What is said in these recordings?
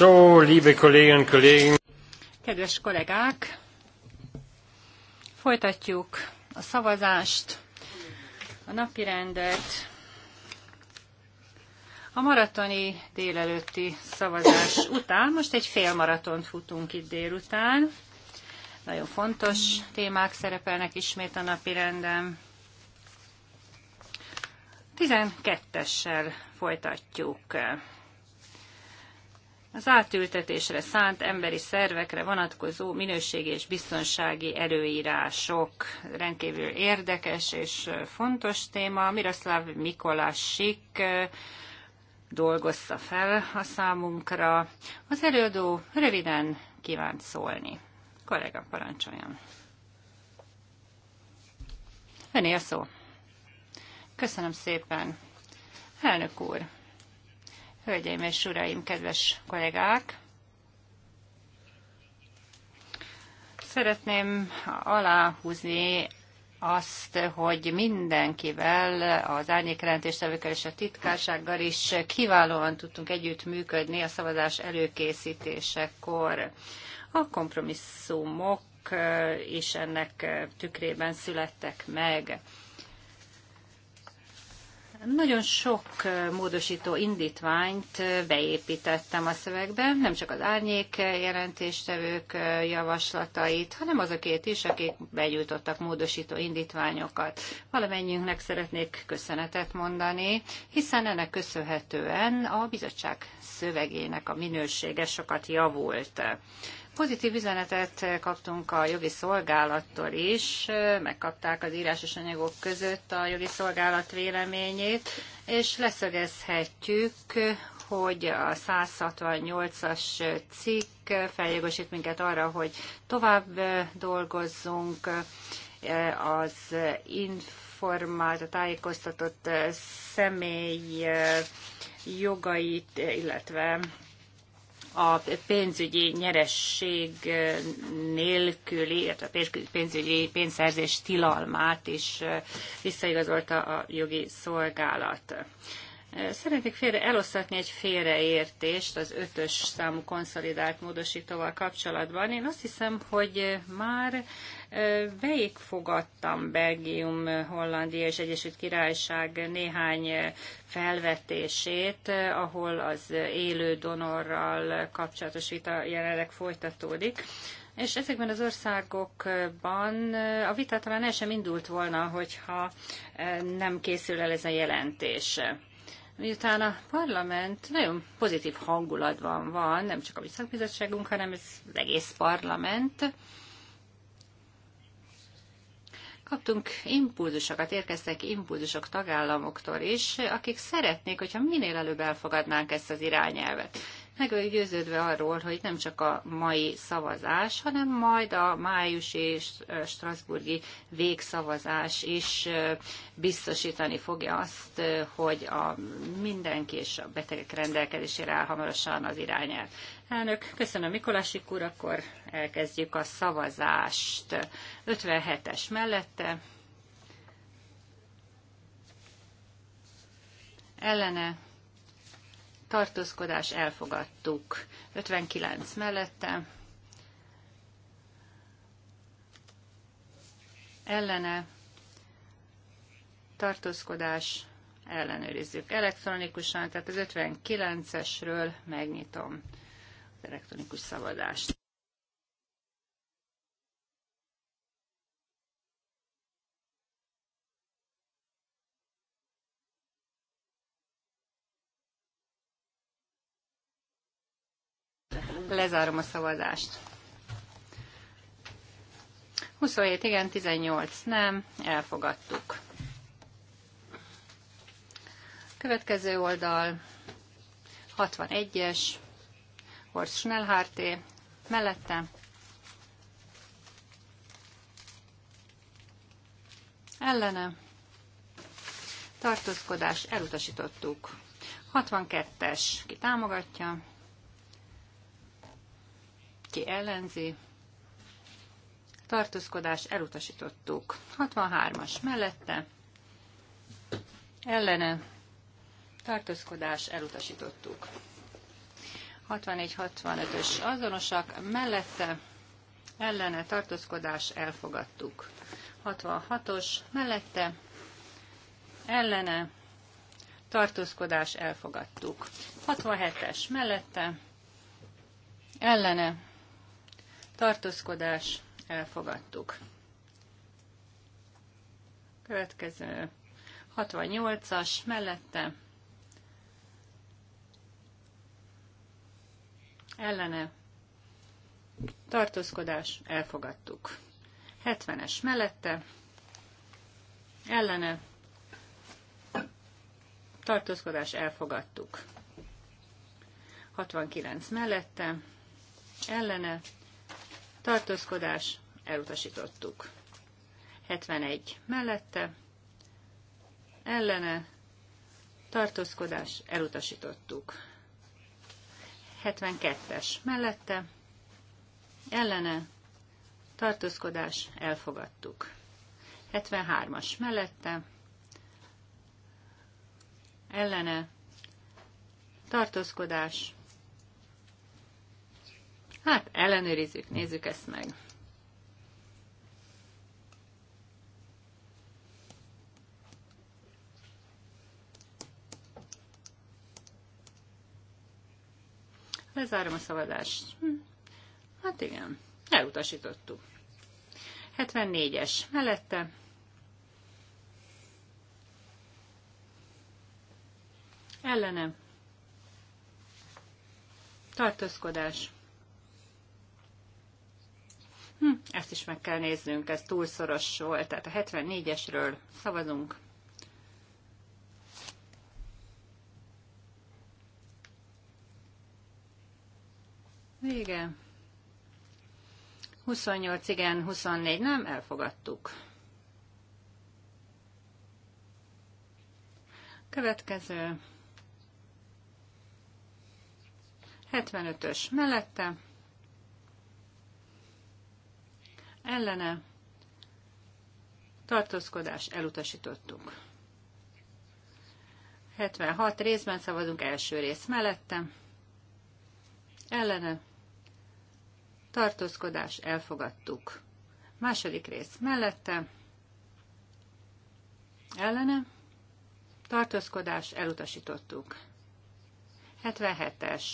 liebe Kolleginnen Kollegen. Kedves kollégák, folytatjuk a szavazást, a napi rendet. A maratoni délelőtti szavazás után, most egy fél maratont futunk itt délután. Nagyon fontos témák szerepelnek ismét a napi renden. 12-essel folytatjuk az átültetésre szánt emberi szervekre vonatkozó minőségi és biztonsági előírások rendkívül érdekes és fontos téma. Miroslav Mikolasik dolgozta fel a számunkra. Az előadó röviden kívánt szólni. Kollega, parancsoljon. Öné a szó. Köszönöm szépen. Elnök úr, Hölgyeim és uraim, kedves kollégák! Szeretném aláhúzni azt, hogy mindenkivel, az árnyékjelentéstevőkkel és a titkársággal is kiválóan tudtunk együtt működni a szavazás előkészítésekor. A kompromisszumok is ennek tükrében születtek meg. Nagyon sok módosító indítványt beépítettem a szövegbe, nem csak az árnyék jelentéstevők javaslatait, hanem azokét is, akik begyújtottak módosító indítványokat. Valamennyiünknek szeretnék köszönetet mondani, hiszen ennek köszönhetően a bizottság szövegének a minősége sokat javult. Pozitív üzenetet kaptunk a jogi szolgálattól is, megkapták az írásos anyagok között a jogi szolgálat véleményét, és leszögezhetjük, hogy a 168-as cikk feljogosít minket arra, hogy tovább dolgozzunk az informált, a tájékoztatott személy jogait, illetve a pénzügyi nyeresség nélküli, illetve a pénzügyi pénzszerzés tilalmát is visszaigazolta a jogi szolgálat. Szeretnék félre eloszlatni egy félreértést az ötös számú konszolidált módosítóval kapcsolatban. Én azt hiszem, hogy már Végig fogadtam Belgium, Hollandia és Egyesült Királyság néhány felvetését, ahol az élő donorral kapcsolatos vita jelenleg folytatódik. És ezekben az országokban a vita talán el sem indult volna, hogyha nem készül el ez a jelentés. Miután a parlament nagyon pozitív hangulatban van, nem csak a mi szakbizottságunk, hanem ez az egész parlament, kaptunk impulzusokat, érkeztek impulzusok tagállamoktól is, akik szeretnék, hogyha minél előbb elfogadnánk ezt az irányelvet meg vagyok győződve arról, hogy nem csak a mai szavazás, hanem majd a május és strasburgi végszavazás is biztosítani fogja azt, hogy a mindenki és a betegek rendelkezésére áll hamarosan az irányelv. Elnök, köszönöm Mikolásik úr, akkor elkezdjük a szavazást. 57-es mellette. Ellene tartózkodás elfogadtuk. 59 mellette, ellene, tartózkodás ellenőrizzük elektronikusan, tehát az 59-esről megnyitom az elektronikus szavazást. Lezárom a szavazást. 27 igen, 18 nem, elfogadtuk. Következő oldal, 61-es, Horst Schnellhárté, mellette. Ellene. Tartózkodás, elutasítottuk. 62-es, ki támogatja? ki ellenzi, tartózkodás elutasítottuk. 63-as mellette, ellene, tartózkodás elutasítottuk. 64-65-ös azonosak, mellette, ellene, tartózkodás elfogadtuk. 66-os mellette, ellene, tartózkodás elfogadtuk. 67-es mellette, ellene, tartózkodás, elfogadtuk. Következő 68-as mellette ellene tartózkodás, elfogadtuk. 70-es mellette ellene tartózkodás, elfogadtuk. 69 mellette ellene tartózkodás, elutasítottuk. 71 mellette, ellene, tartózkodás, elutasítottuk. 72-es mellette, ellene, tartózkodás, elfogadtuk. 73-as mellette, ellene, tartózkodás, Hát ellenőrizzük, nézzük ezt meg. Lezárom a szavazást. Hm. Hát igen, elutasítottuk. 74-es mellette. Ellenem. Tartózkodás. Hm, ezt is meg kell néznünk, ez túl szoros volt. Tehát a 74-esről szavazunk. Vége. 28 igen, 24 nem, elfogadtuk. Következő. 75-ös mellette. ellene tartózkodás elutasítottuk. 76 részben szavazunk első rész mellette, ellene tartózkodás elfogadtuk. Második rész mellette, ellene tartózkodás elutasítottuk. 77-es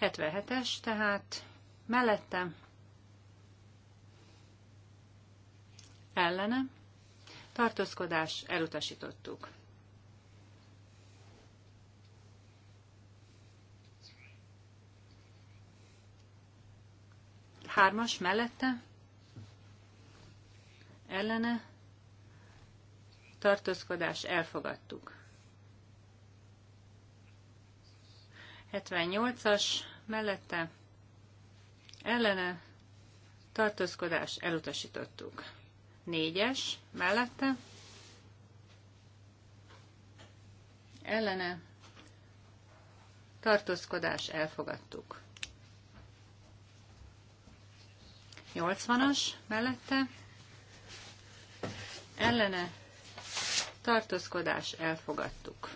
77-es, tehát mellette ellene tartózkodás elutasítottuk. Hármas mellette ellene tartózkodás elfogadtuk. 78-as mellette ellene tartózkodás elutasítottuk. 4-es mellette ellene tartózkodás elfogadtuk. 80-as mellette ellene tartózkodás elfogadtuk.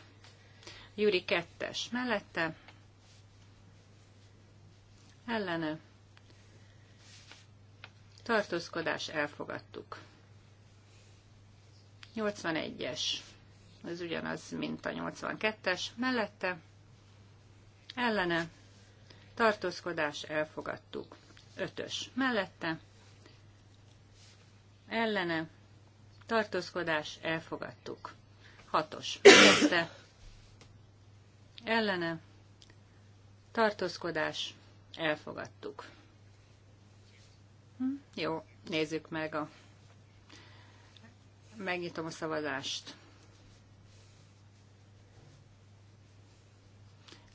Júri 2-es mellette ellene tartózkodás elfogadtuk. 81-es, ez ugyanaz, mint a 82-es, mellette ellene tartózkodás elfogadtuk. 5-ös mellette ellene tartózkodás elfogadtuk. 6-os mellette ellene tartózkodás Elfogadtuk. Hm? Jó, nézzük meg a... Megnyitom a szavazást.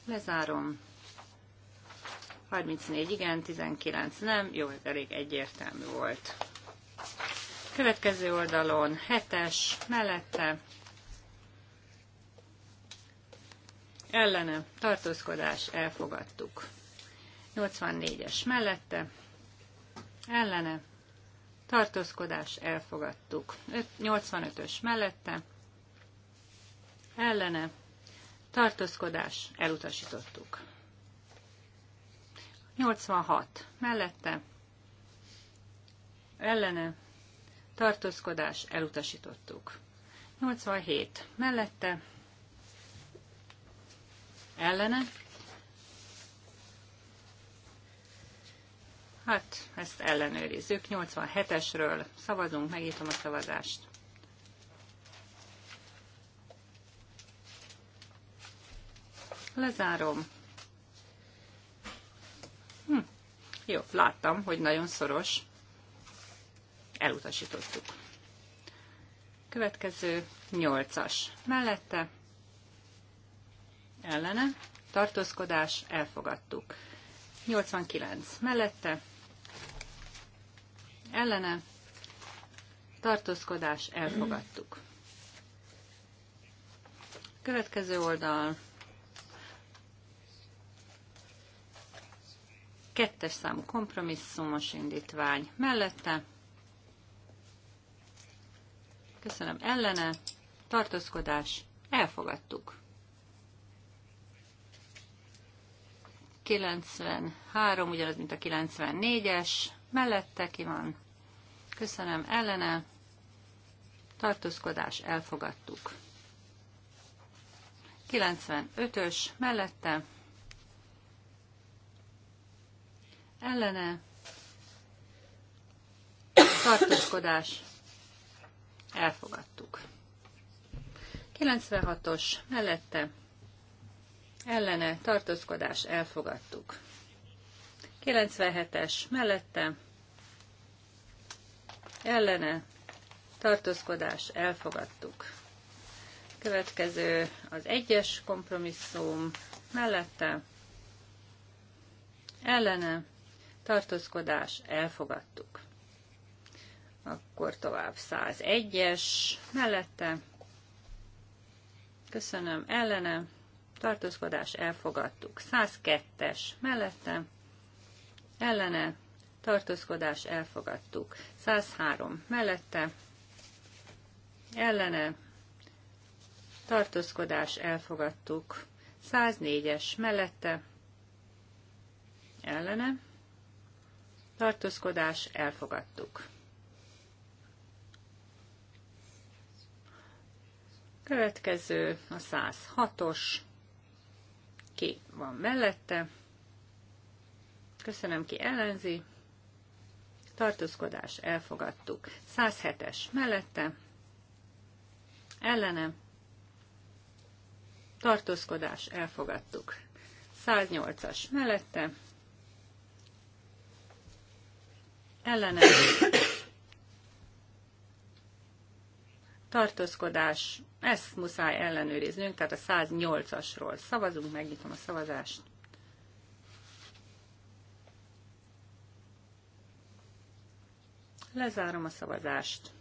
Lezárom. 34 igen, 19 nem. Jó, ez elég egyértelmű volt. Következő oldalon 7-es, mellette ellene tartózkodás elfogadtuk. 84-es mellette, ellene, tartózkodás, elfogadtuk. 85-ös mellette, ellene, tartózkodás, elutasítottuk. 86 mellette, ellene, tartózkodás, elutasítottuk. 87 mellette, ellene, Hát, ezt ellenőrizzük. 87-esről szavazunk, megítom a szavazást. Lezárom. Hm. Jó, láttam, hogy nagyon szoros. Elutasítottuk. Következő 8-as. Mellette ellene tartózkodás elfogadtuk. 89 mellette ellene tartózkodás elfogadtuk. Következő oldal kettes számú kompromisszumos indítvány mellette. Köszönöm ellene, tartózkodás, elfogadtuk. 93, ugyanaz, mint a 94-es, mellette ki van. Köszönöm, ellene. Tartózkodás, elfogadtuk. 95-ös, mellette. Ellene. Tartózkodás, elfogadtuk. 96-os, mellette. Ellene, tartózkodás, elfogadtuk. 97-es mellette ellene tartózkodás elfogadtuk. Következő az egyes kompromisszum mellette ellene tartózkodás elfogadtuk. Akkor tovább 101-es mellette köszönöm ellene tartózkodás elfogadtuk. 102-es mellette ellene, tartózkodás elfogadtuk. 103 mellette, ellene, tartózkodás elfogadtuk. 104-es mellette, ellene, tartózkodás elfogadtuk. Következő a 106-os, ki van mellette, Köszönöm, ki ellenzi. Tartózkodás, elfogadtuk. 107-es mellette. Ellene. Tartózkodás, elfogadtuk. 108-as mellette. Ellene. Tartózkodás, ezt muszáj ellenőriznünk, tehát a 108-asról szavazunk, megnyitom a szavazást. Lezárom a szavazást.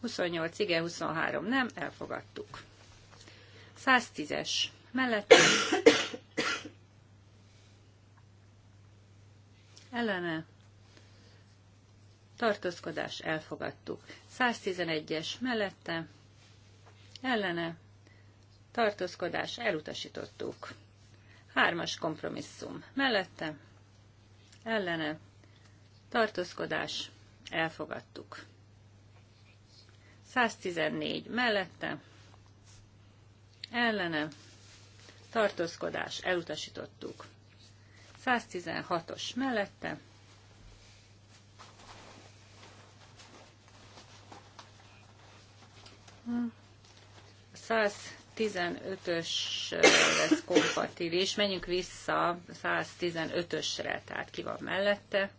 28 igen, 23 nem, elfogadtuk. 110-es mellette. Ellene. Tartózkodás elfogadtuk. 111-es mellette. Ellene. Tartózkodás elutasítottuk. Hármas kompromisszum mellette. Ellene tartózkodás, elfogadtuk. 114 mellette, ellene, tartózkodás, elutasítottuk. 116-os mellette, A 115-ös lesz kompatibilis. Menjünk vissza 115-ösre, tehát ki van mellette.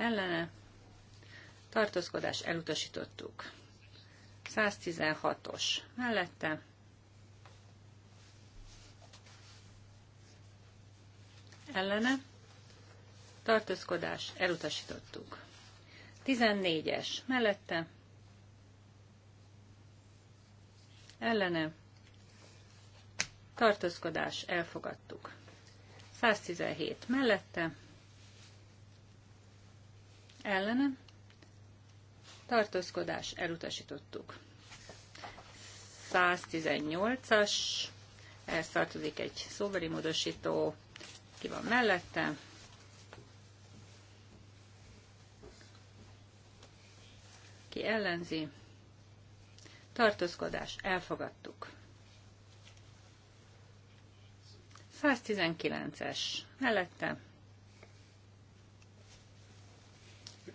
ellene, tartózkodás elutasítottuk. 116-os mellette, ellene, tartózkodás elutasítottuk. 14-es mellette, ellene, tartózkodás elfogadtuk. 117 mellette, ellene tartózkodás elutasítottuk. 118-as, ehhez tartozik egy szóbeli módosító, ki van mellette. Ki ellenzi? Tartózkodás, elfogadtuk. 119-es, mellette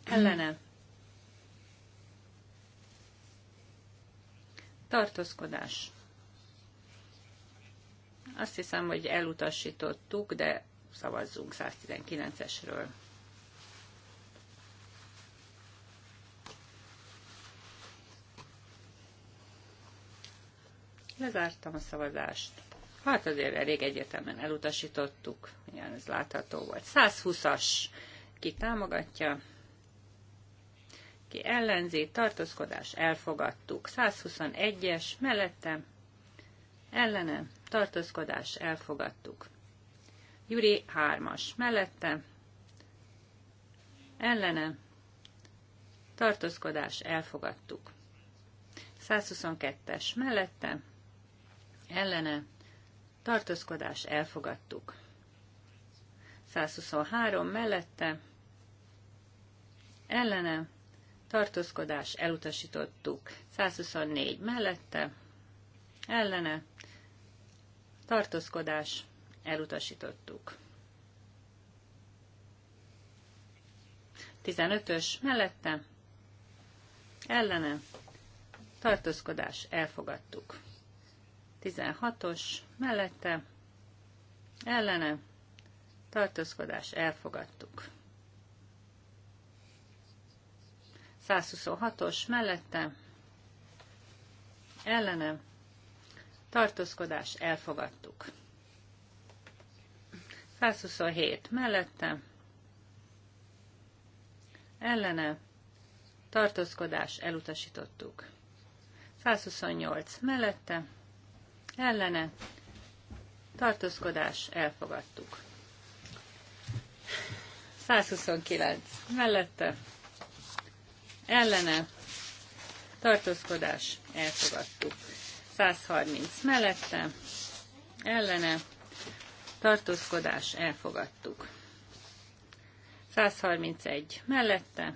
ellene tartózkodás. Azt hiszem, hogy elutasítottuk, de szavazzunk 119-esről. Lezártam a szavazást. Hát azért elég egyértelműen elutasítottuk, ilyen ez látható volt. 120-as, ki támogatja, Budapesti ellenzé tartózkodás, elfogadtuk. 121-es, mellette, ellene, tartózkodás, elfogadtuk. Juri 3-as, mellette, ellene, tartózkodás, elfogadtuk. 122-es, mellette, ellene, tartózkodás, elfogadtuk. 123 mellette, ellenem tartózkodás, elutasítottuk. 124 mellette, ellene, tartózkodás, elutasítottuk. 15-ös mellette, ellene, tartózkodás, elfogadtuk. 16-os mellette, ellene, tartózkodás, elfogadtuk. 126-os mellette ellene tartózkodás elfogadtuk. 127 mellette ellene tartózkodás elutasítottuk. 128 mellette ellene tartózkodás elfogadtuk. 129 mellette ellene, tartózkodás, elfogadtuk. 130 mellette, ellene, tartózkodás, elfogadtuk. 131 mellette,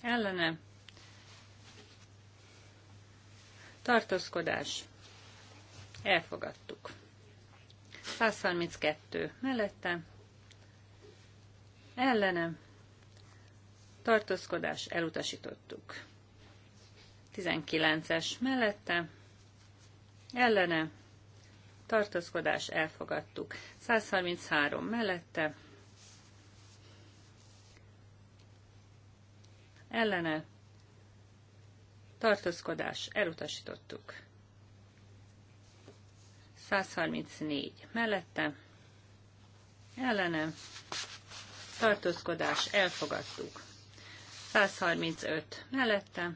ellene, tartózkodás, elfogadtuk. 132 mellette, ellenem, tartózkodás, elutasítottuk. 19-es mellette, ellene, tartózkodás, elfogadtuk. 133 mellette, ellene, tartózkodás, elutasítottuk. 134 mellette, ellene, tartózkodás, elfogadtuk. 135 mellette,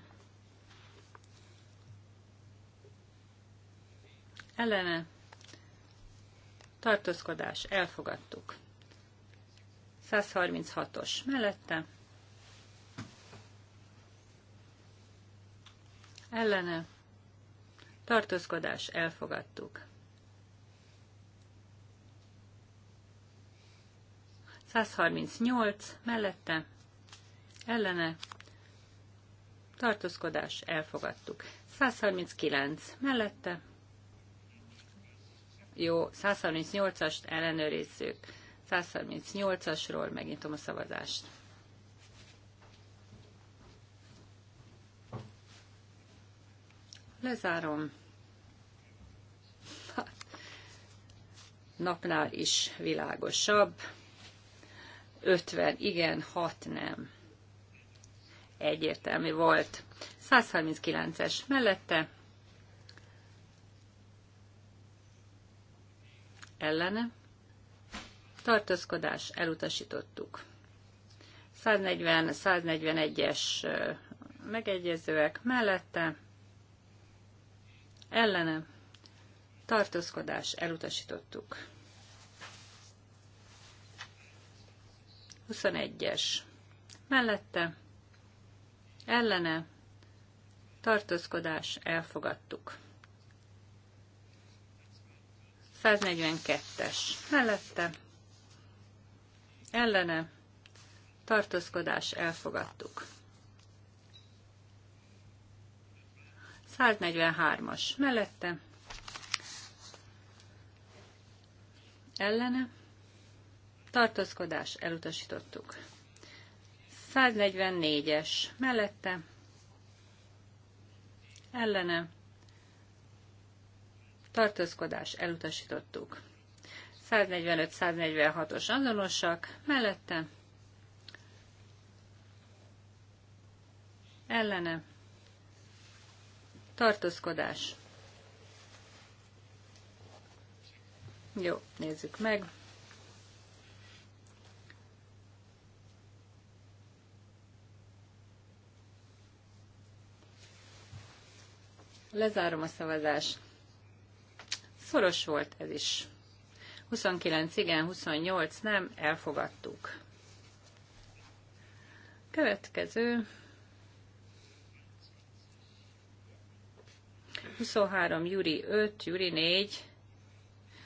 ellene, tartózkodás, elfogadtuk. 136-os mellette, ellene, tartózkodás, elfogadtuk. 138 mellette ellene tartózkodás elfogadtuk. 139 mellette jó, 138-ast ellenőrizzük. 138-asról megnyitom a szavazást. Lezárom. Napnál is világosabb. 50 igen, 6 nem. Egyértelmű volt. 139-es mellette. Ellene. Tartózkodás elutasítottuk. 140-141-es megegyezőek mellette, ellene tartózkodás elutasítottuk. 21-es. Mellette, ellene, tartózkodás, elfogadtuk. 142-es. Mellette, ellene, tartózkodás, elfogadtuk. 143-as. Mellette, ellene, tartózkodás, elutasítottuk. 144-es mellette, ellene, tartózkodás, elutasítottuk. 145-146-os azonosak, mellette, ellene, tartózkodás. Jó, nézzük meg. Lezárom a szavazást. Szoros volt ez is. 29 igen, 28 nem, elfogadtuk. Következő. 23, Júri 5, Júri 4,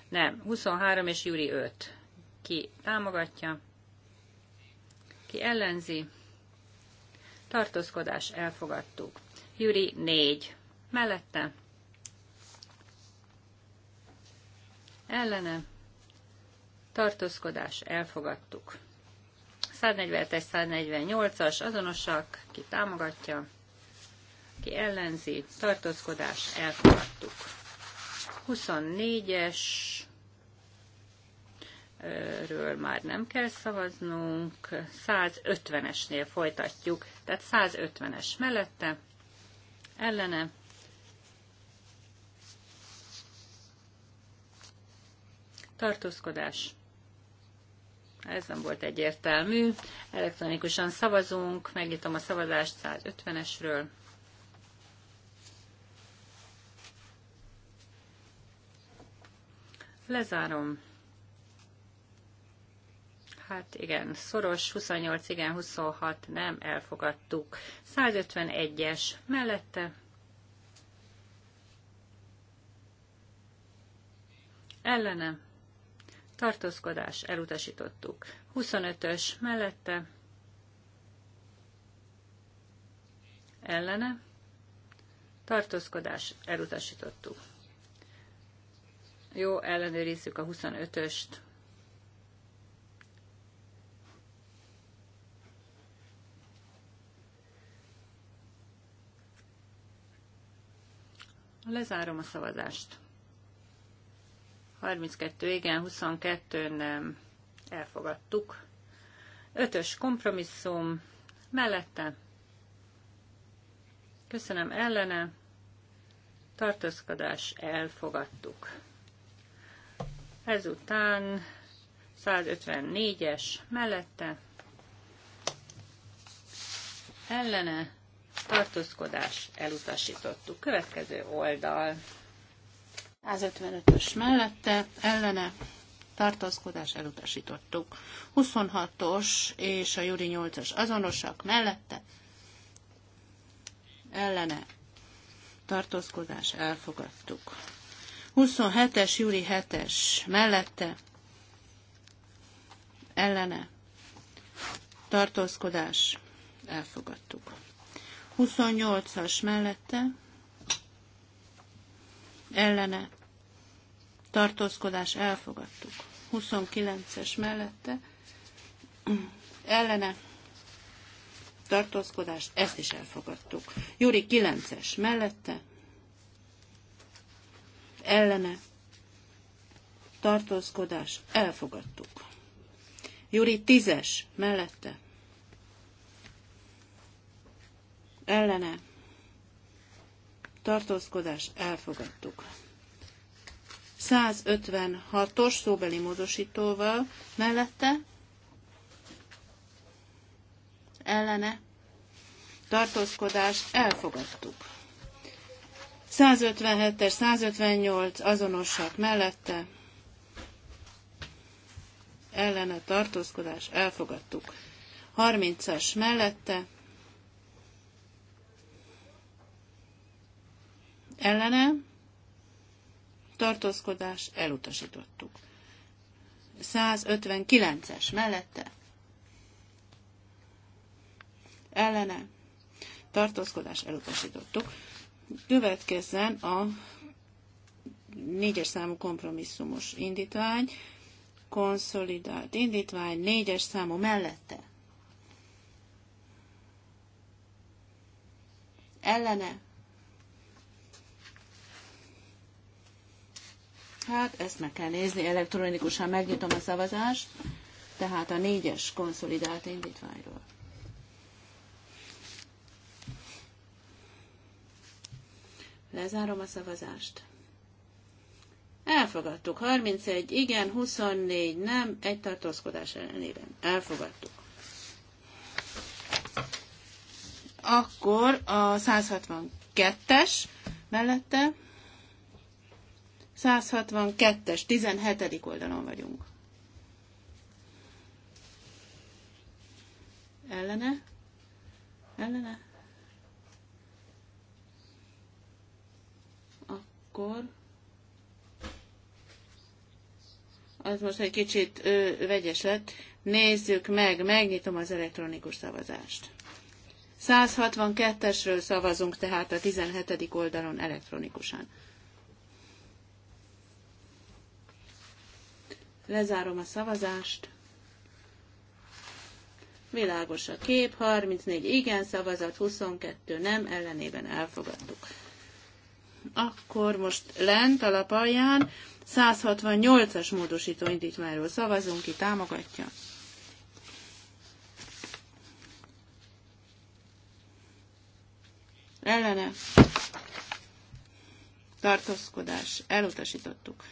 nem, 23 és Júri 5. Ki támogatja, ki ellenzi, tartózkodás elfogadtuk. Júri 4 mellette, ellene, tartózkodás, elfogadtuk. 141-148-as azonosak, ki támogatja, ki ellenzi, tartózkodás, elfogadtuk. 24-es ről már nem kell szavaznunk, 150-esnél folytatjuk, tehát 150-es mellette, ellene, tartózkodás. Ez nem volt egyértelmű. Elektronikusan szavazunk, megnyitom a szavazást 150-esről. Lezárom. Hát igen, szoros, 28 igen, 26 nem, elfogadtuk. 151-es mellette. Ellenem tartózkodás, elutasítottuk. 25-ös mellette, ellene, tartózkodás, elutasítottuk. Jó, ellenőrizzük a 25-öst. Lezárom a szavazást. 32 igen, 22 nem. Elfogadtuk. Ötös kompromisszum mellette. Köszönöm ellene. Tartózkodás elfogadtuk. Ezután 154-es mellette ellene tartózkodás elutasítottuk. Következő oldal 155-ös mellette, ellene tartózkodás elutasítottuk. 26-os és a Júri 8-as azonosak mellette, ellene tartózkodás elfogadtuk. 27-es, Júri 7-es mellette, ellene tartózkodás elfogadtuk. 28-as mellette, ellene tartózkodás elfogadtuk. 29-es mellette ellene tartózkodás, ezt is elfogadtuk. Júri 9-es mellette ellene tartózkodás, elfogadtuk. Júri 10-es mellette ellene tartózkodás elfogadtuk. 156-os szóbeli módosítóval mellette ellene tartózkodás elfogadtuk. 157-es, 158 azonosak mellette ellene tartózkodás elfogadtuk. 30-as mellette ellene tartózkodás elutasítottuk. 159-es mellette ellene tartózkodás elutasítottuk. Következzen a négyes számú kompromisszumos indítvány, konszolidált indítvány, négyes számú mellette. Ellene Hát ezt meg kell nézni, elektronikusan megnyitom a szavazást, tehát a négyes konszolidált indítványról. Lezárom a szavazást. Elfogadtuk. 31 igen, 24 nem, egy tartózkodás ellenében. Elfogadtuk. Akkor a 162-es mellette 162-es, 17. oldalon vagyunk. Ellene? Ellene? Akkor... Az most egy kicsit ö, vegyes lett. Nézzük meg, megnyitom az elektronikus szavazást. 162-esről szavazunk tehát a 17. oldalon elektronikusan. Lezárom a szavazást. Világos a kép, 34 igen szavazat, 22 nem, ellenében elfogadtuk. Akkor most lent a alján 168-as módosító indítványról szavazunk, ki támogatja. Ellene. Tartózkodás. Elutasítottuk.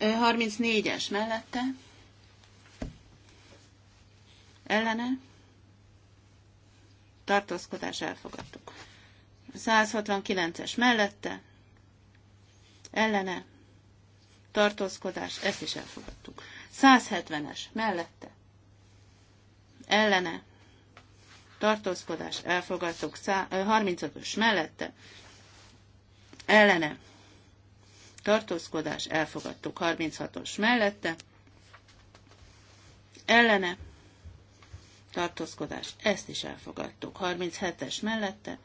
34-es mellette, ellene, tartózkodás elfogadtuk. 169-es mellette, ellene, tartózkodás, ezt is elfogadtuk. 170-es mellette, ellene, tartózkodás, elfogadtuk. 35-ös mellette, ellene, tartózkodás, elfogadtuk 36-os mellette, ellene, tartózkodás, ezt is elfogadtuk 37-es mellette,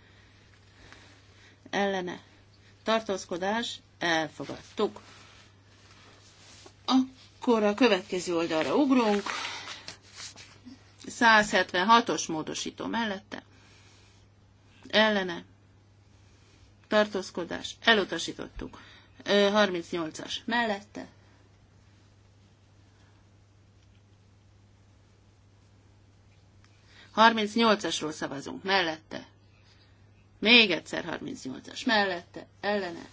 ellene, tartózkodás, elfogadtuk. Akkor a következő oldalra ugrunk, 176-os módosító mellette, ellene, tartózkodás, elutasítottuk. 38-as mellette. nyolcasról szavazunk, mellette. Még egyszer 38-as, mellette, ellene.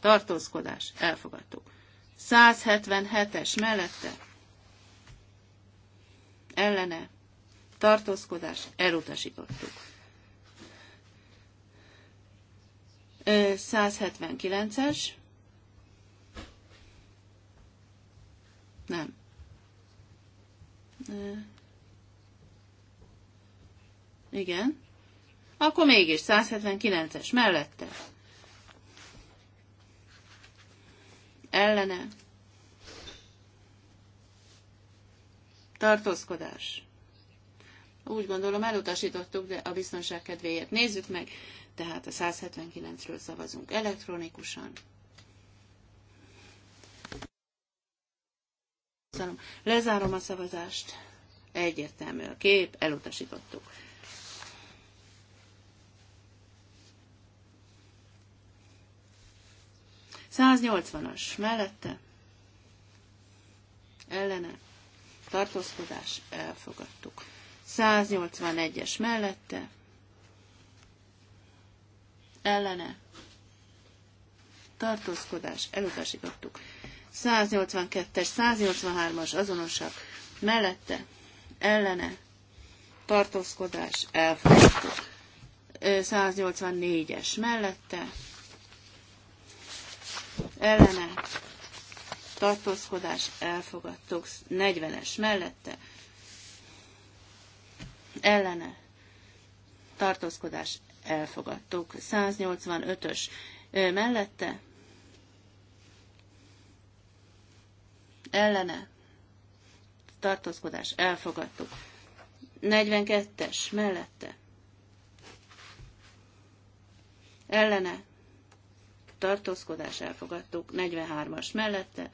Tartózkodás, elfogadtuk. 177-es, mellette. Ellene. Tartózkodás, elutasítottuk. 179-es. Nem. Igen. Akkor mégis 179-es mellette. Ellene. Tartózkodás. Úgy gondolom elutasítottuk, de a biztonság kedvéért nézzük meg tehát a 179-ről szavazunk elektronikusan. Lezárom a szavazást. Egyértelmű a kép, elutasítottuk. 180-as mellette ellene tartózkodás elfogadtuk. 181-es mellette ellene tartózkodás elutasítottuk. 182-es, 183-as azonosak mellette ellene tartózkodás elfogadtuk. 184-es mellette ellene tartózkodás elfogadtuk. 40-es mellette ellene tartózkodás elfogadtuk. 185-ös mellette ellene tartózkodás elfogadtuk. 42-es mellette ellene tartózkodás elfogadtuk. 43-as mellette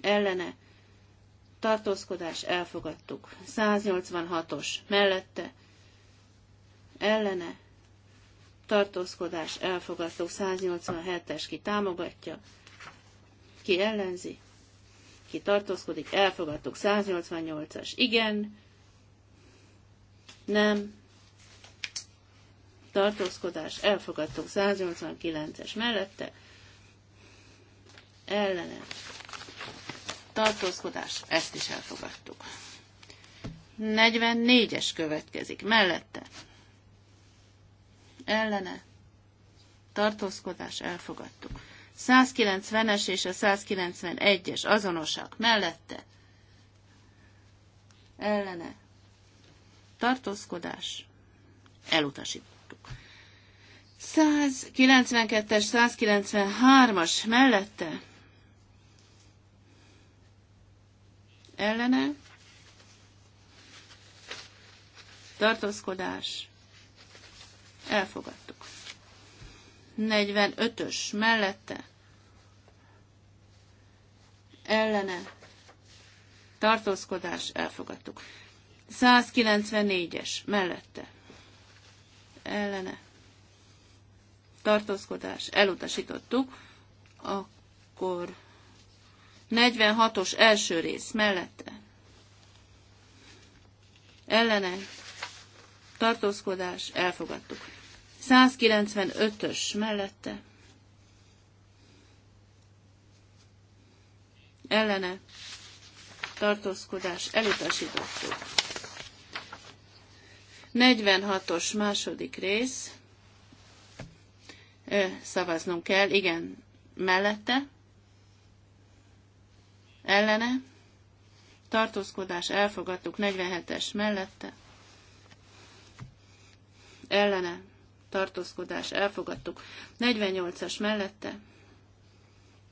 ellene tartózkodás elfogadtuk. 186-os mellette ellene tartózkodás elfogadó 187-es, ki támogatja, ki ellenzi, ki tartózkodik, elfogadtuk 188-as, igen, nem, tartózkodás, elfogadtuk 189-es mellette, ellene, tartózkodás, ezt is elfogadtuk. 44-es következik mellette, ellene tartózkodás elfogadtuk. 190-es és a 191-es azonosak mellette ellene tartózkodás elutasítottuk. 192-es, 193-as mellette ellene tartózkodás Elfogadtuk. 45-ös mellette ellene tartózkodás elfogadtuk. 194-es mellette ellene tartózkodás elutasítottuk, akkor 46-os első rész mellette ellene tartózkodás elfogadtuk. 195-ös mellette. Ellene tartózkodás elutasítottuk. 46-os második rész. Ö, szavaznom kell, igen, mellette. Ellene tartózkodás elfogadtuk 47-es mellette. Ellene tartózkodás elfogadtuk. 48-as mellette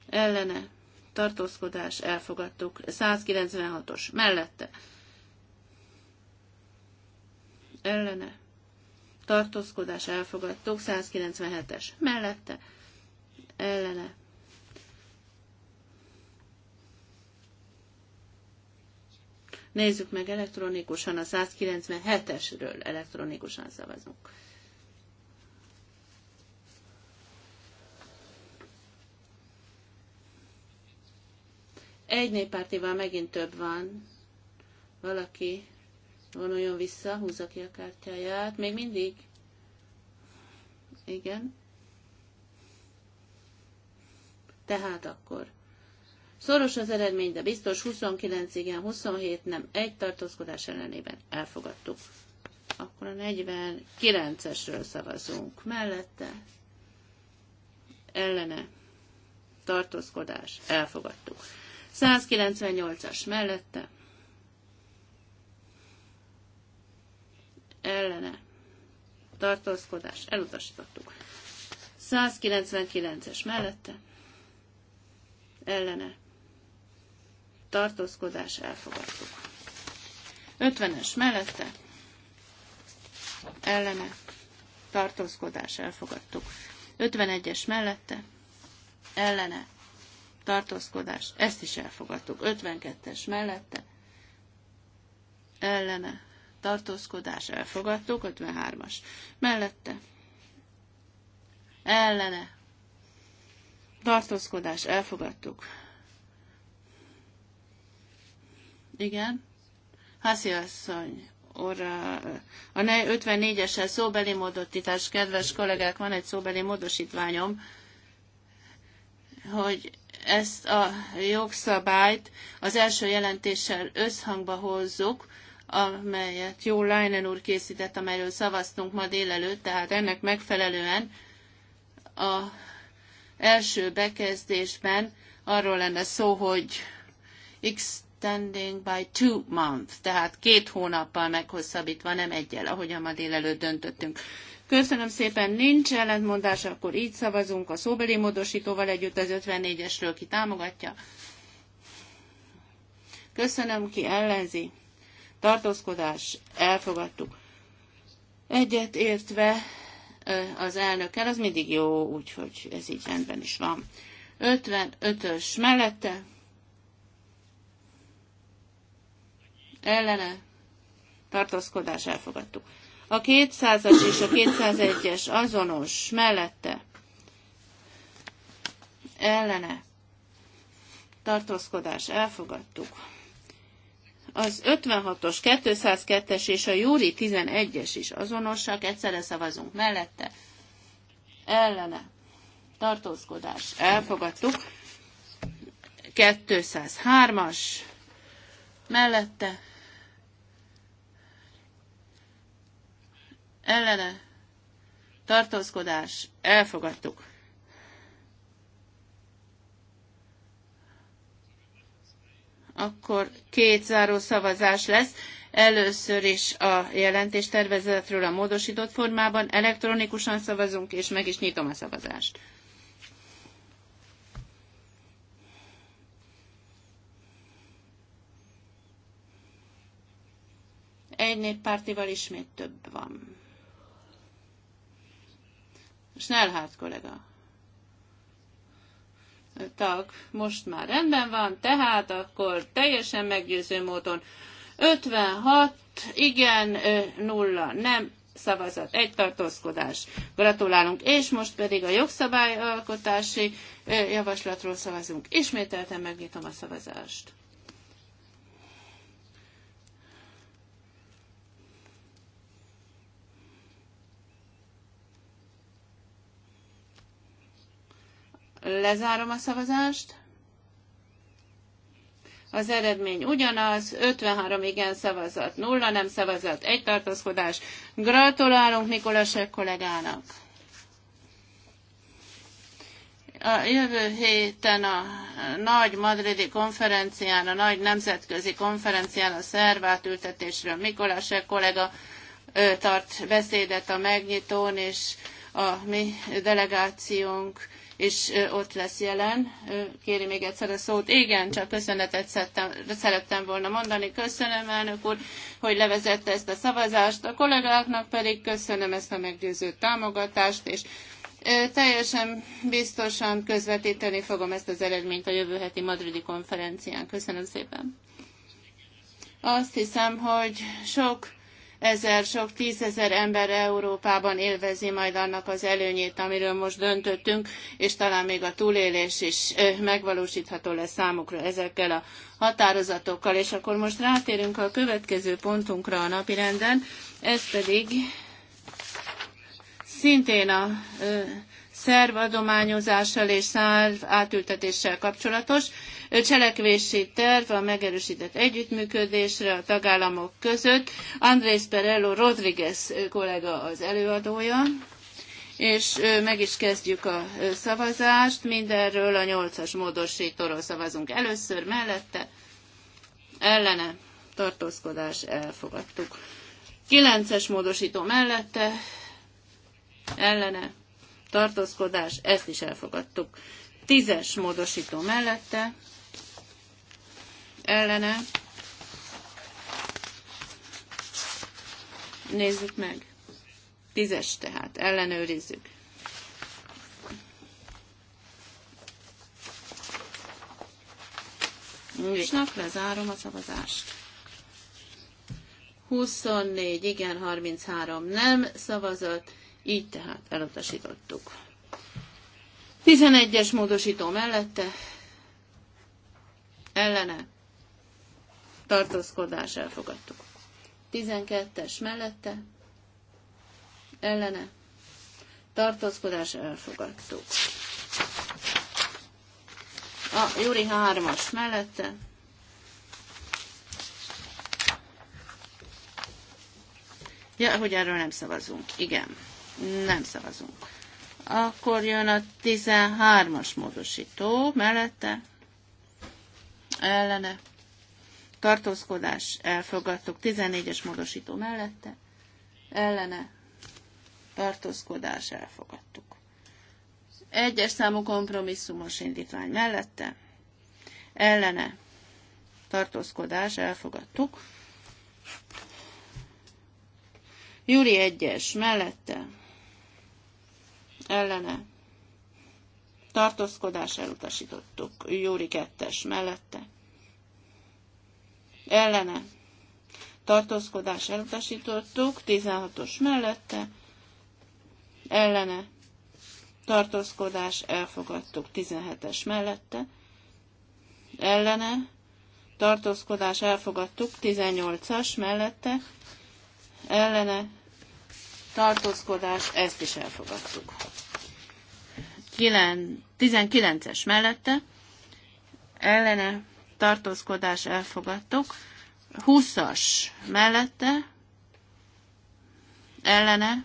ellene tartózkodás elfogadtuk. 196-os mellette ellene tartózkodás elfogadtuk. 197-es mellette ellene Nézzük meg elektronikusan a 197-esről elektronikusan szavazunk. Egy néppártival megint több van. Valaki vonuljon vissza, húzza ki a kártyáját. Még mindig? Igen. Tehát akkor. Szoros az eredmény, de biztos 29 igen, 27 nem, egy tartózkodás ellenében elfogadtuk. Akkor a 49-esről szavazunk. Mellette ellene tartózkodás elfogadtuk. 198-as mellette ellene tartózkodás elutasítottuk. 199-es mellette ellene tartózkodás elfogadtuk. 50-es mellette ellene tartózkodás elfogadtuk. 51-es mellette ellene tartózkodás, ezt is elfogadtuk. 52-es mellette, ellene, tartózkodás, elfogadtuk. 53-as mellette, ellene, tartózkodás, elfogadtuk. Igen. Haszi asszony, orra, a 54-esel szóbeli módosítás, kedves kollégák, van egy szóbeli módosítványom, hogy ezt a jogszabályt az első jelentéssel összhangba hozzuk, amelyet Jó Leinen úr készített, amelyről szavaztunk ma délelőtt, tehát ennek megfelelően a első bekezdésben arról lenne szó, hogy extending by two months, tehát két hónappal meghosszabbítva, nem egyel, ahogy a ma délelőtt döntöttünk. Köszönöm szépen, nincs ellentmondás, akkor így szavazunk a szóbeli módosítóval együtt az 54-esről, ki támogatja. Köszönöm, ki ellenzi. Tartózkodás, elfogadtuk. Egyet értve az elnökkel, az mindig jó, úgyhogy ez így rendben is van. 55-ös mellette, ellene, tartózkodás elfogadtuk. A 200-as és a 201-es azonos mellette ellene tartózkodás elfogadtuk. Az 56-os, 202-es és a júri 11-es is azonosak, egyszerre szavazunk mellette, ellene tartózkodás elfogadtuk. 203-as mellette ellene tartózkodás elfogadtuk. Akkor két záró szavazás lesz. Először is a jelentés tervezetről a módosított formában elektronikusan szavazunk, és meg is nyitom a szavazást. Egy néppártival ismét több van. Snellhardt kollega tag most már rendben van, tehát akkor teljesen meggyőző módon 56 igen, nulla nem szavazat, egy tartózkodás. Gratulálunk, és most pedig a jogszabályalkotási javaslatról szavazunk. Ismételten megnyitom a szavazást. Lezárom a szavazást. Az eredmény ugyanaz, 53 igen szavazat, 0 nem szavazat, egy tartózkodás. Gratulálunk Nikolasek kollégának! A jövő héten a nagy madridi konferencián, a nagy nemzetközi konferencián a szervát ültetésről Mikolasek kollega tart beszédet a megnyitón, és a mi delegációnk és ott lesz jelen. Kéri még egyszer a szót. Igen, csak köszönetet szerettem, szerettem volna mondani. Köszönöm, elnök úr, hogy levezette ezt a szavazást. A kollégáknak pedig köszönöm ezt a meggyőző támogatást, és teljesen biztosan közvetíteni fogom ezt az eredményt a jövő heti madridi konferencián. Köszönöm szépen. Azt hiszem, hogy sok ezer, sok tízezer ember Európában élvezi majd annak az előnyét, amiről most döntöttünk, és talán még a túlélés is megvalósítható lesz számukra ezekkel a határozatokkal. És akkor most rátérünk a következő pontunkra a napirenden, ez pedig szintén a szervadományozással és szerv átültetéssel kapcsolatos cselekvési terv a megerősített együttműködésre a tagállamok között. Andrés Perello Rodriguez kollega az előadója és meg is kezdjük a szavazást. Mindenről a nyolcas módosítóról szavazunk először, mellette ellene tartózkodás elfogadtuk. Kilences módosító mellette ellene tartózkodás, ezt is elfogadtuk. Tízes módosító mellette, ellene, nézzük meg, tízes tehát, ellenőrizzük. Műsnak lezárom a szavazást. 24 igen, 33 nem szavazott, így tehát elutasítottuk. 11-es módosító mellette ellene tartózkodás elfogadtuk. 12-es mellette ellene tartózkodás elfogadtuk. A Júri 3-as mellette Ja, hogy erről nem szavazunk. Igen. Nem szavazunk. Akkor jön a 13-as módosító mellette. Ellene. Tartózkodás elfogadtuk. 14-es módosító mellette. Ellene. Tartózkodás elfogadtuk. Egyes számú kompromisszumos indítvány mellette. Ellene. Tartózkodás elfogadtuk. Júli egyes mellette ellene tartózkodás elutasítottuk. Júri kettes mellette ellene tartózkodás elutasítottuk. 16-os mellette ellene tartózkodás elfogadtuk. 17-es mellette ellene tartózkodás elfogadtuk. 18-as mellette ellene tartózkodás, ezt is elfogadtuk. 19-es 19 mellette ellene tartózkodás elfogadtok, 20-as mellette ellene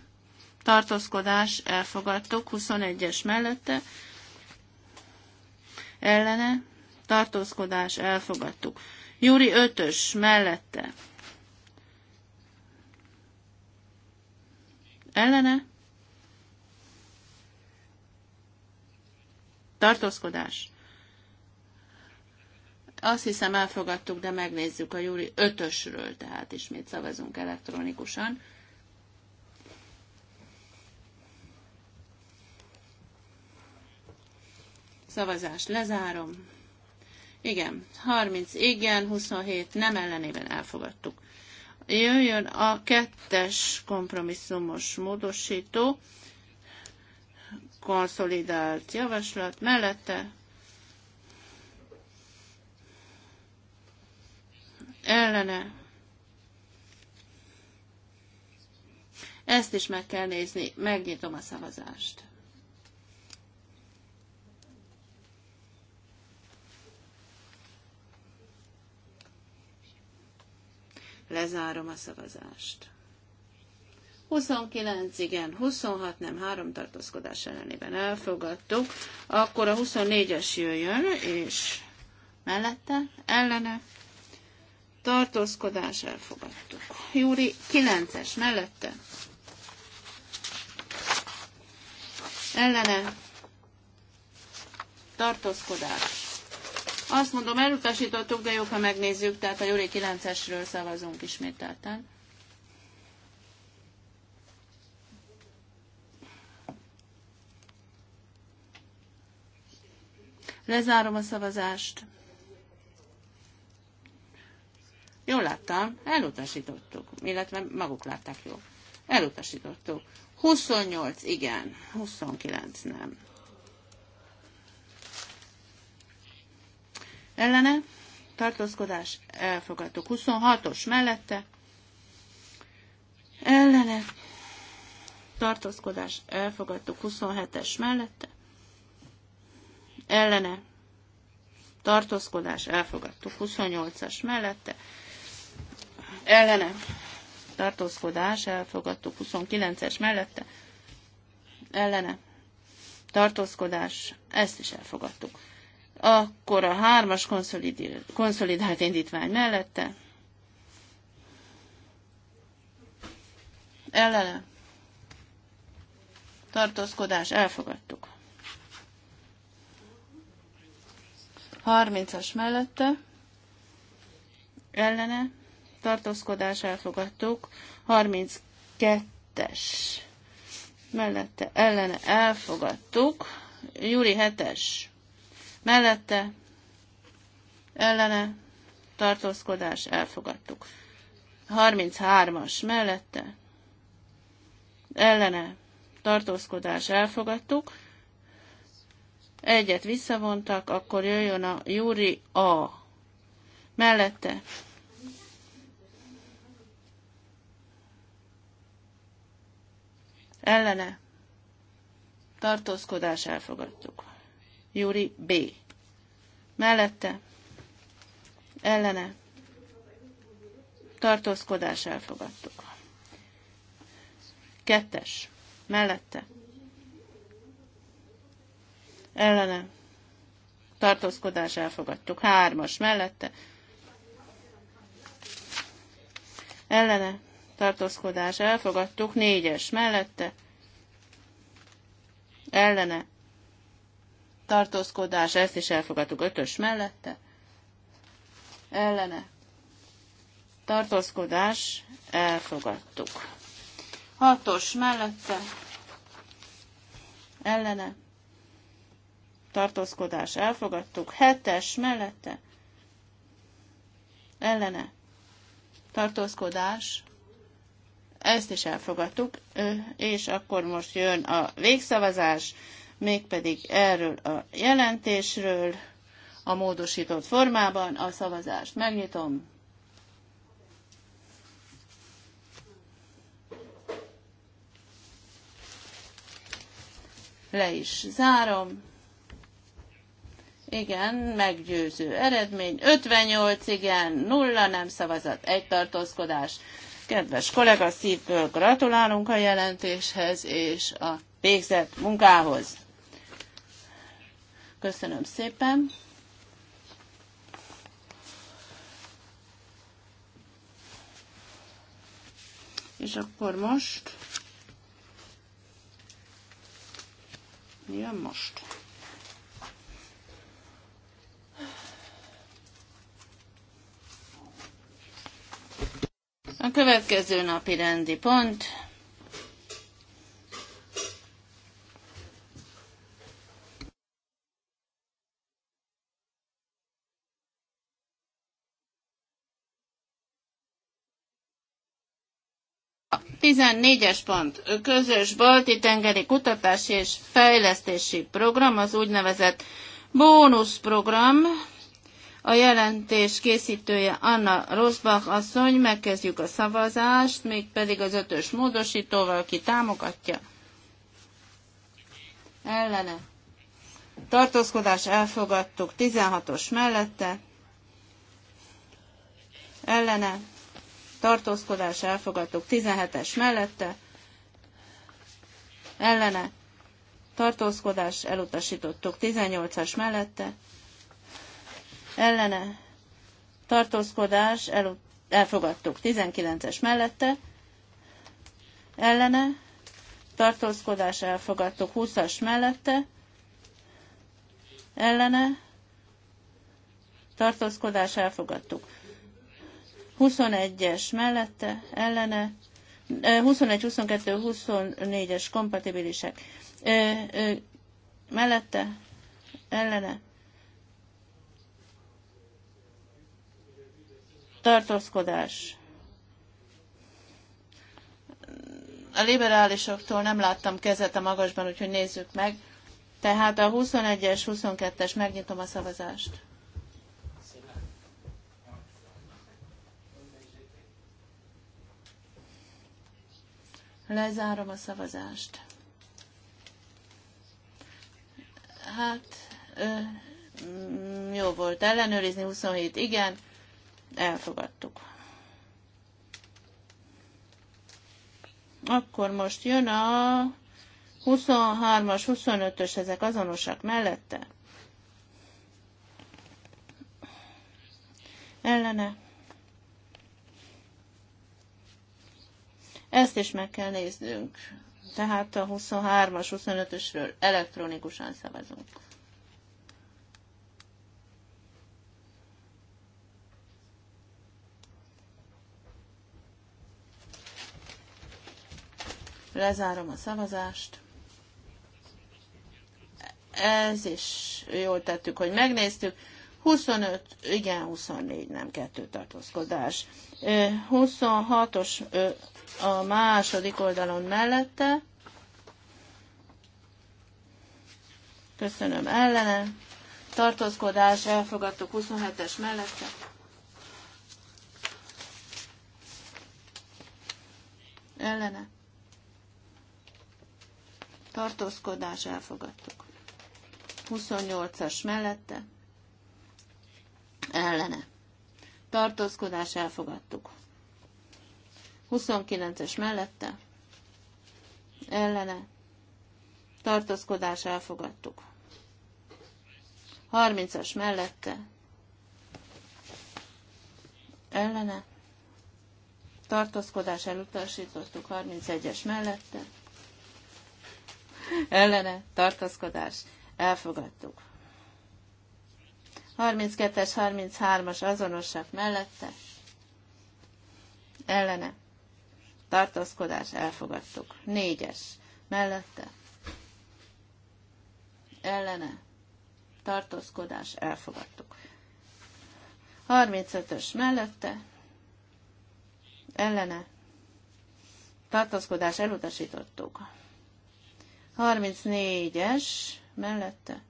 tartózkodás elfogadtok, 21-es mellette ellene tartózkodás elfogadtuk. Júri 5-ös mellette ellene Tartózkodás. Azt hiszem elfogadtuk, de megnézzük a júli 5-ösről, tehát ismét szavazunk elektronikusan. Szavazás. lezárom. Igen, 30 igen, 27 nem ellenében elfogadtuk. Jöjjön a kettes kompromisszumos módosító konszolidált javaslat mellette ellene. Ezt is meg kell nézni, megnyitom a szavazást. Lezárom a szavazást. 29, igen, 26, nem, három tartózkodás ellenében elfogadtuk. Akkor a 24-es jöjjön, és mellette, ellene, tartózkodás elfogadtuk. Júri 9-es mellette. Ellene tartózkodás. Azt mondom, elutasítottuk, de jó, ha megnézzük, tehát a Júri 9-esről szavazunk ismételten. Lezárom a szavazást. Jól láttam, elutasítottuk, illetve maguk látták jól. Elutasítottuk. 28, igen, 29 nem. Ellene, tartózkodás, elfogadtuk. 26-os mellette, ellene, tartózkodás, elfogadtuk. 27-es mellette, ellene tartózkodás elfogadtuk 28-as mellette, ellene tartózkodás elfogadtuk 29-es mellette, ellene tartózkodás, ezt is elfogadtuk. Akkor a hármas konszolidált indítvány mellette, ellene tartózkodás elfogadtuk. 30-as mellette ellene tartózkodás elfogadtuk, 32-es mellette ellene elfogadtuk, júli 7-es mellette ellene tartózkodás elfogadtuk. 33-as mellette ellene tartózkodás elfogadtuk, egyet visszavontak, akkor jöjjön a Júri A. Mellette. Ellene. Tartózkodás elfogadtuk. Júri B. Mellette. Ellene. Tartózkodás elfogadtuk. Kettes. Mellette ellene tartózkodás elfogadtuk. Hármas mellette ellene tartózkodás elfogadtuk. Négyes mellette ellene tartózkodás, ezt is elfogadtuk. Ötös mellette ellene tartózkodás elfogadtuk. Hatos mellette ellene tartózkodás elfogadtuk, hetes mellette ellene tartózkodás, ezt is elfogadtuk, és akkor most jön a végszavazás, mégpedig erről a jelentésről, a módosított formában a szavazást megnyitom. Le is zárom. Igen, meggyőző eredmény. 58 igen, nulla nem szavazat, egy tartózkodás. Kedves kollega, szívből gratulálunk a jelentéshez és a végzett munkához. Köszönöm szépen. És akkor most... Mi jön most? A következő napi rendi pont. A 14-es pont. Közös balti tengeri kutatási és fejlesztési program, az úgynevezett bónuszprogram. program. A jelentés készítője Anna Rosbach asszony, megkezdjük a szavazást, mégpedig az ötös módosítóval, aki támogatja. Ellene. Tartózkodás elfogadtuk, 16-os mellette. Ellene. Tartózkodás elfogadtuk, 17-es mellette. Ellene. Tartózkodás elutasítottuk, 18-as mellette ellene tartózkodás el, elfogadtuk 19-es mellette, ellene tartózkodás elfogadtuk 20-as mellette, ellene tartózkodás elfogadtuk 21-es mellette, ellene 21-22-24-es kompatibilisek mellette, ellene tartózkodás. A liberálisoktól nem láttam kezet a magasban, úgyhogy nézzük meg. Tehát a 21-es, 22-es, megnyitom a szavazást. Lezárom a szavazást. Hát, ö, mm, jó volt ellenőrizni, 27 igen, elfogadtuk. Akkor most jön a 23-as, 25-ös, ezek azonosak mellette. Ellene. Ezt is meg kell néznünk. Tehát a 23-as, 25-ösről elektronikusan szavazunk. Lezárom a szavazást. Ez is jól tettük, hogy megnéztük. 25, igen, 24, nem kettő tartózkodás. 26-os a második oldalon mellette. Köszönöm ellene. Tartózkodás, elfogadtuk 27-es mellette. Ellene tartózkodás elfogadtuk. 28-as mellette ellene tartózkodás elfogadtuk. 29-es mellette ellene tartózkodás elfogadtuk. 30-as mellette ellene tartózkodás elutasítottuk 31-es mellette ellene tartaszkodás. elfogadtuk. 32-es, 33-as azonosak mellette ellene Tartaszkodás. elfogadtuk. 4-es mellette ellene tartózkodás elfogadtuk. 35-ös mellette ellene tartózkodás elutasítottuk. 34-es mellette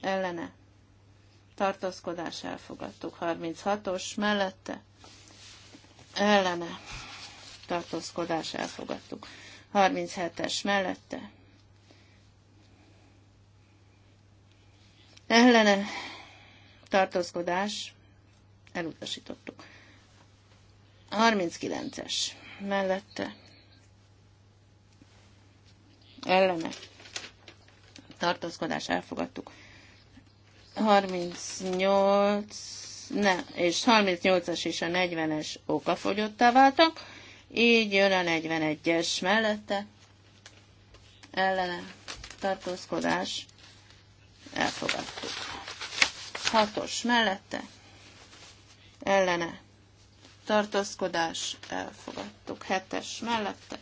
ellene tartózkodás elfogadtuk. 36-os mellette ellene tartózkodás elfogadtuk. 37-es mellette ellene tartózkodás elutasítottuk. 39-es mellette ellene tartózkodás elfogadtuk. 38, ne, és 38-as és a 40-es okafogyottá váltak, így jön a 41-es mellette, ellene tartózkodás elfogadtuk. 6-os mellette, ellene tartózkodás elfogadtuk. 7-es mellette,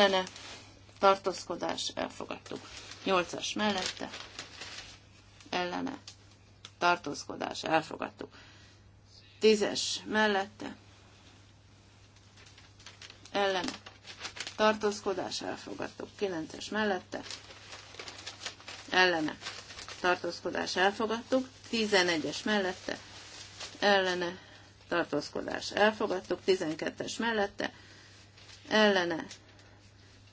ellene, tartózkodás, elfogadtuk. Nyolcas mellette, ellene, tartózkodás, elfogadtuk. Tízes mellette, ellene, tartózkodás, elfogadtuk. Kilences mellette, ellene, tartózkodás, elfogadtuk. Tizenegyes mellette, ellene, tartózkodás, elfogadtuk. Tizenkettes mellette, ellene,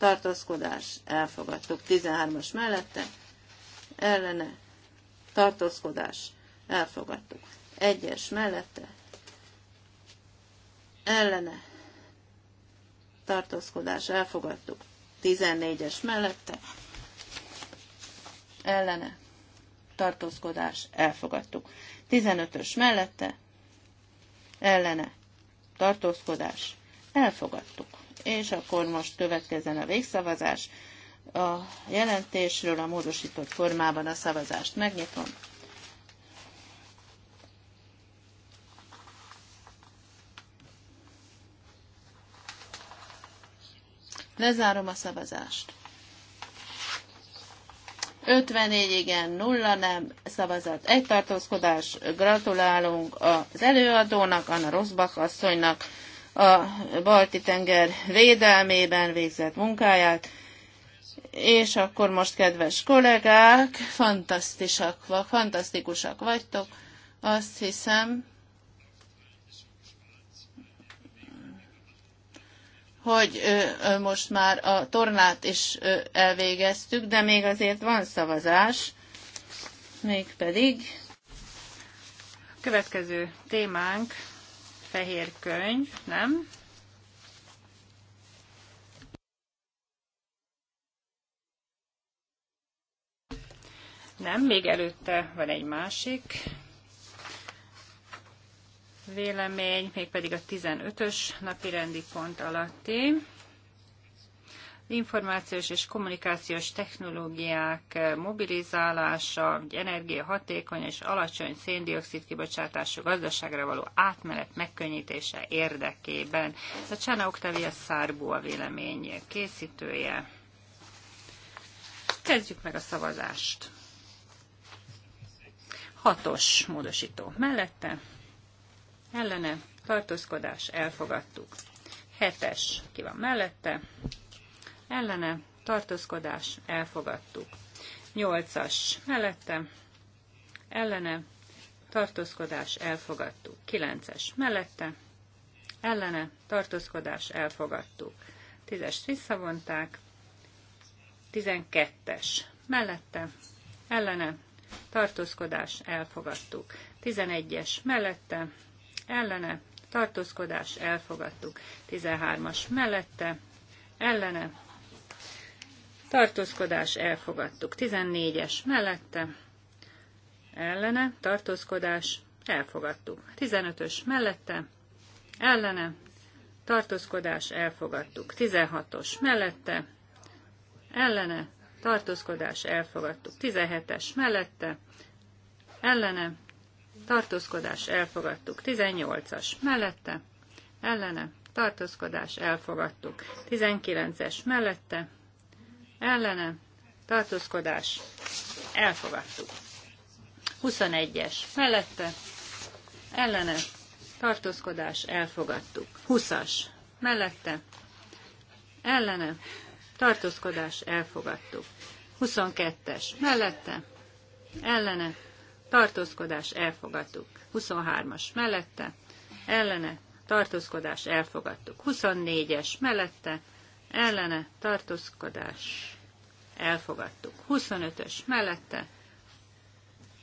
tartózkodás, elfogadtuk. 13-as mellette, ellene, tartózkodás, elfogadtuk. 1-es mellette, ellene, tartózkodás, elfogadtuk. 14-es mellette, ellene, tartózkodás, elfogadtuk. 15-ös mellette, ellene, tartózkodás, elfogadtuk és akkor most következzen a végszavazás. A jelentésről a módosított formában a szavazást megnyitom. Lezárom a szavazást. 54 igen, 0 nem, szavazat egy tartózkodás. Gratulálunk az előadónak, Anna Rosbach asszonynak, a Balti-tenger védelmében végzett munkáját. És akkor most, kedves kollégák, fantasztisak, fantasztikusak vagytok. Azt hiszem, hogy most már a tornát is elvégeztük, de még azért van szavazás, mégpedig. Következő témánk fehér könyv, nem? Nem, még előtte van egy másik vélemény, mégpedig a 15-ös napirendi pont alatti információs és kommunikációs technológiák mobilizálása, energiahatékony és alacsony széndiokszid kibocsátású gazdaságra való átmenet megkönnyítése érdekében. A Csána Oktavia Szárbó a vélemény készítője. Kezdjük meg a szavazást. Hatos módosító mellette, ellene, tartózkodás, elfogadtuk. Hetes, ki van mellette, ellene, tartózkodás, elfogadtuk. 8-as mellette, ellene, tartózkodás, elfogadtuk. 9-es mellette, ellene, tartózkodás, elfogadtuk. 10 visszavonták, 12-es mellette, ellene, tartózkodás, elfogadtuk. 11-es mellette, ellene, tartózkodás, elfogadtuk. 13-as mellette, ellene, tartózkodás elfogadtuk. 14-es mellette ellene, tartózkodás elfogadtuk. 15-ös mellette ellene, tartózkodás elfogadtuk. 16-os mellette ellene, tartózkodás elfogadtuk. 17-es mellette ellene, tartózkodás elfogadtuk. 18-as mellette ellene, tartózkodás elfogadtuk. 19-es mellette ellene, tartózkodás, elfogadtuk. 21-es, mellette, ellene, tartózkodás, elfogadtuk. 20-as, mellette, ellene, tartózkodás, elfogadtuk. 22-es, mellette, ellene, tartózkodás, elfogadtuk. 23-as, mellette, ellene, tartózkodás, elfogadtuk. 24-es, mellette, ellene, tartózkodás, elfogadtuk. 25-ös mellette,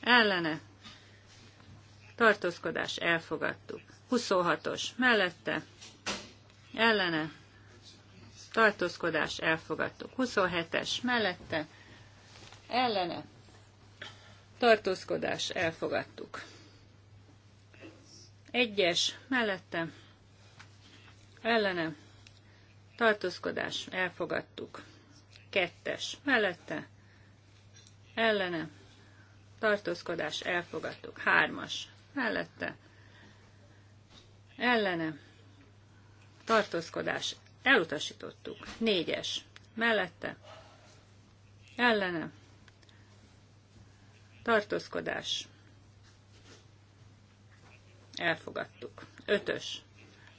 ellene, tartózkodás, elfogadtuk. 26-os mellette, ellene, tartózkodás, elfogadtuk. 27-es mellette, ellene, tartózkodás, elfogadtuk. es mellette, ellene, tartózkodás, elfogadtuk kettes mellette, ellene, tartózkodás, elfogadtuk, hármas mellette, ellene, tartózkodás, elutasítottuk, négyes mellette, ellene, tartózkodás, elfogadtuk, ötös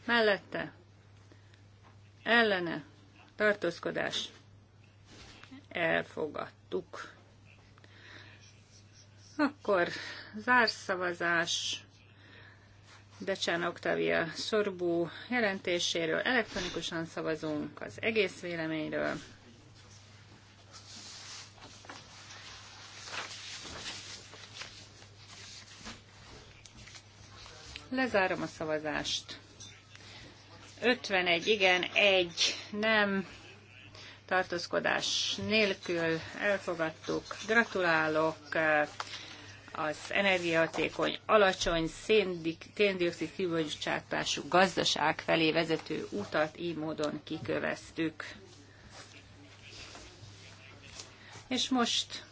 mellette, ellene, tartózkodás, elfogadtuk. Akkor zárszavazás Decsán Oktavia Sorbú jelentéséről elektronikusan szavazunk az egész véleményről. Lezárom a szavazást. 51 igen, 1 nem, tartózkodás nélkül elfogadtuk. Gratulálok eh, az energiahatékony, alacsony széndiokszid kibocsátású gazdaság felé vezető utat így módon kiköveztük. És most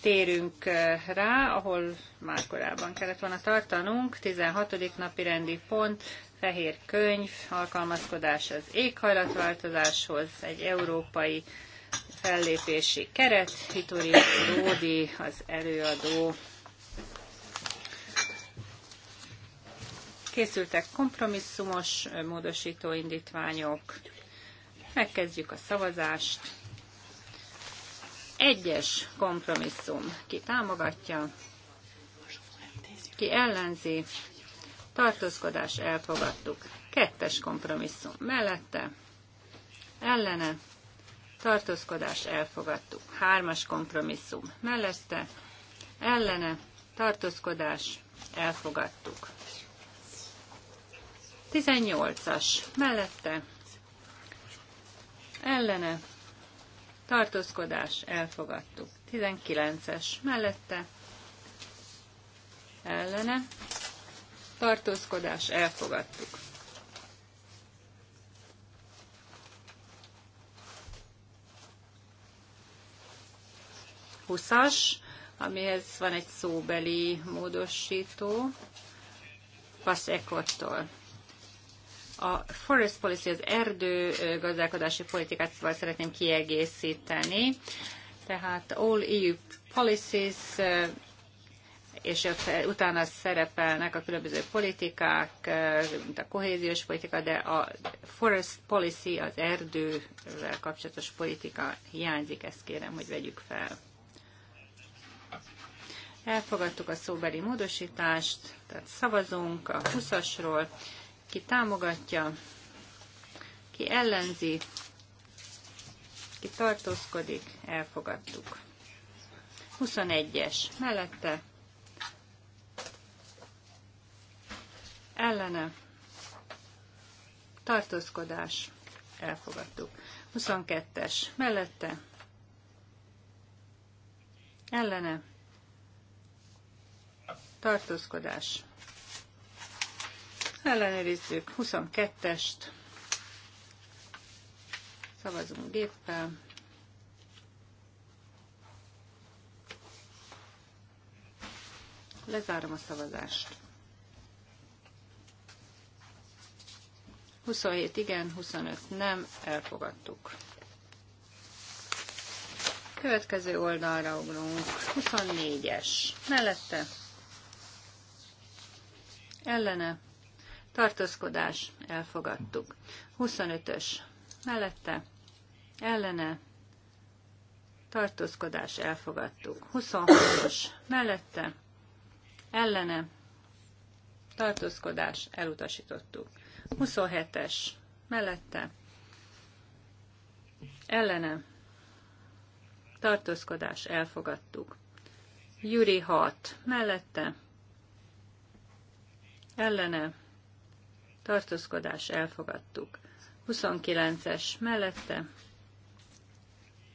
térünk eh, rá, ahol már korábban kellett volna tartanunk, 16. napi rendi pont, fehér könyv, alkalmazkodás az éghajlatváltozáshoz, egy európai fellépési keret, Hitori Ródi az előadó. Készültek kompromisszumos módosító indítványok. Megkezdjük a szavazást. Egyes kompromisszum. Ki támogatja? Ki ellenzi? tartózkodás elfogadtuk. Kettes kompromisszum mellette, ellene, tartózkodás elfogadtuk. Hármas kompromisszum mellette, ellene, tartózkodás elfogadtuk. 18-as mellette, ellene, tartózkodás elfogadtuk. 19-es mellette, ellene, tartózkodás, elfogadtuk. Huszas, amihez van egy szóbeli módosító, Paszekottól. A forest policy, az erdő gazdálkodási politikát szóval szeretném kiegészíteni. Tehát all EU policies és eh, utána szerepelnek a különböző politikák, eh, mint a kohéziós politika, de a forest policy, az erdővel kapcsolatos politika hiányzik, ezt kérem, hogy vegyük fel. Elfogadtuk a szóbeli módosítást, tehát szavazunk a 20-asról, ki támogatja, ki ellenzi, ki tartózkodik, elfogadtuk. 21-es mellette ellene tartózkodás elfogadtuk. 22-es mellette ellene tartózkodás ellenőrizzük 22-est szavazunk géppel lezárom a szavazást 27 igen, 25 nem, elfogadtuk. Következő oldalra ugrunk. 24-es. Mellette. Ellene. Tartózkodás. Elfogadtuk. 25-ös. Mellette. Ellene. Tartózkodás. Elfogadtuk. 26-os. Mellette. Ellene. Tartózkodás. Elutasítottuk. 27-es. Mellette. Ellene. Tartózkodás. Elfogadtuk. Jüri 6. Mellette. Ellene. Tartózkodás. Elfogadtuk. 29-es. Mellette.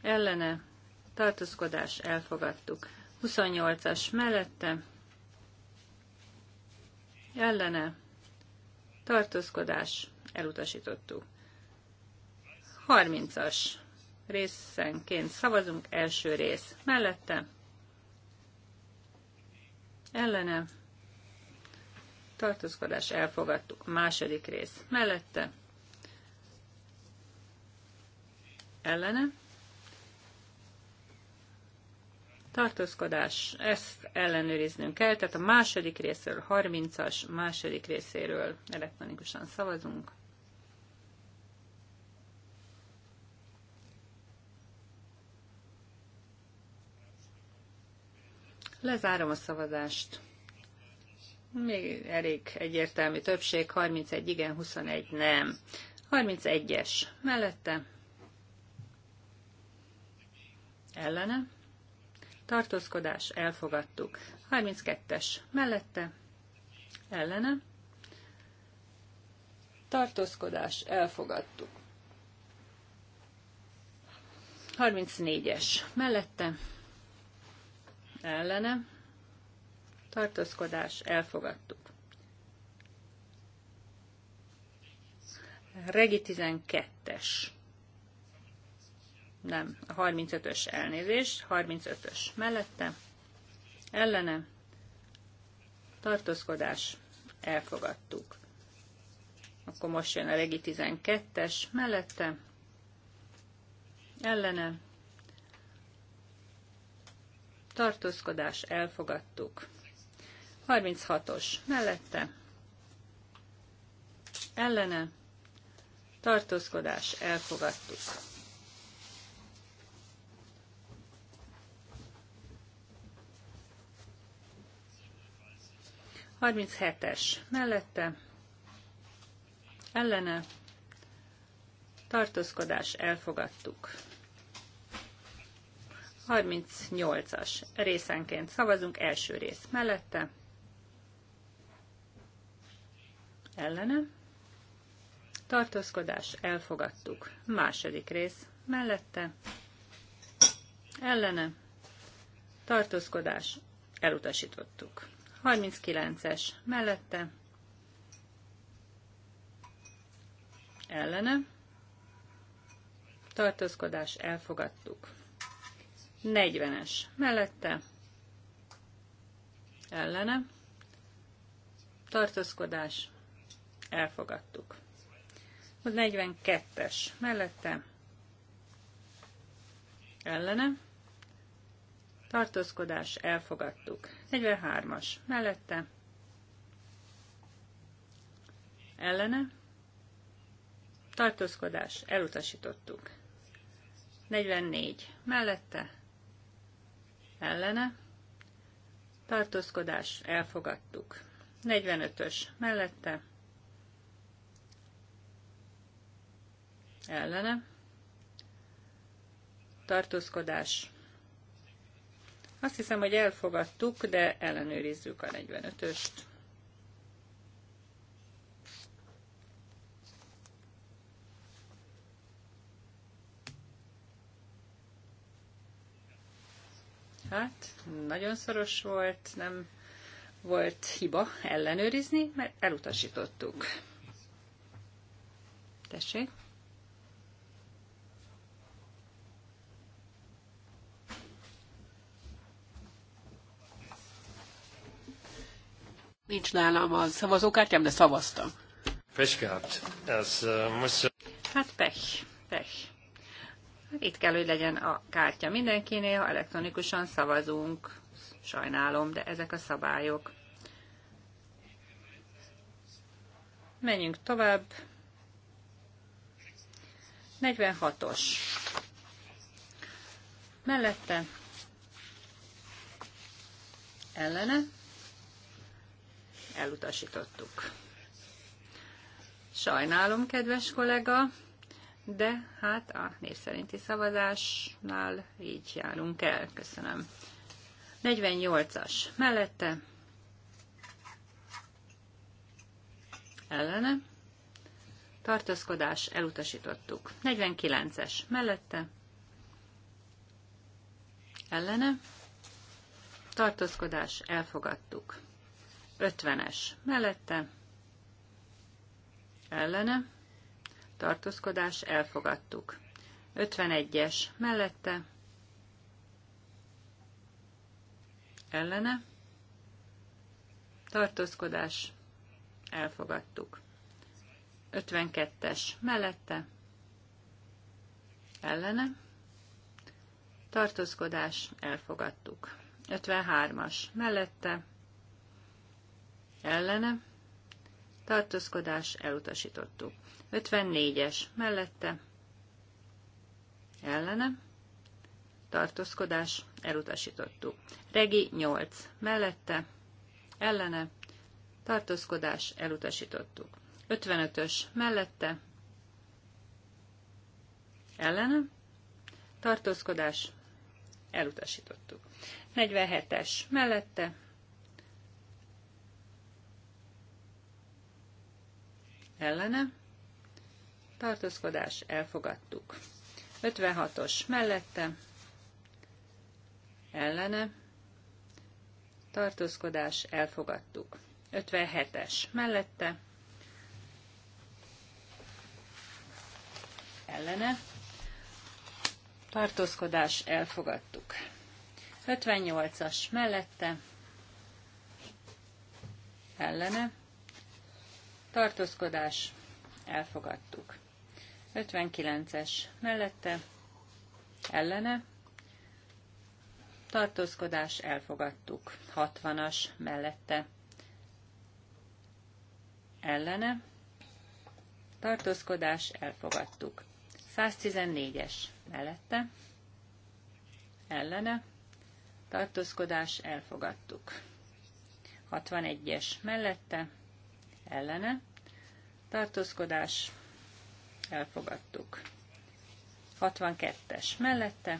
Ellene. Tartózkodás. Elfogadtuk. 28-as. Mellette. Ellene tartózkodás, elutasítottuk. 30-as részenként szavazunk, első rész mellette, ellene, tartózkodás, elfogadtuk, második rész mellette, ellene, tartózkodás, ezt ellenőriznünk kell, tehát a második részről, 30-as második részéről elektronikusan szavazunk. Lezárom a szavazást. Még elég egyértelmű többség, 31 igen, 21 nem. 31-es mellette. Ellene tartózkodás, elfogadtuk. 32-es mellette, ellene, tartózkodás, elfogadtuk. 34-es mellette, ellene, tartózkodás, elfogadtuk. Regi 12-es nem, a 35-ös elnézés, 35-ös mellette, ellene, tartózkodás, elfogadtuk. Akkor most jön a regi 12-es mellette, ellene, tartózkodás, elfogadtuk. 36-os mellette, ellene, tartózkodás, elfogadtuk. 37-es mellette ellene tartózkodás elfogadtuk. 38-as részenként szavazunk, első rész mellette, ellene, tartózkodás elfogadtuk, második rész mellette, ellene, tartózkodás elutasítottuk. 39-es mellette, ellene, tartózkodás elfogadtuk. 40-es mellette, ellene, tartózkodás elfogadtuk. 42-es mellette, ellene, tartózkodás, elfogadtuk. 43-as, mellette, ellene, tartózkodás, elutasítottuk. 44, mellette, ellene, tartózkodás, elfogadtuk. 45-ös, mellette, ellene, tartózkodás, azt hiszem, hogy elfogadtuk, de ellenőrizzük a 45-öst. Hát, nagyon szoros volt, nem volt hiba ellenőrizni, mert elutasítottuk. Tessék? Nincs nálam a szavazókártyám, de szavaztam. Pech gehabt. Ez, most. Hát pech, pech. Itt kell, hogy legyen a kártya mindenkinél, ha elektronikusan szavazunk. Sajnálom, de ezek a szabályok. Menjünk tovább. 46-os. Mellette ellene elutasítottuk. Sajnálom, kedves kollega, de hát a név szerinti szavazásnál így járunk el. Köszönöm. 48-as mellette. Ellene. Tartózkodás elutasítottuk. 49-es mellette. Ellene. Tartózkodás elfogadtuk. 50-es mellette ellene tartózkodás elfogadtuk. 51-es mellette ellene tartózkodás elfogadtuk. 52-es mellette ellene tartózkodás elfogadtuk. 53-as mellette ellene, tartózkodás elutasítottuk. 54-es mellette, ellene, tartózkodás elutasítottuk. Regi 8 mellette, ellene, tartózkodás elutasítottuk. 55-ös mellette, ellene, tartózkodás elutasítottuk. 47-es mellette, ellene, tartózkodás, elfogadtuk. 56-os mellette, ellene, tartózkodás, elfogadtuk. 57-es mellette, ellene, tartózkodás, elfogadtuk. 58-as mellette, ellene, tartózkodás, elfogadtuk. 59-es mellette, ellene, tartózkodás, elfogadtuk. 60-as mellette, ellene, tartózkodás, elfogadtuk. 114-es mellette, ellene, tartózkodás, elfogadtuk. 61-es mellette, ellene, tartózkodás, elfogadtuk. 62-es mellette,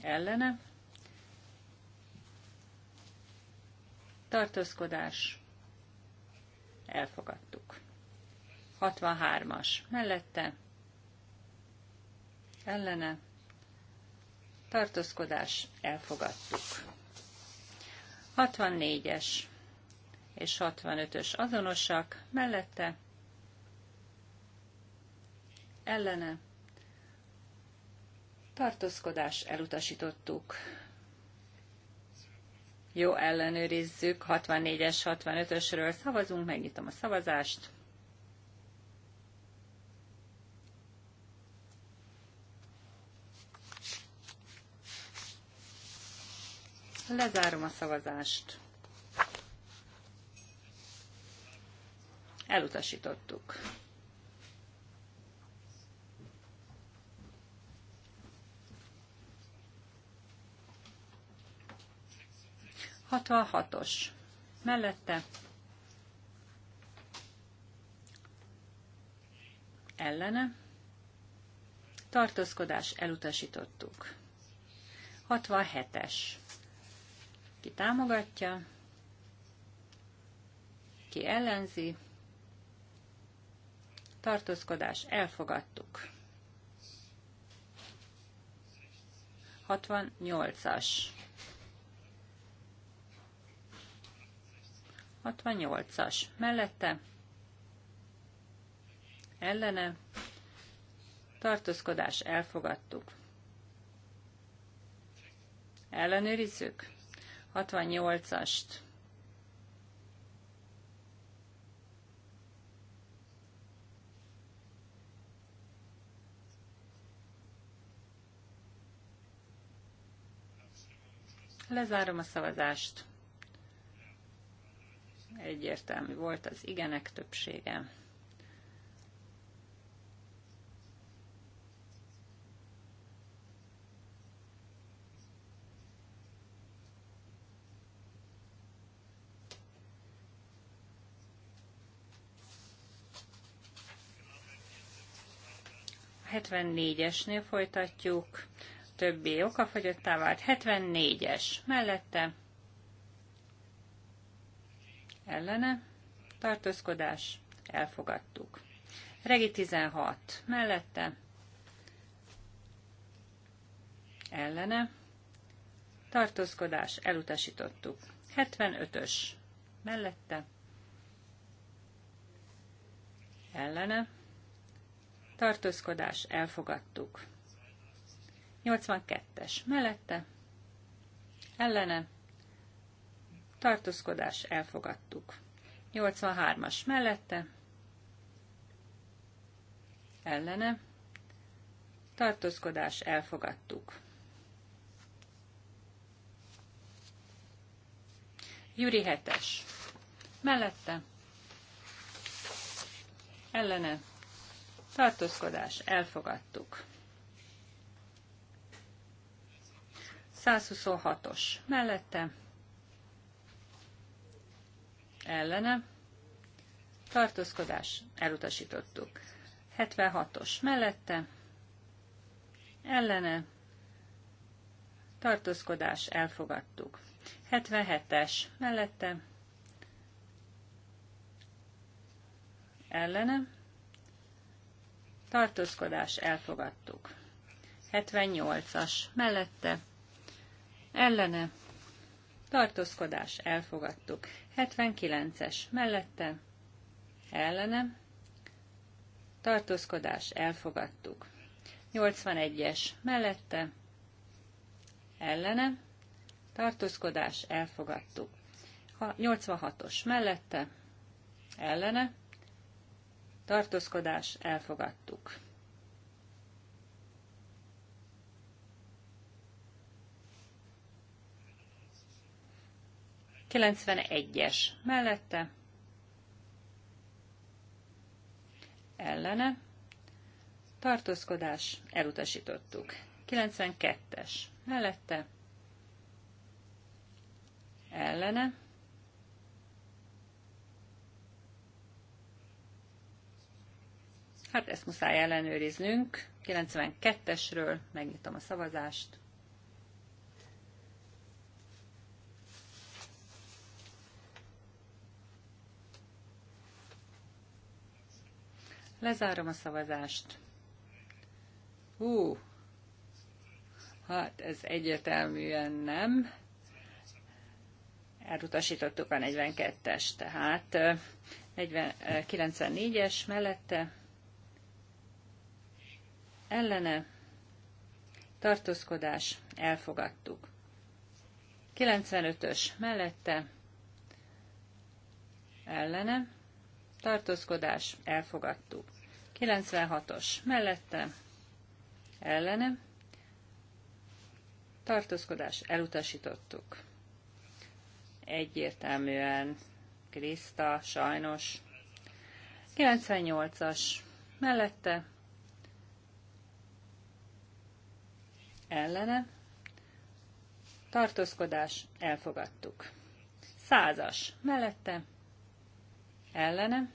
ellene, tartózkodás, elfogadtuk. 63-as mellette, ellene, tartózkodás, elfogadtuk. 64-es és 65-ös azonosak, mellette ellene tartózkodás elutasítottuk. Jó, ellenőrizzük, 64-es, 65-ösről szavazunk, megnyitom a szavazást. Lezárom a szavazást. Elutasítottuk. hatos. Mellette ellene. Tartózkodás elutasítottuk. 67-es. Ki támogatja? Ki ellenzi? tartózkodás, elfogadtuk. 68-as. 68-as. Mellette ellene tartózkodás elfogadtuk. Ellenőrizzük 68-ast. Lezárom a szavazást. Egyértelmű volt az igenek többsége. A 74-esnél folytatjuk többi okafogyottá vált. 74-es mellette ellene tartózkodás elfogadtuk. Regi 16 mellette ellene tartózkodás elutasítottuk. 75-ös mellette ellene tartózkodás elfogadtuk. 82-es mellette, ellene, tartózkodás, elfogadtuk. 83-as mellette, ellene, tartózkodás, elfogadtuk. Gyuri 7-es mellette, ellene, tartózkodás, elfogadtuk. 126-os mellette, ellene, tartózkodás, elutasítottuk. 76-os mellette, ellene, tartózkodás, elfogadtuk. 77-es mellette, ellene, tartózkodás, elfogadtuk. 78-as mellette, ellene, tartózkodás, elfogadtuk. 79-es, mellette, ellene, tartózkodás, elfogadtuk. 81-es, mellette, ellene, tartózkodás, elfogadtuk. 86-os, mellette, ellene, tartózkodás, elfogadtuk. 91-es mellette, ellene, tartózkodás, elutasítottuk. 92-es mellette, ellene, Hát ezt muszáj ellenőriznünk. 92-esről megnyitom a szavazást. Lezárom a szavazást. Hú, hát ez egyetelműen nem. Elutasítottuk a 42-es, tehát 94-es mellette ellene tartózkodás elfogadtuk. 95-ös mellette ellene tartózkodás, elfogadtuk. 96-os mellette, ellene, tartózkodás, elutasítottuk. Egyértelműen Kriszta, sajnos. 98-as mellette, ellene, tartózkodás, elfogadtuk. Százas mellette, ellene,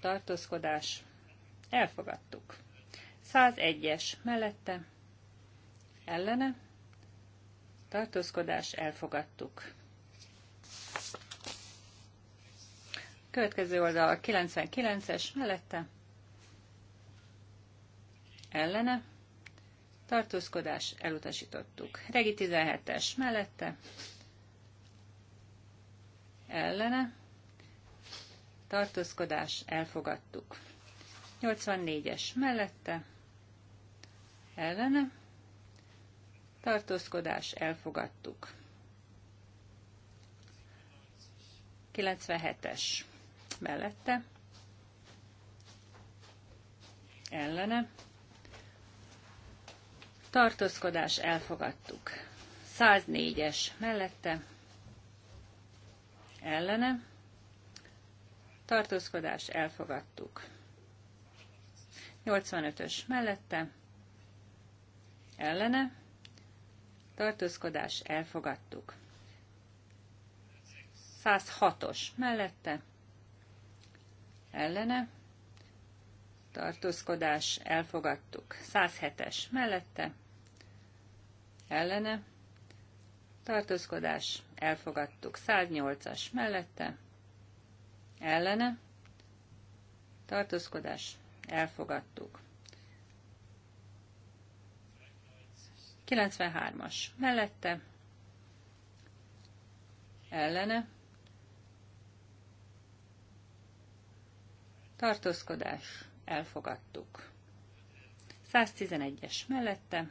tartózkodás, elfogadtuk. 101-es mellette, ellene, tartózkodás, elfogadtuk. Következő oldal 99-es mellette, ellene, tartózkodás, elutasítottuk. Regi 17-es mellette, ellene, tartózkodás, elfogadtuk. 84-es mellette, ellene, tartózkodás, elfogadtuk. 97-es mellette, ellene, tartózkodás, elfogadtuk. 104-es mellette, ellene, tartózkodás elfogadtuk. 85-ös mellette, ellene, tartózkodás elfogadtuk. 106-os mellette, ellene, tartózkodás elfogadtuk. 107-es mellette, ellene, tartózkodás elfogadtuk. 108-as mellette, ellene, tartózkodás, elfogadtuk. 93-as mellette, ellene, tartózkodás, elfogadtuk. 111-es mellette,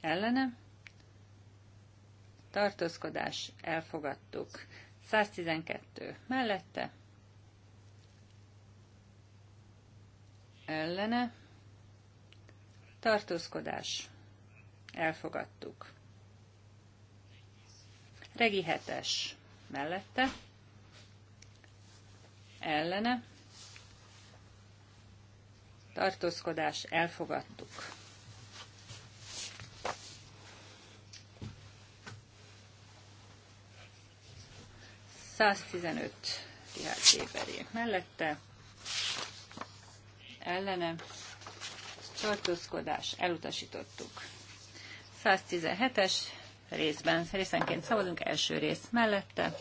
ellene, tartózkodás, elfogadtuk. 112 mellette, ellene, tartózkodás, elfogadtuk. Regi 7 mellette, ellene, tartózkodás, elfogadtuk. 115 Richard Zéberék mellette, ellene, csartózkodás elutasítottuk. 117-es részben, részenként szabadunk, első rész mellette,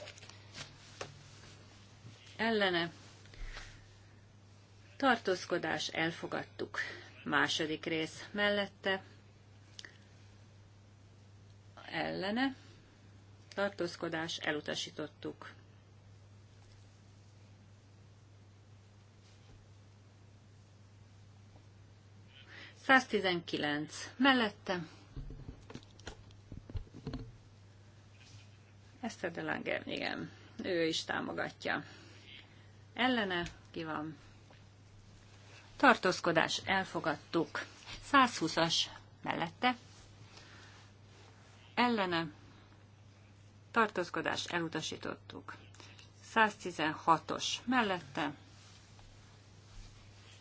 ellene, tartózkodás, elfogadtuk. Második rész mellette, ellene, tartózkodás, elutasítottuk. 119. Mellette. Eszter de Langer, igen. Ő is támogatja. Ellene ki van? Tartózkodás, elfogadtuk. 120-as mellette. Ellene. Tartózkodás, elutasítottuk. 116-os mellette.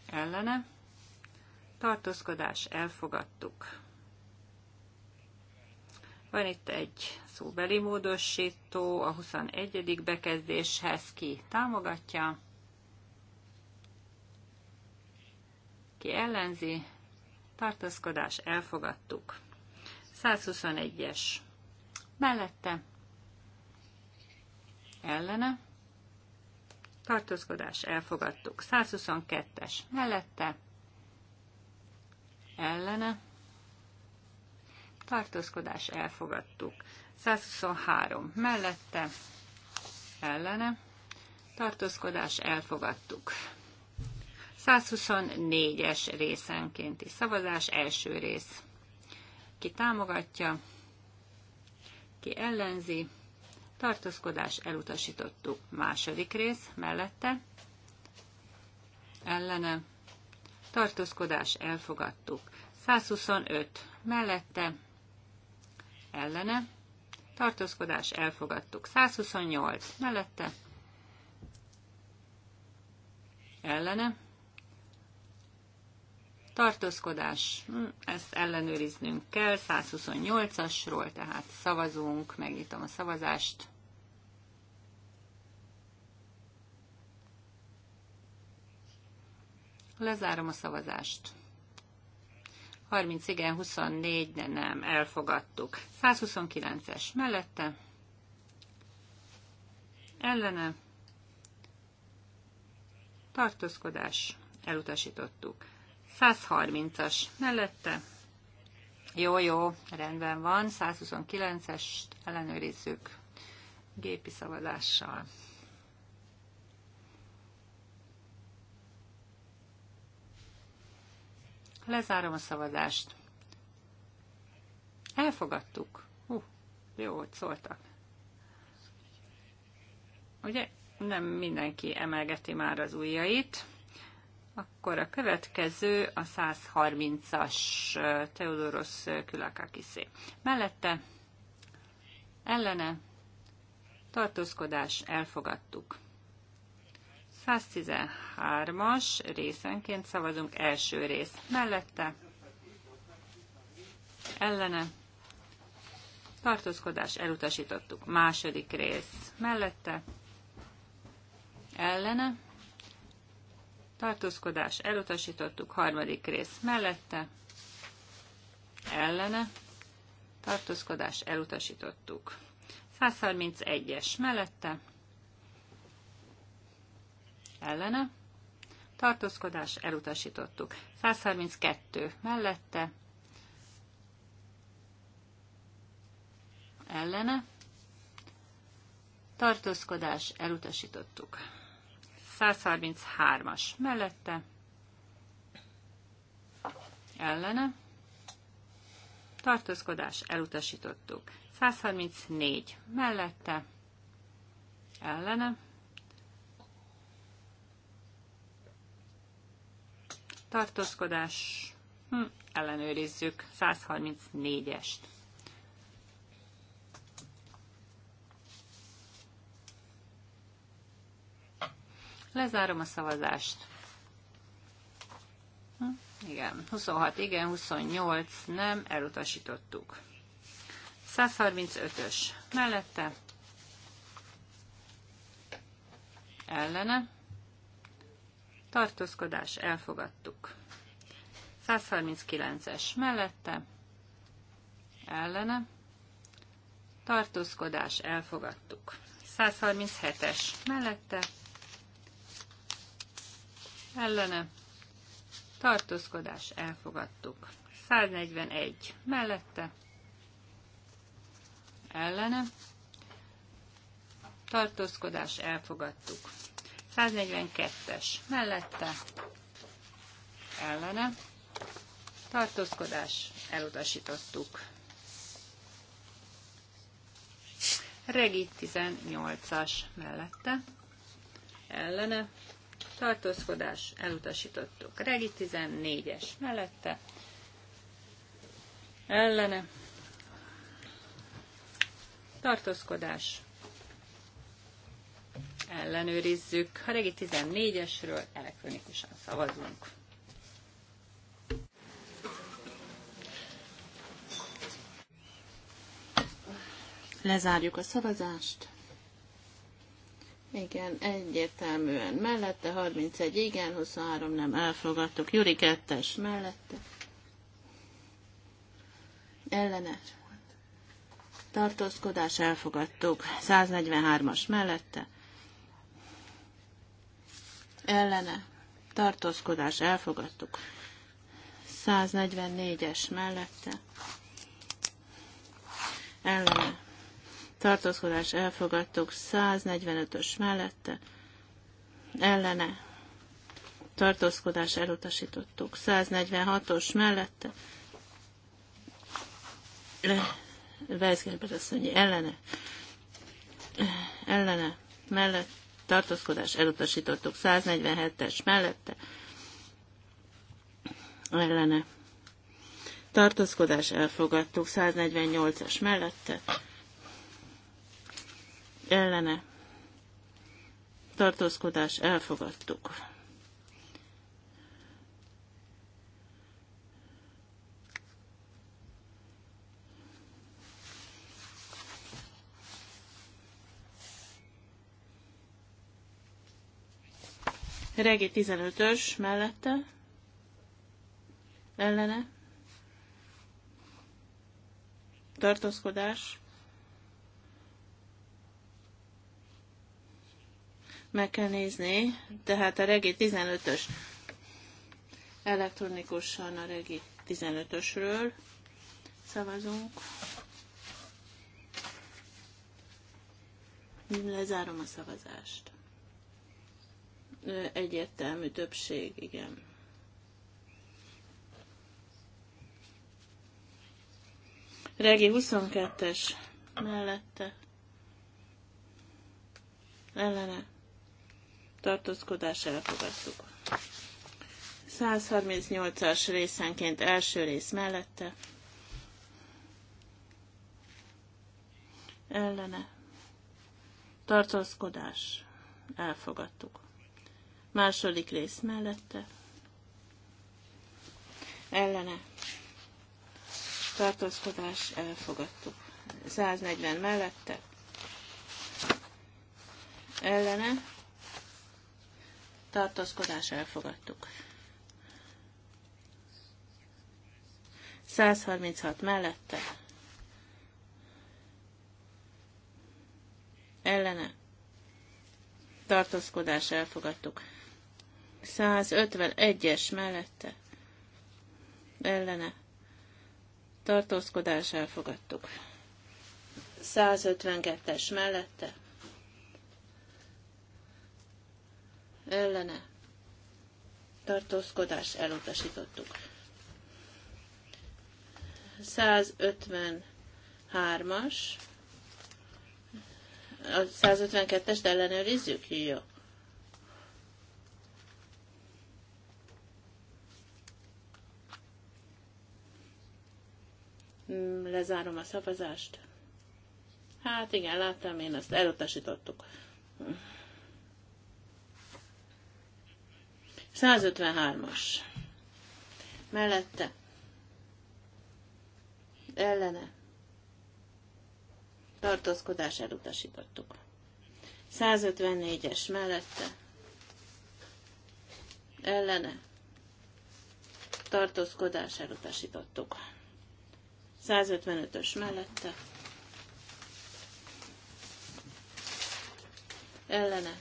Ellene tartózkodás elfogadtuk. Van itt egy szóbeli módosító, a 21. bekezdéshez ki támogatja, ki ellenzi, tartózkodás elfogadtuk. 121-es mellette, ellene, tartózkodás elfogadtuk. 122-es mellette, ellene. Tartózkodás elfogadtuk. 123 mellette ellene. Tartózkodás elfogadtuk. 124-es részenkénti szavazás első rész. Ki támogatja, ki ellenzi, tartózkodás elutasítottuk. Második rész mellette, ellene, tartózkodás elfogadtuk. 125 mellette, ellene, tartózkodás elfogadtuk. 128 mellette, ellene, tartózkodás, hm, ezt ellenőriznünk kell, 128-asról, tehát szavazunk, megnyitom a szavazást. Lezárom a szavazást. 30 igen, 24, de nem, elfogadtuk. 129-es mellette, ellene, tartózkodás, elutasítottuk. 130-as mellette, jó, jó, rendben van, 129-est ellenőrizzük gépi szavazással. Lezárom a szavazást. Elfogadtuk. Hú, jó, hogy szóltak. Ugye nem mindenki emelgeti már az ujjait. Akkor a következő a 130-as Teodoros Külakakiszé. Mellette ellene tartózkodás elfogadtuk. 113-as részenként szavazunk első rész mellette, ellene, tartózkodás elutasítottuk második rész mellette, ellene, tartózkodás elutasítottuk harmadik rész mellette, ellene, tartózkodás elutasítottuk. 131-es mellette, ellene, tartózkodás elutasítottuk. 132 mellette, ellene, tartózkodás elutasítottuk. 133-as mellette, ellene, tartózkodás elutasítottuk. 134 mellette, ellene, tartózkodás, hm, ellenőrizzük, 134-est. Lezárom a szavazást. Hm, igen, 26 igen, 28 nem, elutasítottuk. 135-ös mellette, ellene, tartózkodás elfogadtuk. 139-es mellette, ellene, tartózkodás elfogadtuk. 137-es mellette, ellene, tartózkodás elfogadtuk. 141 mellette, ellene, tartózkodás elfogadtuk. 142-es mellette ellene tartózkodás elutasítottuk. Regi 18-as mellette ellene tartózkodás elutasítottuk. Regi 14-es mellette ellene tartózkodás ellenőrizzük. A regi 14-esről elektronikusan szavazunk. Lezárjuk a szavazást. Igen, egyértelműen mellette, 31 igen, 23 nem elfogadtuk. Juri 2-es mellette. Ellene. Tartózkodás elfogadtuk. 143-as mellette ellene tartózkodás elfogadtuk. 144-es mellette ellene tartózkodás elfogadtuk. 145-ös mellette ellene tartózkodás elutasítottuk. 146-os mellette Weisgerber asszonyi ellene ellene mellett tartózkodás elutasítottuk 147-es mellette ellene tartózkodás elfogadtuk 148-as mellette ellene tartózkodás elfogadtuk Regi 15-ös mellette, ellene, tartózkodás, meg kell nézni, tehát a regi 15-ös elektronikusan a regi 15-ösről szavazunk. Lezárom a szavazást egyértelmű többség, igen. Regi 22-es mellette ellene tartózkodás elfogadtuk. 138-as részenként első rész mellette ellene tartózkodás elfogadtuk. Második rész mellette. Ellene. Tartózkodás elfogadtuk. 140 mellette. Ellene. Tartózkodás elfogadtuk. 136 mellette. Ellene. Tartózkodás elfogadtuk. 151-es mellette ellene tartózkodás elfogadtuk. 152-es mellette ellene tartózkodás elutasítottuk. 153-as, a 152-est ellenőrizzük? Jó. Mm, lezárom a szavazást. Hát igen, láttam én, azt elutasítottuk. 153-as. Mellette. Ellene. Tartózkodás elutasítottuk. 154-es mellette. Ellene. Tartózkodás elutasítottuk. 155-ös mellette. Ellene.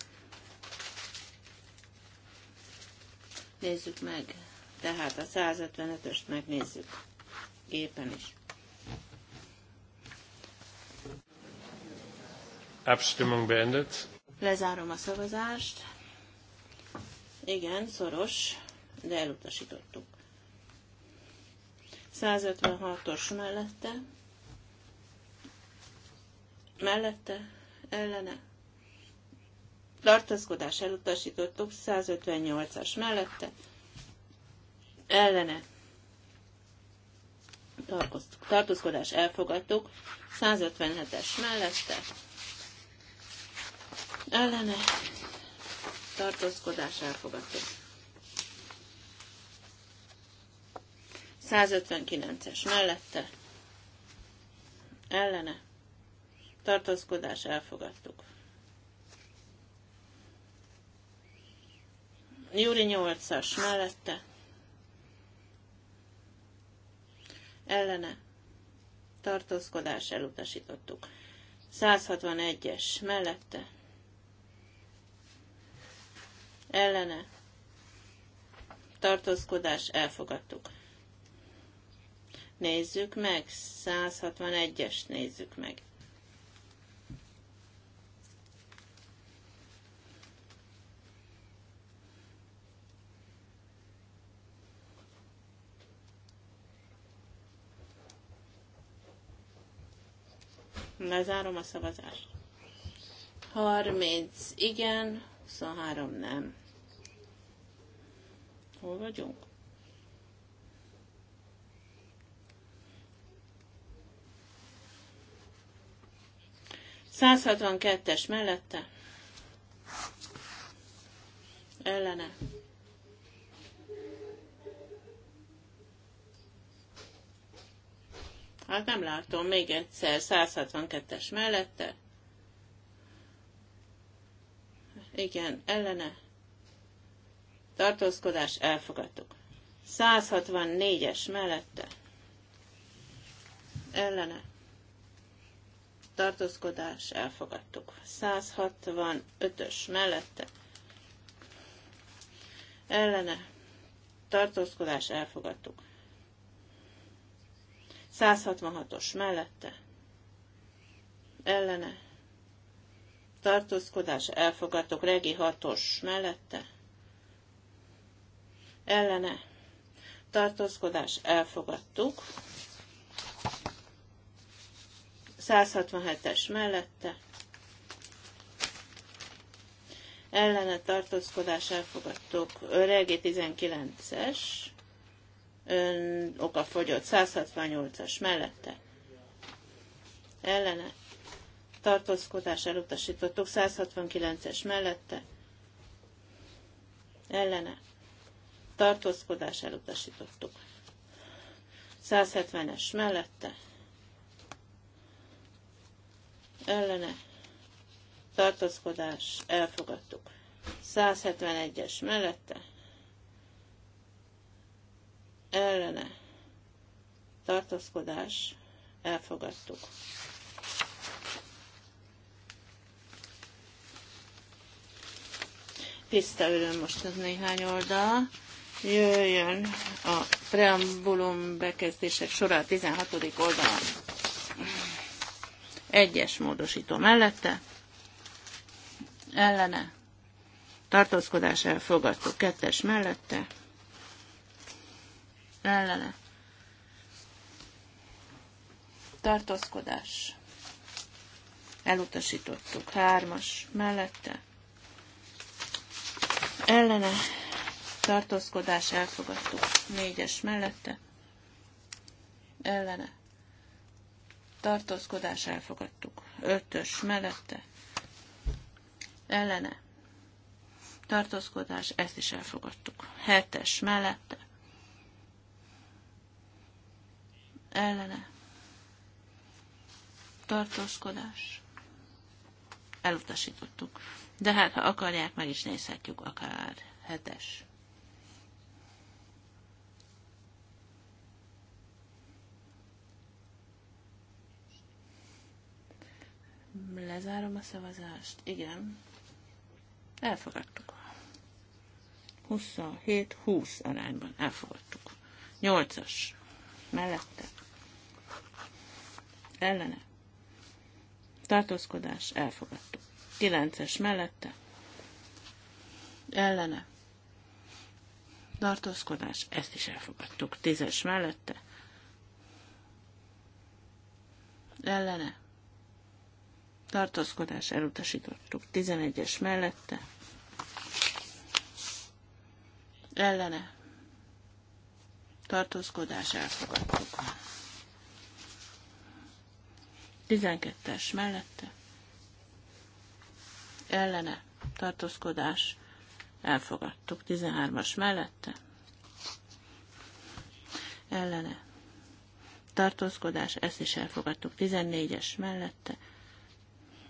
Nézzük meg. Tehát a 155-öst megnézzük. Gépen is. Abstimmung beendet. Lezárom a szavazást. Igen, szoros, de elutasítottuk. 156-os mellette, mellette, ellene, tartaszkodás elutasítottuk, 158-as mellette, ellene, tartózkodás elfogadtuk, 157-es mellette, ellene, tartózkodás elfogadtuk. 159-es mellette ellene tartózkodás elfogadtuk. Júri 8-as mellette ellene tartózkodás elutasítottuk. 161-es mellette ellene tartózkodás elfogadtuk nézzük meg, 161-es nézzük meg. Lezárom a szavazást. 30 igen, 23 nem. Hol vagyunk? 162-es mellette. Ellene. Hát nem látom, még egyszer, 162-es mellette. Igen, ellene. Tartózkodás, elfogadtuk. 164-es mellette. Ellene tartózkodás, elfogadtuk. 165-ös mellette, ellene, tartózkodás, elfogadtuk. 166-os mellette, ellene, tartózkodás, elfogadtuk. Regi 6-os mellette, ellene, tartózkodás, elfogadtuk. 167-es mellette ellene tartózkodás elfogadtuk. Regi 19-es oka fogyott 168-as mellette ellene tartózkodás elutasítottuk 169-es mellette ellene tartózkodás elutasítottuk 170-es mellette ellene tartózkodás elfogadtuk. 171-es mellette ellene tartózkodás elfogadtuk. Tiszta öröm most az néhány oldal. Jöjjön a preambulum bekezdések sorá 16. oldalon. Egyes módosító mellette, ellene, tartózkodás elfogadtuk. Kettes mellette, ellene, tartózkodás elutasítottuk. Hármas mellette, ellene, tartózkodás elfogadtuk. Négyes mellette, ellene, tartózkodás elfogadtuk. Ötös mellette ellene tartózkodás, ezt is elfogadtuk. Hetes mellette ellene tartózkodás elutasítottuk. De hát, ha akarják, meg is nézhetjük akár hetes. Lezárom a szavazást. Igen. Elfogadtuk. 27-20 arányban elfogadtuk. 8-as. Mellette. Ellene. Tartózkodás. Elfogadtuk. 9-es mellette. Ellene. Tartózkodás. Ezt is elfogadtuk. 10-es mellette. Ellene tartózkodás elutasítottuk. 11-es mellette ellene tartózkodás elfogadtuk. 12-es mellette ellene tartózkodás elfogadtuk. 13-as mellette ellene tartózkodás, ezt is elfogadtuk. 14-es mellette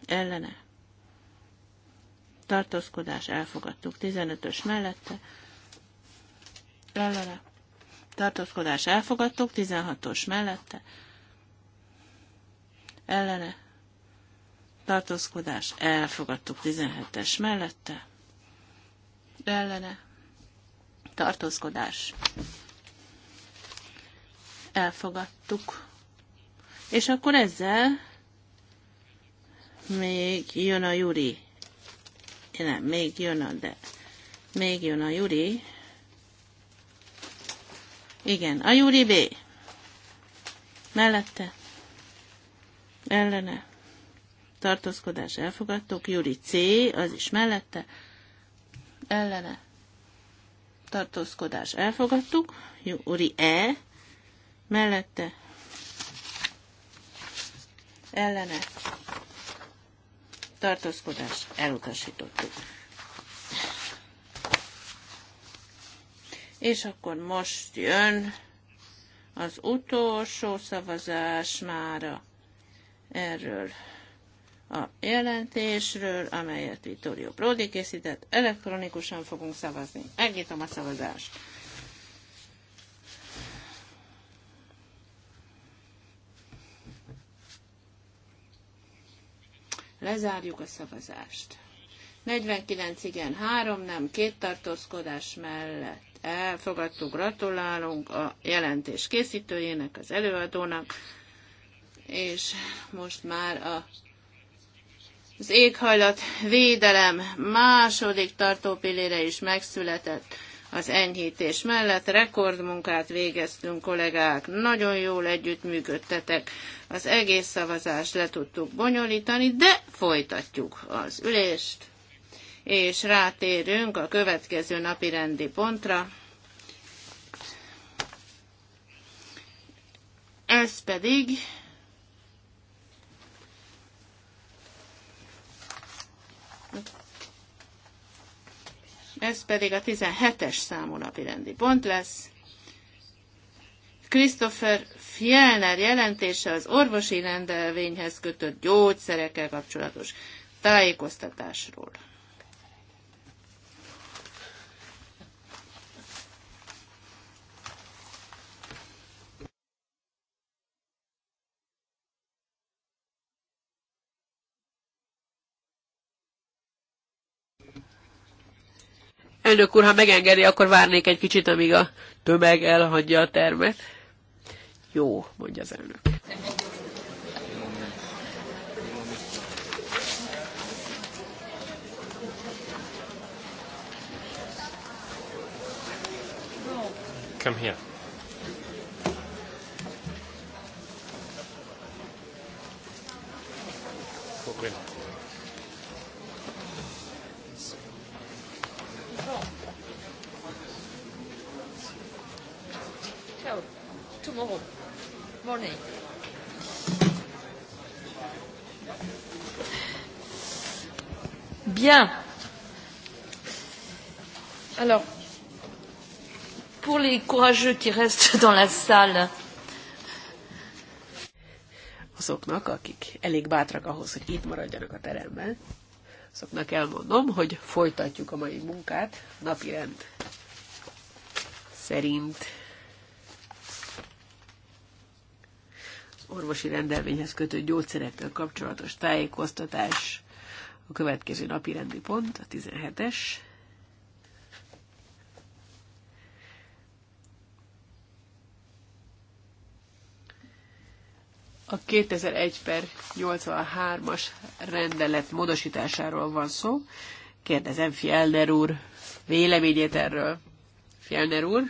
ellene tartózkodás elfogadtuk 15-ös mellette, ellene tartózkodás elfogadtuk 16-os mellette, ellene tartózkodás elfogadtuk 17-es mellette, ellene tartózkodás elfogadtuk. És akkor ezzel még jön a Juri. Nem, még jön a, de még jön a Juri. Igen, a Juri B. Mellette. Ellene. Tartózkodás elfogadtuk. Juri C. Az is mellette. Ellene. Tartózkodás elfogadtuk. Juri E. Mellette. Ellene tartózkodás elutasítottuk. És akkor most jön az utolsó szavazás már erről a jelentésről, amelyet Vittorio Prodi készített. Elektronikusan fogunk szavazni. Megnyitom a szavazást. Lezárjuk a szavazást. 49 igen, 3 nem, két tartózkodás mellett elfogadtuk, gratulálunk a jelentés készítőjének, az előadónak, és most már a, az éghajlat védelem második tartópillére is megszületett az enyhítés mellett. Rekordmunkát végeztünk, kollégák, nagyon jól együttműködtetek, az egész szavazást le tudtuk bonyolítani, de folytatjuk az ülést, és rátérünk a következő napi rendi pontra. Ez pedig Ez pedig a 17-es számú napi rendi pont lesz. Christopher Fjellner jelentése az orvosi rendelvényhez kötött gyógyszerekkel kapcsolatos tájékoztatásról. Elnök úr, ha megengedi, akkor várnék egy kicsit, amíg a tömeg elhagyja a termet. Jó, mondja az elnök. Come here. Go tomorrow morning. Bien. Alors, pour les courageux qui restent dans la salle, azoknak, akik elég bátrak ahhoz, hogy itt maradjanak a teremben, azoknak elmondom, hogy folytatjuk a mai munkát napirend szerint. orvosi rendelvényhez kötő gyógyszerekkel kapcsolatos tájékoztatás a következő napi rendi pont, a 17-es. A 2001 per 83-as rendelet módosításáról van szó. Kérdezem Fjellner úr véleményét erről. Fjellner úr?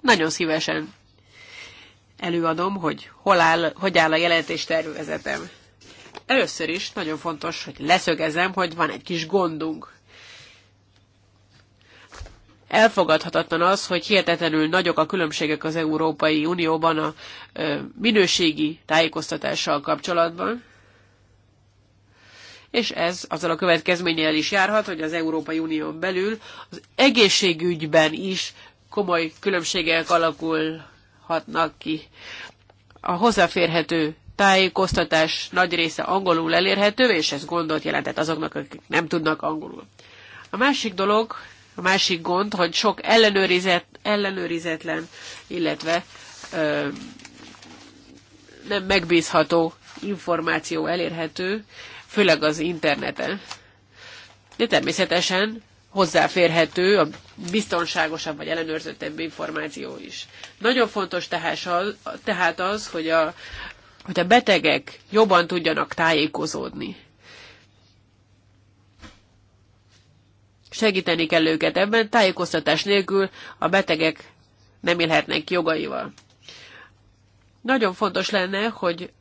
Nagyon szívesen előadom, hogy hol áll, hogy áll a jelentés tervezetem. Először is nagyon fontos, hogy leszögezem, hogy van egy kis gondunk. Elfogadhatatlan az, hogy hihetetlenül nagyok a különbségek az Európai Unióban a minőségi tájékoztatással kapcsolatban, és ez azzal a következménnyel is járhat, hogy az Európai Unión belül az egészségügyben is komoly különbségek alakul hatnak ki. A hozzáférhető tájékoztatás nagy része angolul elérhető, és ez gondot jelentett azoknak, akik nem tudnak angolul. A másik dolog, a másik gond, hogy sok ellenőrizet, ellenőrizetlen, illetve ö, nem megbízható információ elérhető, főleg az interneten. De természetesen hozzáférhető a biztonságosabb vagy ellenőrzöttebb információ is. Nagyon fontos tehát az, hogy a, hogy a betegek jobban tudjanak tájékozódni. Segíteni kell őket ebben, tájékoztatás nélkül a betegek nem élhetnek jogaival. Nagyon fontos lenne, hogy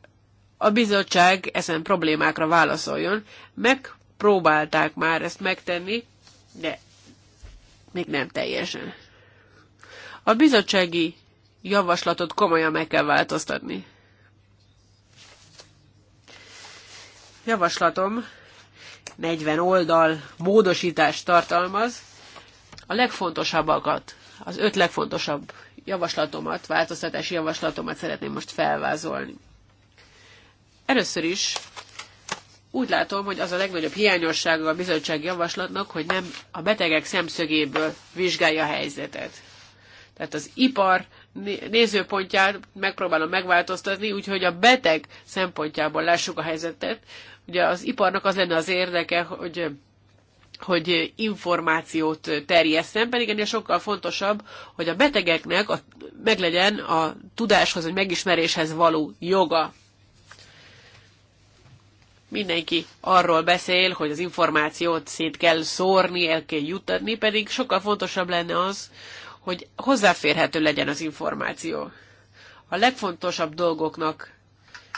a bizottság ezen problémákra válaszoljon. Megpróbálták már ezt megtenni, de még nem teljesen. A bizottsági javaslatot komolyan meg kell változtatni. Javaslatom 40 oldal módosítást tartalmaz. A legfontosabbakat, az öt legfontosabb javaslatomat, változtatási javaslatomat szeretném most felvázolni. Először is úgy látom, hogy az a legnagyobb hiányossága a bizottság javaslatnak, hogy nem a betegek szemszögéből vizsgálja a helyzetet. Tehát az ipar nézőpontját megpróbálom megváltoztatni, úgyhogy a beteg szempontjából lássuk a helyzetet. Ugye az iparnak az lenne az érdeke, hogy hogy információt terjesszen, pedig ennél sokkal fontosabb, hogy a betegeknek a, meglegyen a tudáshoz, vagy megismeréshez való joga mindenki arról beszél, hogy az információt szét kell szórni, el kell jutatni, pedig sokkal fontosabb lenne az, hogy hozzáférhető legyen az információ. A legfontosabb dolgoknak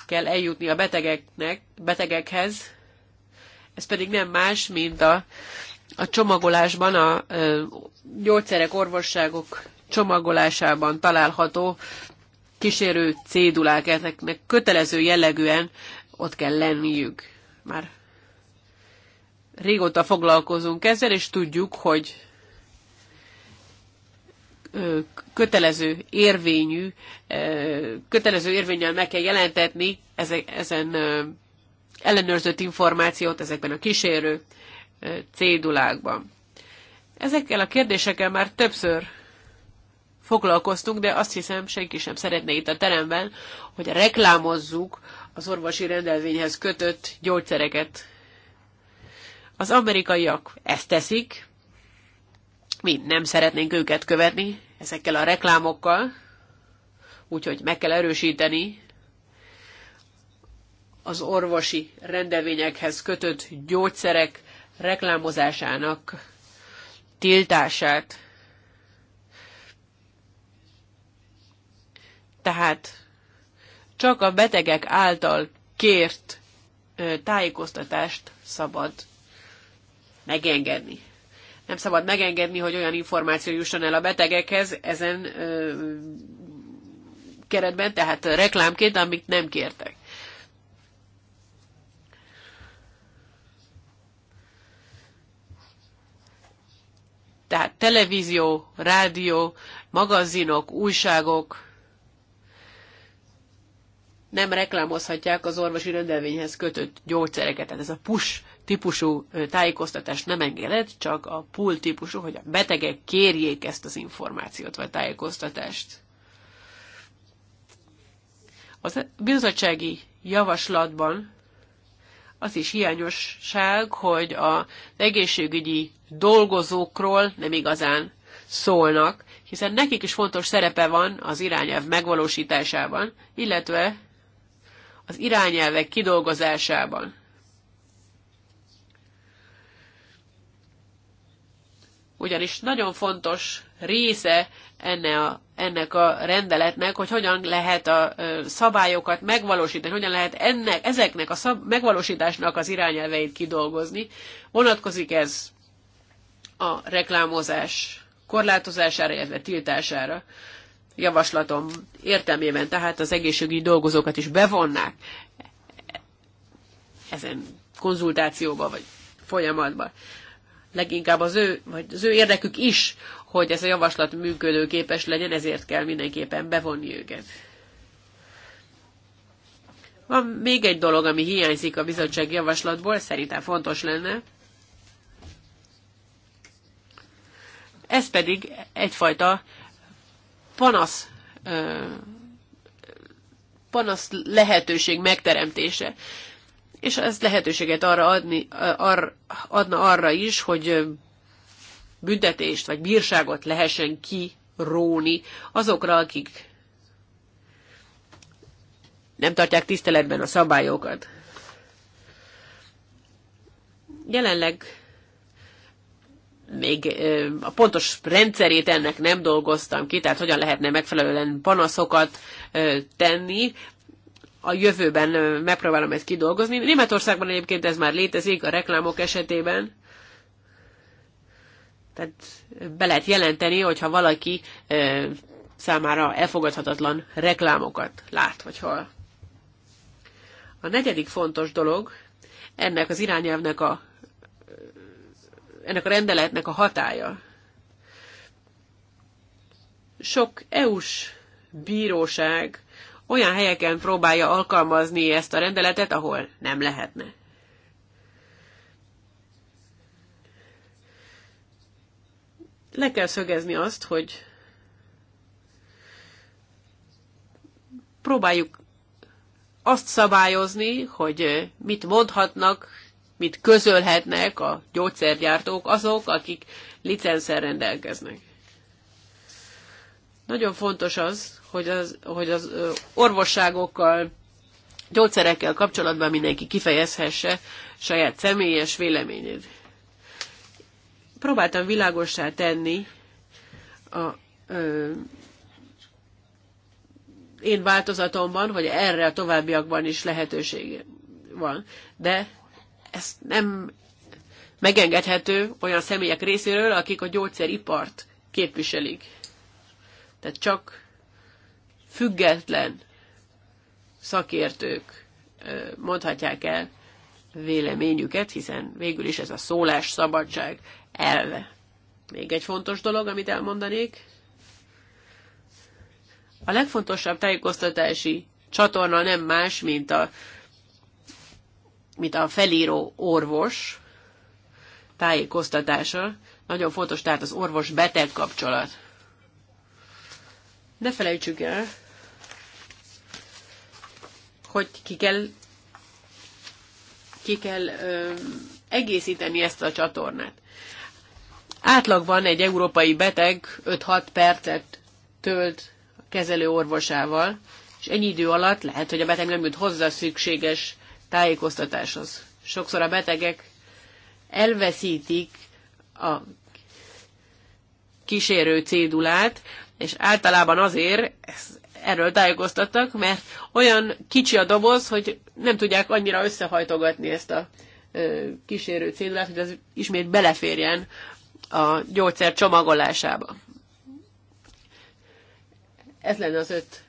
kell eljutni a betegeknek, betegekhez, ez pedig nem más, mint a, a csomagolásban, a, a gyógyszerek, orvosságok csomagolásában található kísérő cédulák, ezeknek kötelező jellegűen ott kell lenniük. Már régóta foglalkozunk ezzel, és tudjuk, hogy kötelező érvényű, kötelező érvényel meg kell jelentetni ezen ellenőrzött információt ezekben a kísérő cédulákban. Ezekkel a kérdésekkel már többször foglalkoztunk, de azt hiszem senki sem szeretné itt a teremben, hogy reklámozzuk az orvosi rendelvényhez kötött gyógyszereket. Az amerikaiak ezt teszik, mi nem szeretnénk őket követni ezekkel a reklámokkal, úgyhogy meg kell erősíteni az orvosi rendelvényekhez kötött gyógyszerek reklámozásának tiltását. Tehát csak a betegek által kért tájékoztatást szabad megengedni. Nem szabad megengedni, hogy olyan információ jusson el a betegekhez ezen ö, keretben, tehát reklámként, amit nem kértek. Tehát televízió, rádió, magazinok, újságok, nem reklámozhatják az orvosi rendelvényhez kötött gyógyszereket. Tehát ez a push típusú tájékoztatás nem engedett, csak a pull típusú, hogy a betegek kérjék ezt az információt vagy tájékoztatást. Az bizottsági javaslatban az is hiányosság, hogy az egészségügyi dolgozókról nem igazán szólnak, hiszen nekik is fontos szerepe van az irányelv megvalósításában, illetve az irányelvek kidolgozásában. Ugyanis nagyon fontos része enne a, ennek a rendeletnek, hogy hogyan lehet a szabályokat megvalósítani, hogyan lehet ennek, ezeknek a szab, megvalósításnak az irányelveit kidolgozni. Vonatkozik ez a reklámozás korlátozására, illetve tiltására javaslatom értelmében, tehát az egészségügyi dolgozókat is bevonnák ezen konzultációba vagy folyamatba. Leginkább az ő, vagy az ő érdekük is, hogy ez a javaslat működőképes legyen, ezért kell mindenképpen bevonni őket. Van még egy dolog, ami hiányzik a bizottság javaslatból, szerintem fontos lenne. Ez pedig egyfajta panasz panasz lehetőség megteremtése. És ez lehetőséget arra adni, ar, adna arra is, hogy büntetést vagy bírságot lehessen kiróni azokra, akik nem tartják tiszteletben a szabályokat. Jelenleg még a pontos rendszerét ennek nem dolgoztam ki, tehát hogyan lehetne megfelelően panaszokat tenni, a jövőben megpróbálom ezt kidolgozni. Németországban egyébként ez már létezik a reklámok esetében. Tehát be lehet jelenteni, hogyha valaki számára elfogadhatatlan reklámokat lát, vagy hal. A negyedik fontos dolog ennek az irányelvnek a ennek a rendeletnek a hatája. Sok EU-s bíróság olyan helyeken próbálja alkalmazni ezt a rendeletet, ahol nem lehetne. Le kell szögezni azt, hogy próbáljuk azt szabályozni, hogy mit mondhatnak mit közölhetnek a gyógyszergyártók azok, akik licenszer rendelkeznek. Nagyon fontos az, hogy az, hogy az orvosságokkal, gyógyszerekkel kapcsolatban mindenki kifejezhesse saját személyes véleményét. Próbáltam világossá tenni a ö, én változatomban, hogy erre a továbbiakban is lehetőség van. De ez nem megengedhető olyan személyek részéről, akik a gyógyszeripart képviselik. Tehát csak független szakértők mondhatják el véleményüket, hiszen végül is ez a szabadság elve. Még egy fontos dolog, amit elmondanék. A legfontosabb tájékoztatási csatorna nem más, mint a mint a felíró orvos tájékoztatása. Nagyon fontos tehát az orvos-beteg kapcsolat. Ne felejtsük el, hogy ki kell, ki kell ö, egészíteni ezt a csatornát. Átlagban egy európai beteg 5-6 percet tölt a kezelő orvosával, és ennyi idő alatt lehet, hogy a beteg nem jut hozzá szükséges tájékoztatáshoz. Sokszor a betegek elveszítik a kísérő cédulát, és általában azért erről tájékoztattak, mert olyan kicsi a doboz, hogy nem tudják annyira összehajtogatni ezt a kísérő cédulát, hogy az ismét beleférjen a gyógyszer csomagolásába. Ez lenne az öt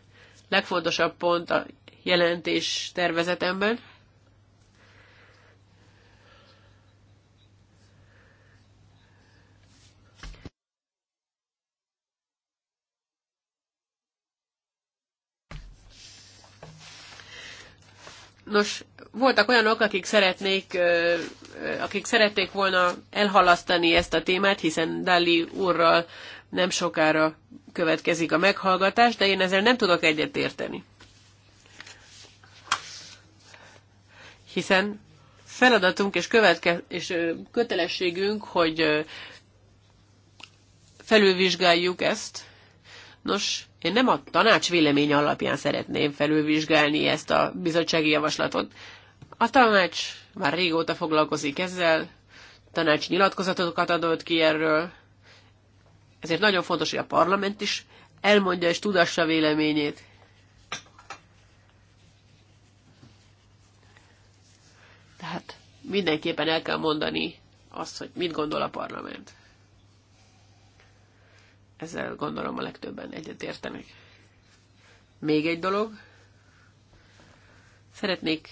legfontosabb pont a jelentés tervezetemben. Nos, voltak olyanok, akik szeretnék, akik szerették volna elhalasztani ezt a témát, hiszen Dali úrral nem sokára következik a meghallgatás, de én ezzel nem tudok egyet érteni, Hiszen feladatunk és, követke- és kötelességünk, hogy felülvizsgáljuk ezt. Nos, én nem a tanács vélemény alapján szeretném felülvizsgálni ezt a bizottsági javaslatot. A tanács már régóta foglalkozik ezzel, tanács nyilatkozatokat adott ki erről, ezért nagyon fontos, hogy a parlament is elmondja és tudassa véleményét. Tehát mindenképpen el kell mondani azt, hogy mit gondol a parlament. Ezzel gondolom a legtöbben egyetértenek. Még egy dolog. Szeretnék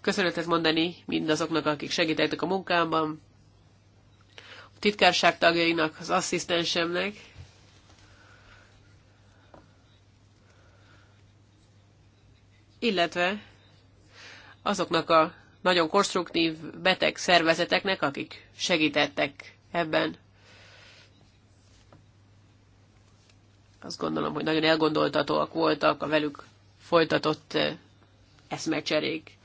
köszönetet mondani mindazoknak, akik segítettek a munkámban, a titkárság tagjainak, az asszisztensemnek, illetve azoknak a nagyon konstruktív beteg szervezeteknek, akik segítettek ebben. Azt gondolom, hogy nagyon elgondoltatóak voltak a velük folytatott eh, eszmecserék.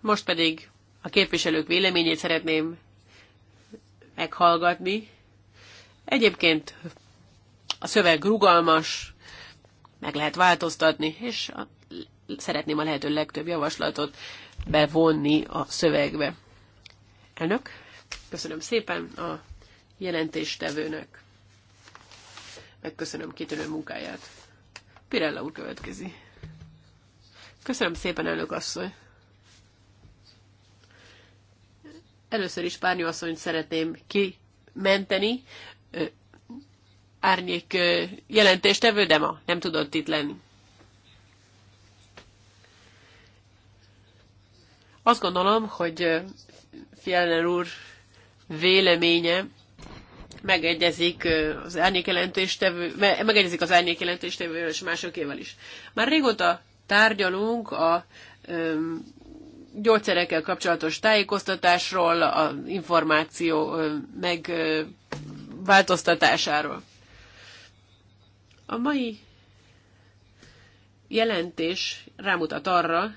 Most pedig a képviselők véleményét szeretném meghallgatni. Egyébként a szöveg rugalmas, meg lehet változtatni, és a, szeretném a lehető legtöbb javaslatot bevonni a szövegbe. Elnök, köszönöm szépen a jelentéstevőnek. Megköszönöm kitűnő munkáját. Pirella úr következi. Köszönöm szépen, elnök asszony. Először is Párnyó asszonyt szeretném kimenteni. Árnyék jelentéstevő, de ma nem tudott itt lenni. Azt gondolom, hogy Fjellner úr véleménye megegyezik az árnyékjelentéstevő, megegyezik az árnyékjelentéstevő és másokéval is. Már régóta tárgyalunk a gyógyszerekkel kapcsolatos tájékoztatásról, a információ megváltoztatásáról. A mai jelentés rámutat arra,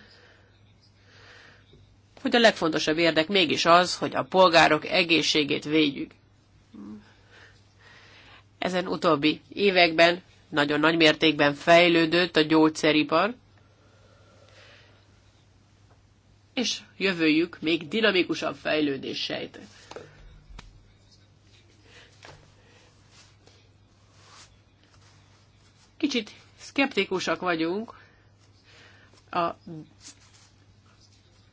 hogy a legfontosabb érdek mégis az, hogy a polgárok egészségét védjük. Ezen utóbbi években nagyon nagy mértékben fejlődött a gyógyszeripar, és jövőjük még dinamikusabb fejlődés sejtett. Kicsit szkeptikusak vagyunk a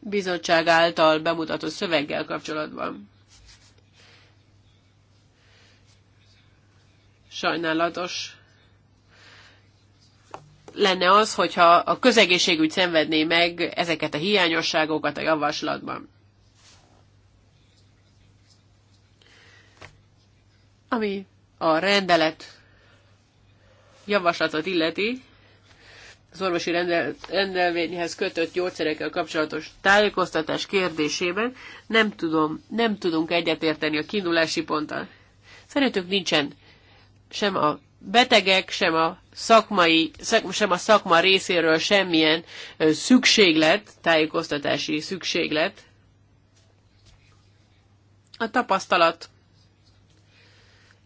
bizottság által bemutatott szöveggel kapcsolatban. sajnálatos lenne az, hogyha a közegészségügy szenvedné meg ezeket a hiányosságokat a javaslatban. Ami a rendelet javaslatot illeti, az orvosi rendel, rendelvényhez kötött gyógyszerekkel kapcsolatos tájékoztatás kérdésében nem, tudom, nem tudunk egyetérteni a kiindulási ponttal. Szerintünk nincsen sem a betegek, sem a szakmai, sem a szakma részéről semmilyen szükséglet, tájékoztatási szükséglet. A tapasztalat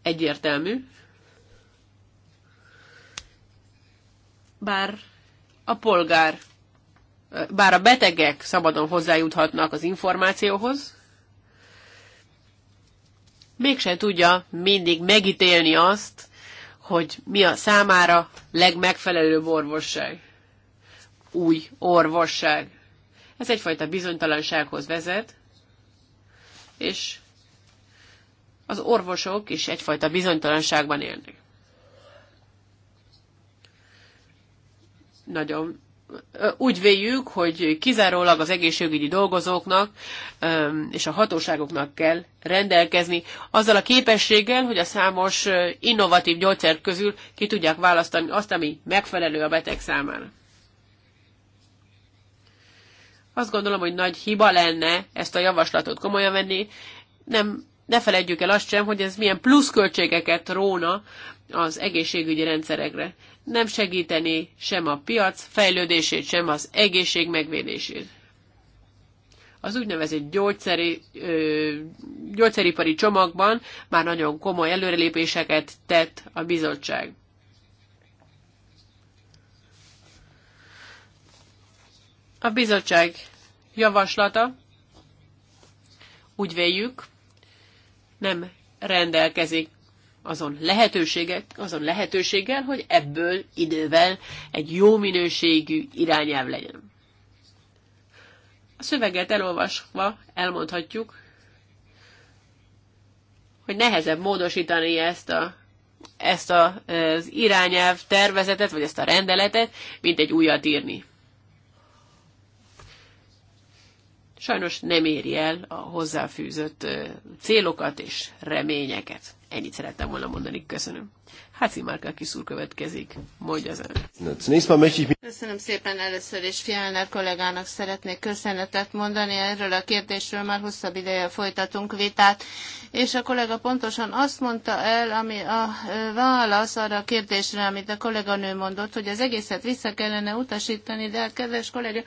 egyértelmű, bár a polgár, bár a betegek szabadon hozzájuthatnak az információhoz, mégsem tudja mindig megítélni azt, hogy mi a számára legmegfelelőbb orvosság. Új orvosság. Ez egyfajta bizonytalansághoz vezet, és az orvosok is egyfajta bizonytalanságban élnek. Nagyon úgy véljük, hogy kizárólag az egészségügyi dolgozóknak és a hatóságoknak kell rendelkezni azzal a képességgel, hogy a számos innovatív gyógyszer közül ki tudják választani azt, ami megfelelő a beteg számára. Azt gondolom, hogy nagy hiba lenne ezt a javaslatot komolyan venni. Nem, ne felejtjük el azt sem, hogy ez milyen pluszköltségeket róna az egészségügyi rendszerekre nem segíteni sem a piac fejlődését, sem az egészség megvédését. Az úgynevezett gyógyszeri, ö, gyógyszeripari csomagban már nagyon komoly előrelépéseket tett a bizottság. A bizottság javaslata úgy véljük, nem rendelkezik azon, lehetőségek, azon lehetőséggel, hogy ebből idővel egy jó minőségű irányelv legyen. A szöveget elolvasva elmondhatjuk, hogy nehezebb módosítani ezt a ezt az irányelv tervezetet, vagy ezt a rendeletet, mint egy újat írni. sajnos nem éri el a hozzáfűzött célokat és reményeket. Ennyit szerettem volna mondani. Köszönöm. Hacimárka hát, kiszúr következik, mondja az szóval Köszönöm szépen először is Fjellner kollégának szeretnék köszönetet mondani. Erről a kérdésről már hosszabb ideje folytatunk vitát, és a kollega pontosan azt mondta el, ami a válasz arra a kérdésre, amit a kolléganő mondott, hogy az egészet vissza kellene utasítani, de hát kedves kollega,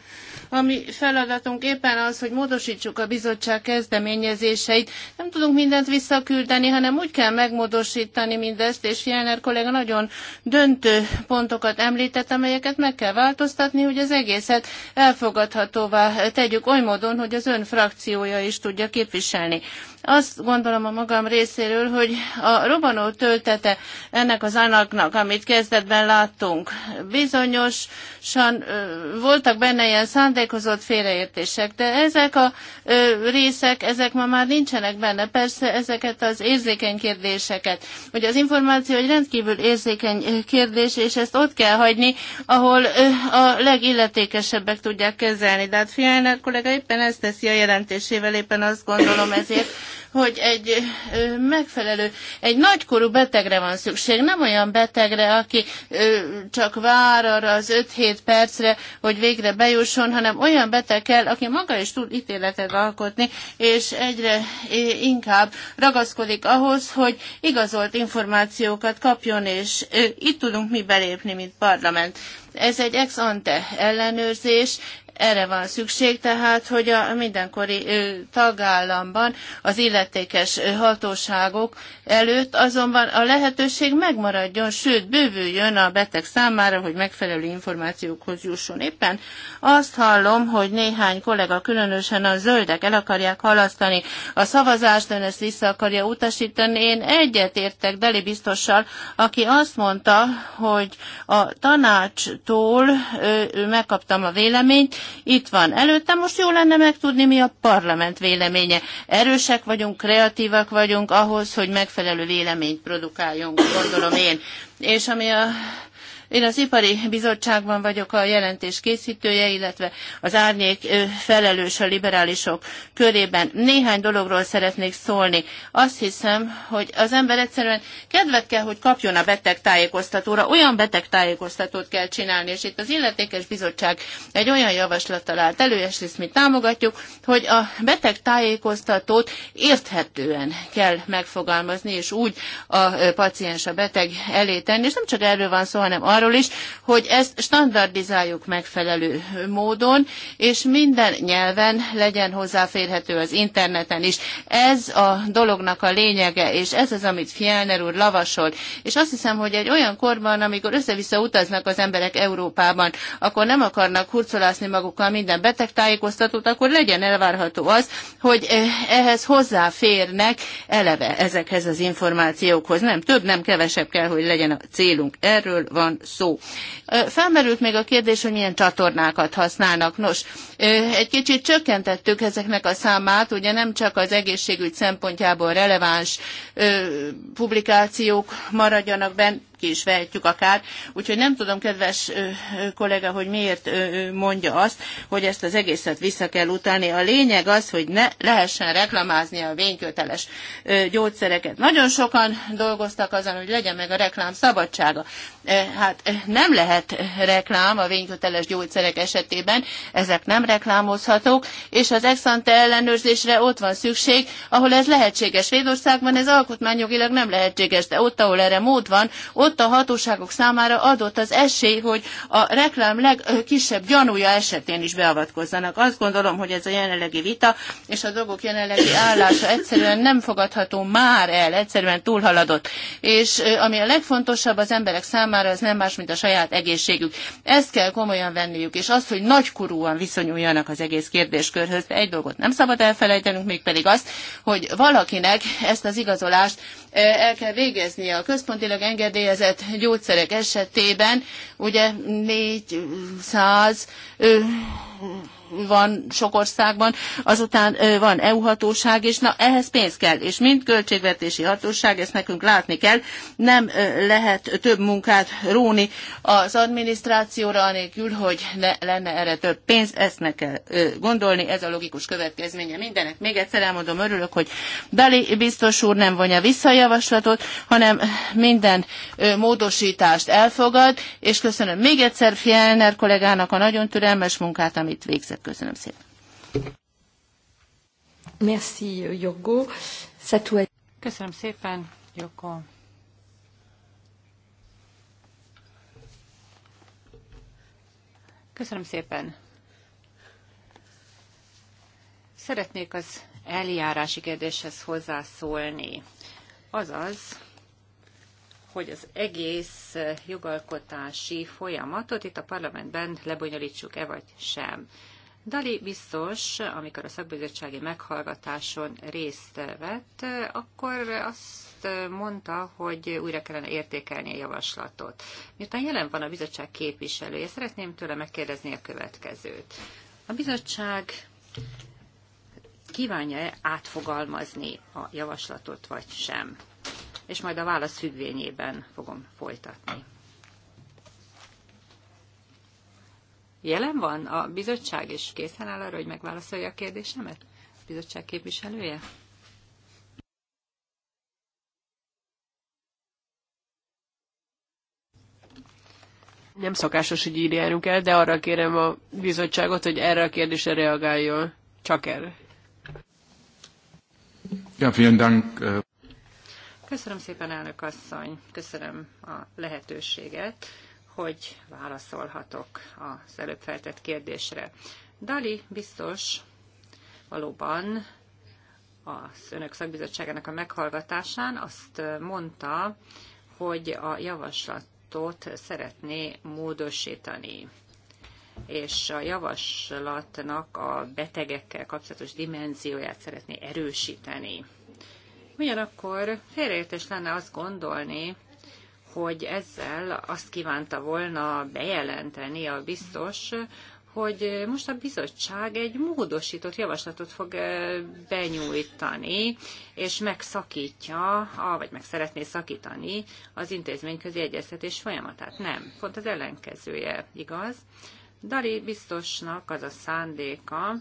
ami feladatunk éppen az, hogy módosítsuk a bizottság kezdeményezéseit. Nem tudunk mindent visszaküldeni, hanem úgy kell megmódosítani mindezt, és Fjellner kolléga nagyon döntő pontokat említett, amelyeket meg kell változtatni, hogy az egészet elfogadhatóvá tegyük oly módon, hogy az ön frakciója is tudja képviselni. Azt gondolom a magam részéről, hogy a robanó töltete ennek az anaknak, amit kezdetben láttunk, bizonyosan voltak benne ilyen szándékozott félreértések, de ezek a részek, ezek ma már nincsenek benne. Persze ezeket az érzékeny kérdéseket. Ugye az információ egy rendkívül érzékeny kérdés, és ezt ott kell hagyni, ahol a legilletékesebbek tudják kezelni. De hát Fialner kollega éppen ezt teszi a jelentésével, éppen azt gondolom ezért hogy egy megfelelő, egy nagykorú betegre van szükség, nem olyan betegre, aki csak vár arra az 5-7 percre, hogy végre bejusson, hanem olyan beteg kell, aki maga is tud ítéletet alkotni, és egyre inkább ragaszkodik ahhoz, hogy igazolt információkat kapjon, és itt tudunk mi belépni, mint parlament. Ez egy ex ante ellenőrzés, erre van szükség, tehát, hogy a mindenkori tagállamban az illetékes hatóságok előtt azonban a lehetőség megmaradjon, sőt, bővüljön a beteg számára, hogy megfelelő információkhoz jusson. Éppen azt hallom, hogy néhány kollega, különösen a zöldek el akarják halasztani a szavazást, ön ezt vissza akarja utasítani. Én egyetértek Deli biztossal, aki azt mondta, hogy a tanácstól ő, ő megkaptam a véleményt, itt van előttem, most jó lenne megtudni, mi a parlament véleménye. Erősek vagyunk, kreatívak vagyunk ahhoz, hogy megfelelő véleményt produkáljunk, gondolom én. És ami a én az Ipari Bizottságban vagyok a jelentés készítője, illetve az árnyék felelős a liberálisok körében. Néhány dologról szeretnék szólni. Azt hiszem, hogy az ember egyszerűen kedvet kell, hogy kapjon a betegtájékoztatóra. Olyan betegtájékoztatót kell csinálni, és itt az illetékes bizottság egy olyan javaslat állt elő, és ezt mi támogatjuk, hogy a betegtájékoztatót érthetően kell megfogalmazni, és úgy a paciens a beteg elé tenni. És nem csak erről van szó, hanem arról, arról is, hogy ezt standardizáljuk megfelelő módon, és minden nyelven legyen hozzáférhető az interneten is. Ez a dolognak a lényege, és ez az, amit Fjellner úr lavasol. És azt hiszem, hogy egy olyan korban, amikor össze-vissza utaznak az emberek Európában, akkor nem akarnak hurcolászni magukkal minden betegtájékoztatót, akkor legyen elvárható az, hogy eh, ehhez hozzáférnek eleve ezekhez az információkhoz. Nem több, nem kevesebb kell, hogy legyen a célunk. Erről van szó. Felmerült még a kérdés, hogy milyen csatornákat használnak. Nos, egy kicsit csökkentettük ezeknek a számát, ugye nem csak az egészségügy szempontjából releváns publikációk maradjanak benne ki is vehetjük akár. Úgyhogy nem tudom, kedves kollega, hogy miért mondja azt, hogy ezt az egészet vissza kell utálni. A lényeg az, hogy ne lehessen reklamázni a vényköteles gyógyszereket. Nagyon sokan dolgoztak azon, hogy legyen meg a reklám szabadsága. Hát nem lehet reklám a vényköteles gyógyszerek esetében, ezek nem reklámozhatók, és az exante ellenőrzésre ott van szükség, ahol ez lehetséges. Védországban ez alkotmányjogilag nem lehetséges, de ott, ahol erre mód van, ott ott a hatóságok számára adott az esély, hogy a reklám legkisebb gyanúja esetén is beavatkozzanak. Azt gondolom, hogy ez a jelenlegi vita és a dolgok jelenlegi állása egyszerűen nem fogadható már el, egyszerűen túlhaladott. És ami a legfontosabb az emberek számára, az nem más, mint a saját egészségük. Ezt kell komolyan venniük, és az, hogy nagykorúan viszonyuljanak az egész kérdéskörhöz. Egy dolgot nem szabad elfelejtenünk, mégpedig azt, hogy valakinek ezt az igazolást el kell végeznie. A központilag engedélyezett úgynevezett gyógyszerek esetében ugye 400 van sok országban, azután van EU hatóság, és na ehhez pénz kell, és mind költségvetési hatóság, ezt nekünk látni kell, nem lehet több munkát róni az adminisztrációra, anélkül, hogy ne lenne erre több pénz, ezt meg kell gondolni, ez a logikus következménye mindenek. Még egyszer elmondom, örülök, hogy Dali biztos úr nem vonja vissza a javaslatot, hanem minden módosítást elfogad, és köszönöm még egyszer Fjellner kollégának a nagyon türelmes munkát, amit végzett. Köszönöm szépen. Merci, Jorgo. Köszönöm szépen, Joko. Köszönöm szépen. Szeretnék az eljárási kérdéshez hozzászólni. Azaz, hogy az egész jogalkotási folyamatot itt a parlamentben lebonyolítsuk-e vagy sem. Dali biztos, amikor a szakbizottsági meghallgatáson részt vett, akkor azt mondta, hogy újra kellene értékelni a javaslatot. Miután jelen van a bizottság képviselője, szeretném tőle megkérdezni a következőt. A bizottság kívánja-e átfogalmazni a javaslatot, vagy sem? És majd a válasz függvényében fogom folytatni. Jelen van a bizottság, és készen áll arra, hogy megválaszolja a kérdésemet? A bizottság képviselője? Nem szokásos, hogy így járunk el, de arra kérem a bizottságot, hogy erre a kérdésre reagáljon. Csak erre. Ja, vielen Dank. Köszönöm szépen, elnök asszony. Köszönöm a lehetőséget hogy válaszolhatok az előbb feltett kérdésre. Dali biztos valóban az önök szakbizottságának a meghallgatásán azt mondta, hogy a javaslatot szeretné módosítani és a javaslatnak a betegekkel kapcsolatos dimenzióját szeretné erősíteni. Ugyanakkor félreértés lenne azt gondolni, hogy ezzel azt kívánta volna bejelenteni a biztos, hogy most a bizottság egy módosított javaslatot fog benyújtani, és megszakítja, vagy meg szeretné szakítani az intézményközi egyeztetés folyamatát. Nem, pont az ellenkezője, igaz? Dari biztosnak az a szándéka,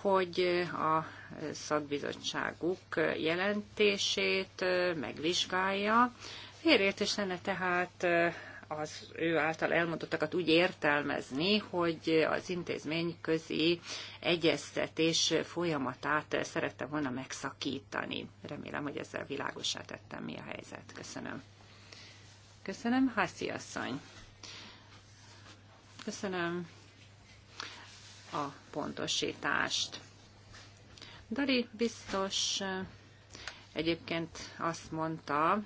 hogy a szakbizottságuk jelentését megvizsgálja, Érért lenne tehát az ő által elmondottakat úgy értelmezni, hogy az intézmény közi egyeztetés folyamatát szerette volna megszakítani. Remélem, hogy ezzel világosá tettem, mi a helyzet. Köszönöm. Köszönöm, Hászi asszony. Köszönöm a pontosítást. Dari biztos egyébként azt mondta,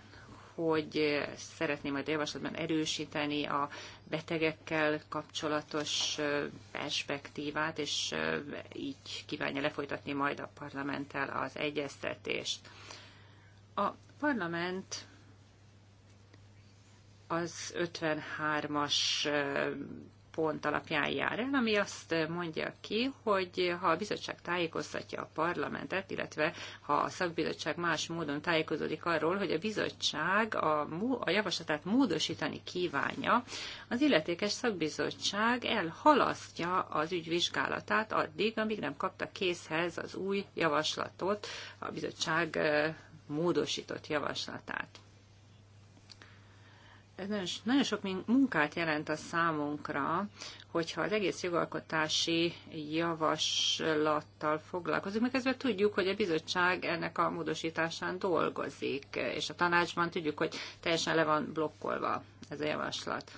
hogy szeretném majd javaslatban erősíteni a betegekkel kapcsolatos perspektívát, és így kívánja lefolytatni majd a parlamenttel az egyeztetést. A parlament az 53-as pont alapján jár el, ami azt mondja ki, hogy ha a bizottság tájékoztatja a parlamentet, illetve ha a szakbizottság más módon tájékozódik arról, hogy a bizottság a, a javaslatát módosítani kívánja, az illetékes szakbizottság elhalasztja az ügy vizsgálatát addig, amíg nem kapta készhez az új javaslatot, a bizottság eh, módosított javaslatát nagyon, nagyon sok munkát jelent a számunkra, hogyha az egész jogalkotási javaslattal foglalkozunk, miközben tudjuk, hogy a bizottság ennek a módosításán dolgozik, és a tanácsban tudjuk, hogy teljesen le van blokkolva ez a javaslat.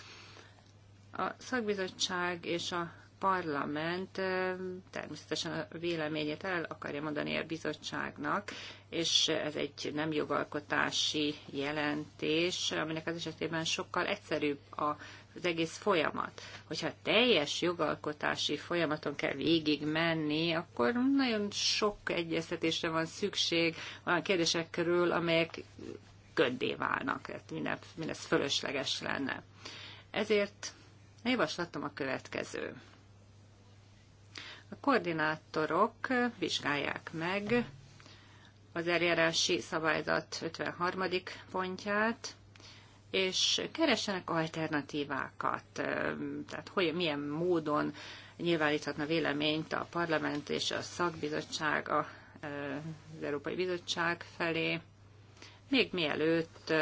A szakbizottság és a parlament eh, természetesen a véleményét el akarja mondani a bizottságnak, és ez egy nem jogalkotási jelentés, aminek az esetében sokkal egyszerűbb a az egész folyamat. Hogyha teljes jogalkotási folyamaton kell végig menni, akkor nagyon sok egyeztetésre van szükség olyan kérdések körül, amelyek köddé válnak, tehát minden, mindez fölösleges lenne. Ezért javaslatom a következő. A koordinátorok vizsgálják meg az eljárási szabályzat 53. pontját, és keresenek alternatívákat, tehát hogy, milyen módon nyilváníthatna véleményt a parlament és a szakbizottság, a, az Európai Bizottság felé, még mielőtt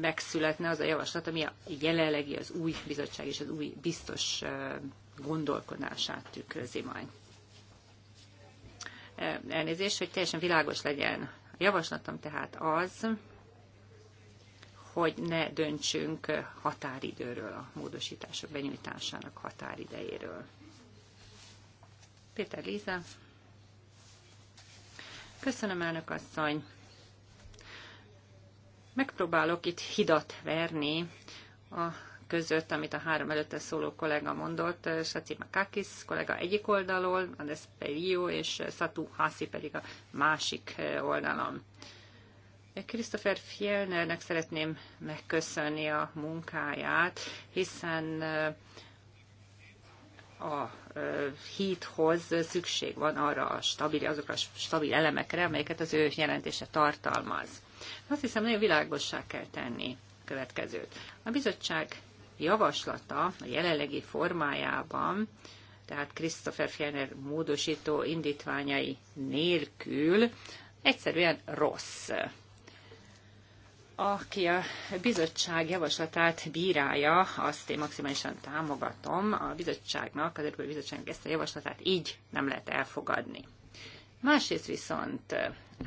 megszületne az a javaslat, ami a jelenlegi az új bizottság és az új biztos gondolkodását tükrözi majd elnézést, hogy teljesen világos legyen. A javaslatom tehát az, hogy ne döntsünk határidőről, a módosítások benyújtásának határidejéről. Péter Líza. Köszönöm, elnök asszony. Megpróbálok itt hidat verni a között, amit a három előtte szóló kollega mondott, eh, Saci Makakis kollega egyik oldalról, Andes Perio és eh, Satu Hasi pedig a másik eh, oldalon. Christopher Fjellnernek szeretném megköszönni a munkáját, hiszen a híthoz szükség van arra a stabil, azokra a stabil elemekre, amelyeket az ő jelentése tartalmaz. Azt hiszem, nagyon világossá kell tenni következőt. A bizottság javaslata a jelenlegi formájában, tehát Christopher Fjellner módosító indítványai nélkül egyszerűen rossz. Aki a bizottság javaslatát bírálja, azt én maximálisan támogatom. A bizottságnak, az Európai Bizottságnak ezt a javaslatát így nem lehet elfogadni. Másrészt viszont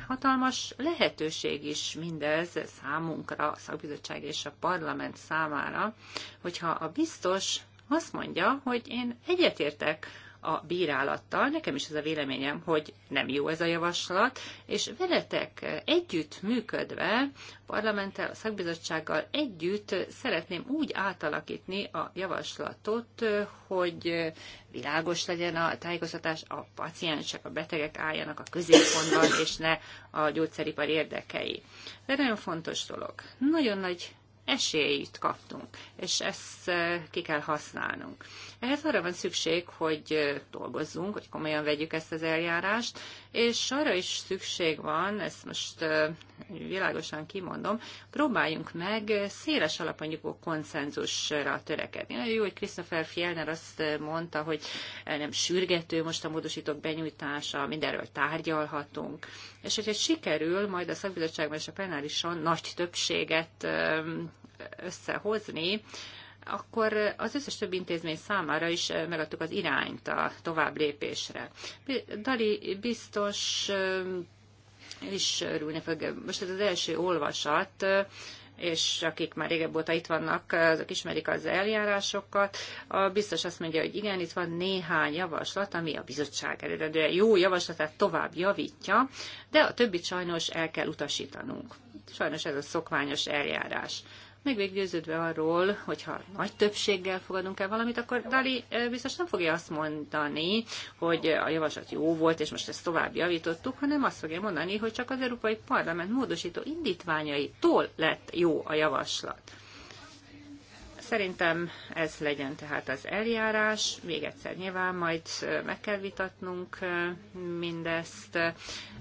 hatalmas lehetőség is mindez számunkra, a szakbizottság és a parlament számára, hogyha a biztos azt mondja, hogy én egyetértek a bírálattal. Nekem is ez a véleményem, hogy nem jó ez a javaslat, és veletek együtt működve, parlamenttel, a szakbizottsággal együtt szeretném úgy átalakítni a javaslatot, hogy világos legyen a tájékoztatás, a paciensek, a betegek álljanak a középpontban, és ne a gyógyszeripar érdekei. De nagyon fontos dolog. Nagyon nagy esélyt kaptunk, és ezt ki kell használnunk. Ehhez arra van szükség, hogy dolgozzunk, hogy komolyan vegyük ezt az eljárást, és arra is szükség van, ezt most világosan kimondom, próbáljunk meg széles alapanyagú konszenzusra törekedni. Nagyon jó, hogy Christopher Fjellner azt mondta, hogy nem sürgető most a módosítók benyújtása, mindenről tárgyalhatunk. És hogyha sikerül majd a szakbizottságban és a plenárison nagy többséget összehozni, akkor az összes több intézmény számára is eh, megadtuk az irányt a tovább lépésre. Dali biztos eh, is örülni fog. Most ez az első olvasat, eh, és akik már régebb óta itt vannak, azok ismerik az eljárásokat. A biztos azt mondja, hogy igen, itt van néhány javaslat, ami a bizottság eredetően jó javaslatát tovább javítja, de a többit sajnos el kell utasítanunk. Sajnos ez a szokványos eljárás meg még győződve arról, hogyha nagy többséggel fogadunk el valamit, akkor Dali biztos nem fogja azt mondani, hogy a javaslat jó volt, és most ezt tovább javítottuk, hanem azt fogja mondani, hogy csak az Európai Parlament módosító indítványaitól lett jó a javaslat. Szerintem ez legyen tehát az eljárás. Még egyszer nyilván majd meg kell vitatnunk mindezt.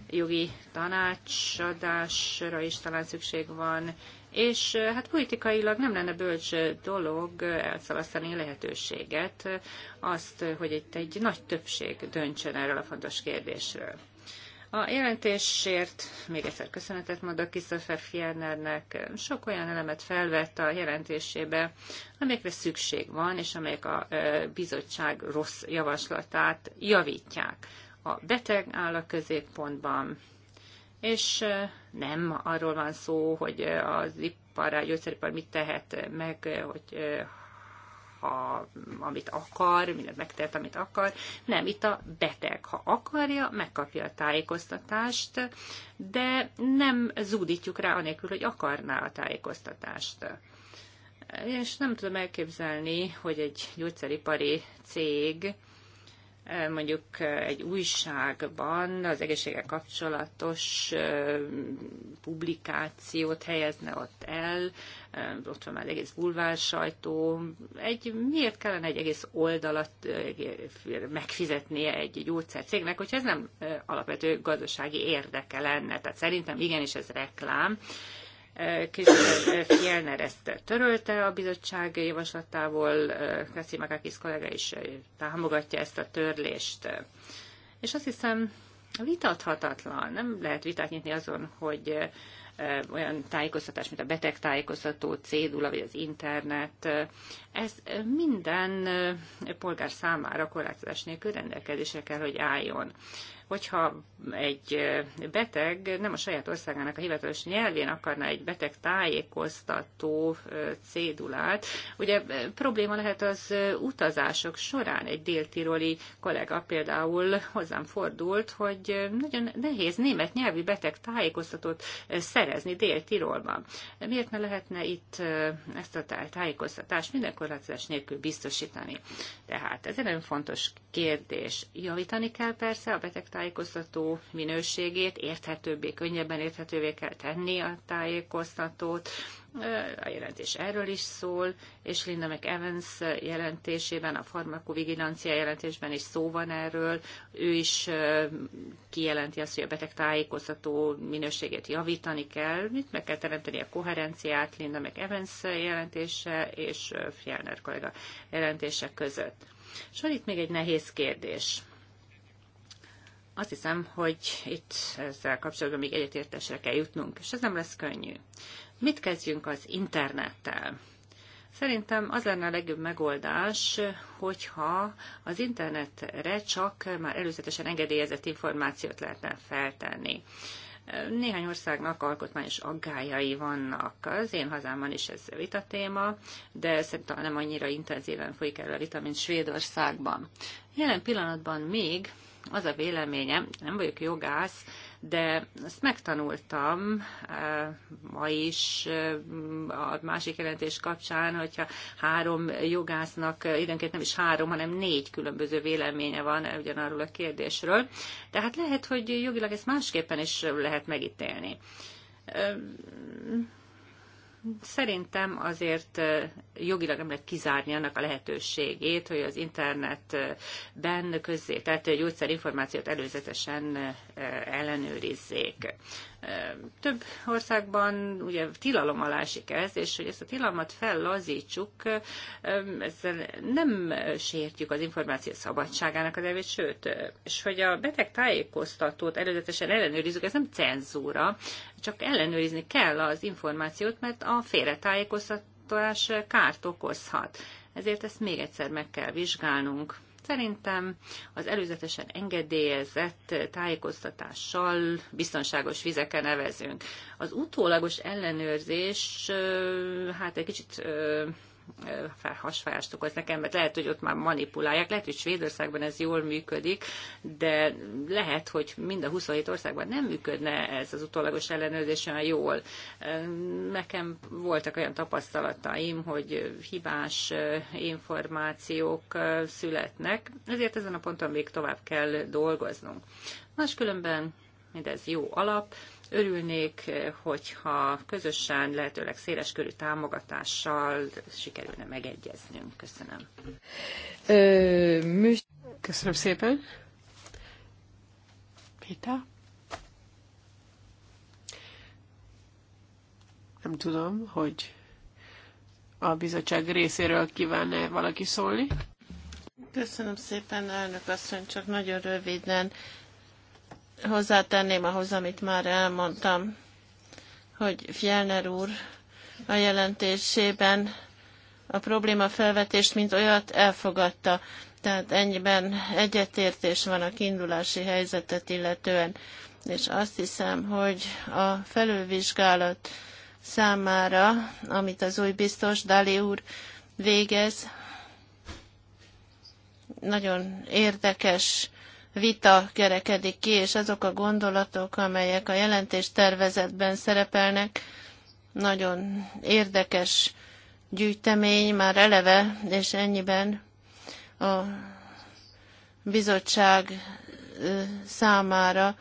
Jogi tanácsadásra is talán szükség van, és hát politikailag nem lenne bölcs dolog elszalasztani a lehetőséget, azt, hogy itt egy nagy többség döntsön erről a fontos kérdésről. A jelentésért még egyszer köszönetet mondok Christopher Fjellnernek. Sok olyan elemet felvett a jelentésébe, amelyekre szükség van, és amelyek a bizottság rossz javaslatát javítják. A beteg áll a középpontban, és nem arról van szó, hogy az ipar, a gyógyszeripar mit tehet meg, hogy ha, amit akar, mindent megtehet, amit akar. Nem, itt a beteg, ha akarja, megkapja a tájékoztatást, de nem zúdítjuk rá anélkül, hogy akarná a tájékoztatást. És nem tudom elképzelni, hogy egy gyógyszeripari cég mondjuk egy újságban az egészséggel kapcsolatos publikációt helyezne ott el, ott van már egész bulvár sajtó. Egy, miért kellene egy egész oldalat megfizetnie egy gyógyszercégnek, hogyha ez nem alapvető gazdasági érdeke lenne? Tehát szerintem igenis ez reklám, Krisztián Fjellner ezt törölte a bizottság javaslatából, Kassi Makakis kollega is eh, támogatja ezt a törlést. És azt hiszem, vitathatatlan, nem lehet vitát nyitni azon, hogy eh, olyan tájékoztatás, mint a beteg tájékoztató, cédula vagy az internet, ez minden eh, polgár számára korlátozás nélkül rendelkezésre kell, hogy álljon hogyha egy beteg nem a saját országának a hivatalos nyelvén akarna egy beteg tájékoztató cédulát, ugye probléma lehet az utazások során. Egy déltiroli kollega például hozzám fordult, hogy nagyon nehéz német nyelvű beteg tájékoztatót szerezni dél Miért ne lehetne itt ezt a tájékoztatást minden korlátozás nélkül biztosítani? Tehát ez egy nagyon fontos kérdés. Javítani kell persze a beteg tájékoztatást, tájékoztató minőségét érthetőbbé, könnyebben érthetővé kell tenni a tájékoztatót. A jelentés erről is szól, és Linda meg Evans jelentésében, a farmakovigilancia jelentésben is szó van erről. Ő is kijelenti azt, hogy a beteg tájékoztató minőségét javítani kell, mit meg kell teremteni a koherenciát Linda meg Evans jelentése és Fjellner kollega jelentése között. És van itt még egy nehéz kérdés azt hiszem, hogy itt ezzel kapcsolatban még egyetértésre kell jutnunk, és ez nem lesz könnyű. Mit kezdjünk az internettel? Szerintem az lenne a legjobb megoldás, hogyha az internetre csak már előzetesen engedélyezett információt lehetne feltenni. Néhány országnak alkotmányos aggályai vannak. Az én hazámban is ez vita téma, de szerintem nem annyira intenzíven folyik el a vita, mint Svédországban. Jelen pillanatban még az a véleményem, nem vagyok jogász, de ezt megtanultam eh, ma is eh, a másik jelentés kapcsán, hogyha három jogásznak eh, időnként nem is három, hanem négy különböző véleménye van ugyanarról a kérdésről. Tehát lehet, hogy jogilag ezt másképpen is lehet megítélni Szerintem azért jogilag nem lehet kizárni annak a lehetőségét, hogy az internetben közzétett gyógyszerinformációt előzetesen ellenőrizzék. Több országban ugye tilalom alá esik ez, és hogy ezt a tilalmat fellazítsuk, ezzel nem sértjük az információ szabadságának az elvét, sőt, és hogy a beteg tájékoztatót előzetesen ellenőrizzük, ez nem cenzúra, csak ellenőrizni kell az információt, mert a félretájékoztatás kárt okozhat. Ezért ezt még egyszer meg kell vizsgálnunk. Szerintem az előzetesen engedélyezett tájékoztatással biztonságos vizeken nevezünk. Az utólagos ellenőrzés, hát egy kicsit hasfájást okoz nekem, mert lehet, hogy ott már manipulálják, lehet, hogy Svédországban ez jól működik, de lehet, hogy mind a 27 országban nem működne ez az utólagos ellenőrzés olyan jól. Nekem voltak olyan tapasztalataim, hogy hibás információk születnek, ezért ezen a ponton még tovább kell dolgoznunk. Máskülönben mindez jó alap, Örülnék, hogyha közösen, lehetőleg széles körű támogatással sikerülne megegyeznünk. Köszönöm. Köszönöm szépen. Péter? Nem tudom, hogy a bizottság részéről kívánne valaki szólni. Köszönöm szépen, elnök asszony, csak nagyon röviden hozzátenném ahhoz, amit már elmondtam, hogy Fjellner úr a jelentésében a probléma felvetést, mint olyat elfogadta. Tehát ennyiben egyetértés van a kiindulási helyzetet illetően. És azt hiszem, hogy a felülvizsgálat számára, amit az új biztos Dali úr végez, nagyon érdekes vita kerekedik ki, és azok a gondolatok, amelyek a jelentés tervezetben szerepelnek, nagyon érdekes gyűjtemény már eleve, és ennyiben a bizottság számára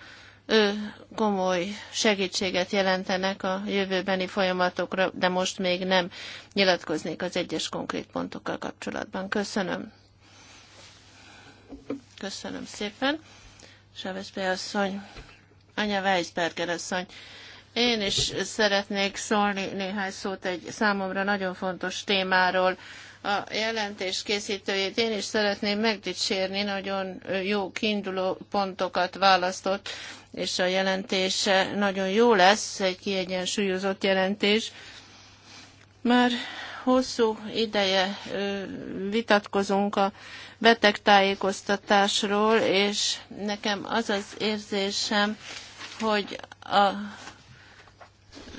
ő komoly segítséget jelentenek a jövőbeni folyamatokra, de most még nem nyilatkoznék az egyes konkrét pontokkal kapcsolatban. Köszönöm. Köszönöm szépen. Sáveszpé asszony, Anya Weisberger asszony. Én is szeretnék szólni néhány szót egy számomra nagyon fontos témáról. A jelentés készítőjét én is szeretném megdicsérni, nagyon jó kiinduló pontokat választott, és a jelentése nagyon jó lesz, egy kiegyensúlyozott jelentés. Már hosszú ideje vitatkozunk a betegtájékoztatásról, és nekem az az érzésem, hogy a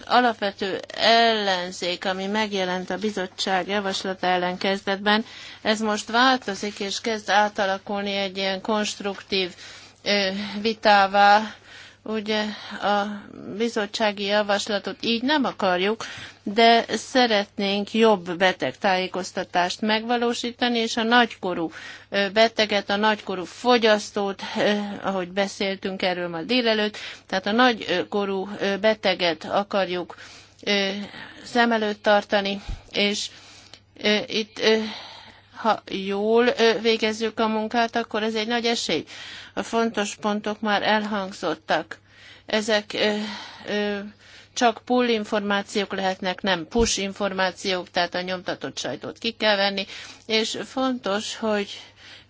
alapvető ellenzék, ami megjelent a bizottság javaslata ellen kezdetben, ez most változik, és kezd átalakulni egy ilyen konstruktív vitává, Ugye a bizottsági javaslatot így nem akarjuk, de szeretnénk jobb betegtájékoztatást megvalósítani, és a nagykorú beteget, a nagykorú fogyasztót, ahogy beszéltünk erről ma délelőtt, tehát a nagykorú beteget akarjuk szem előtt tartani, és itt ha jól végezzük a munkát, akkor ez egy nagy esély. A fontos pontok már elhangzottak. Ezek ö, ö, csak pull információk lehetnek, nem push információk, tehát a nyomtatott sajtót ki kell venni, és fontos, hogy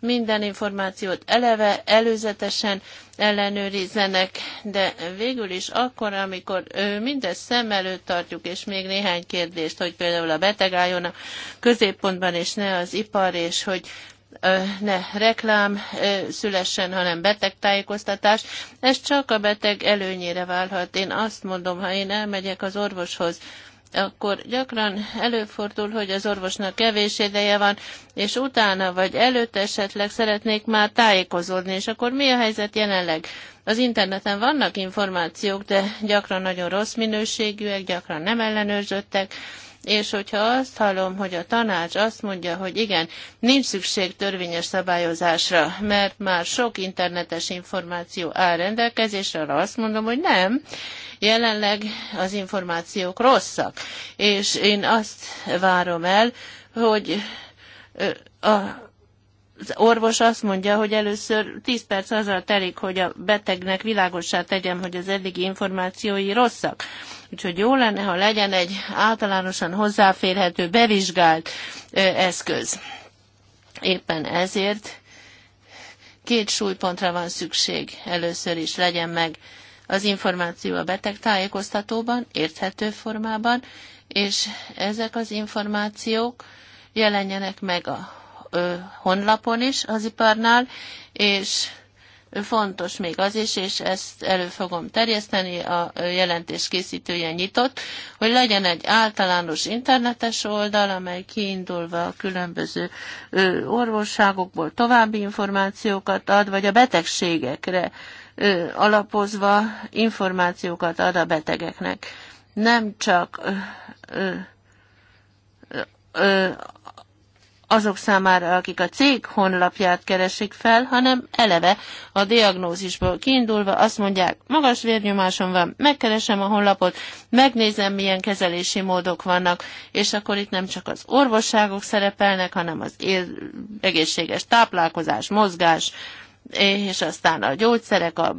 minden információt eleve, előzetesen ellenőrizzenek, de végül is akkor, amikor mindezt szem előtt tartjuk, és még néhány kérdést, hogy például a beteg álljon a középpontban, és ne az ipar, és hogy ne reklám szülessen, hanem betegtájékoztatás. Ez csak a beteg előnyére válhat. Én azt mondom, ha én elmegyek az orvoshoz, akkor gyakran előfordul, hogy az orvosnak kevés ideje van, és utána vagy előtt esetleg szeretnék már tájékozódni, és akkor mi a helyzet jelenleg? Az interneten vannak információk, de gyakran nagyon rossz minőségűek, gyakran nem ellenőrzöttek, és hogyha azt hallom, hogy a tanács azt mondja, hogy igen, nincs szükség törvényes szabályozásra, mert már sok internetes információ áll rendelkezésre, arra azt mondom, hogy nem, jelenleg az információk rosszak, és én azt várom el, hogy a az orvos azt mondja, hogy először 10 perc azzal telik, hogy a betegnek világossá tegyem, hogy az eddigi információi rosszak. Úgyhogy jó lenne, ha legyen egy általánosan hozzáférhető, bevizsgált ö, eszköz. Éppen ezért két súlypontra van szükség. Először is legyen meg az információ a beteg tájékoztatóban, érthető formában, és ezek az információk jelenjenek meg a honlapon is az iparnál, és fontos még az is, és ezt elő fogom terjeszteni, a jelentés készítője nyitott, hogy legyen egy általános internetes oldal, amely kiindulva a különböző orvosságokból további információkat ad, vagy a betegségekre alapozva információkat ad a betegeknek. Nem csak azok számára, akik a cég honlapját keresik fel, hanem eleve a diagnózisból kiindulva azt mondják, magas vérnyomásom van, megkeresem a honlapot, megnézem, milyen kezelési módok vannak, és akkor itt nem csak az orvosságok szerepelnek, hanem az egészséges táplálkozás, mozgás, és aztán a gyógyszerek, a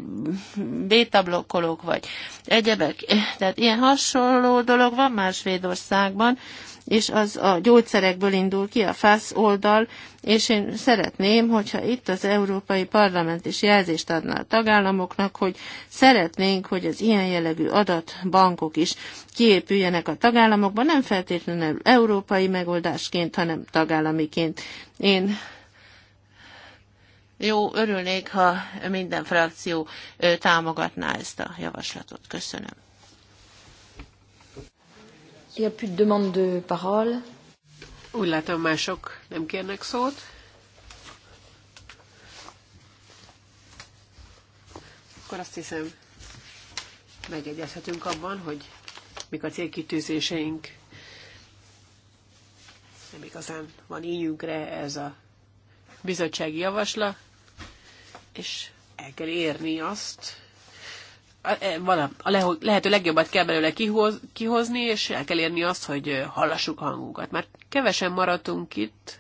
bétablokkolók, vagy egyebek. Tehát ilyen hasonló dolog van más Svédországban, és az a gyógyszerekből indul ki, a FASZ oldal, és én szeretném, hogyha itt az Európai Parlament is jelzést adna a tagállamoknak, hogy szeretnénk, hogy az ilyen jellegű adatbankok is kiépüljenek a tagállamokban, nem feltétlenül európai megoldásként, hanem tagállamiként. Én jó, örülnék, ha minden frakció támogatná ezt a javaslatot. Köszönöm. Il n'y a plus de demande de parole. Úgy látom, mások nem kérnek szót. Akkor azt hiszem, megegyezhetünk abban, hogy mik a célkitűzéseink. Nem igazán van ígyünkre ez a bizottsági javaslat, és el kell érni azt, van a lehető legjobbat kell belőle kihoz, kihozni, és el kell érni azt, hogy hallassuk a hangunkat. Már kevesen maradtunk itt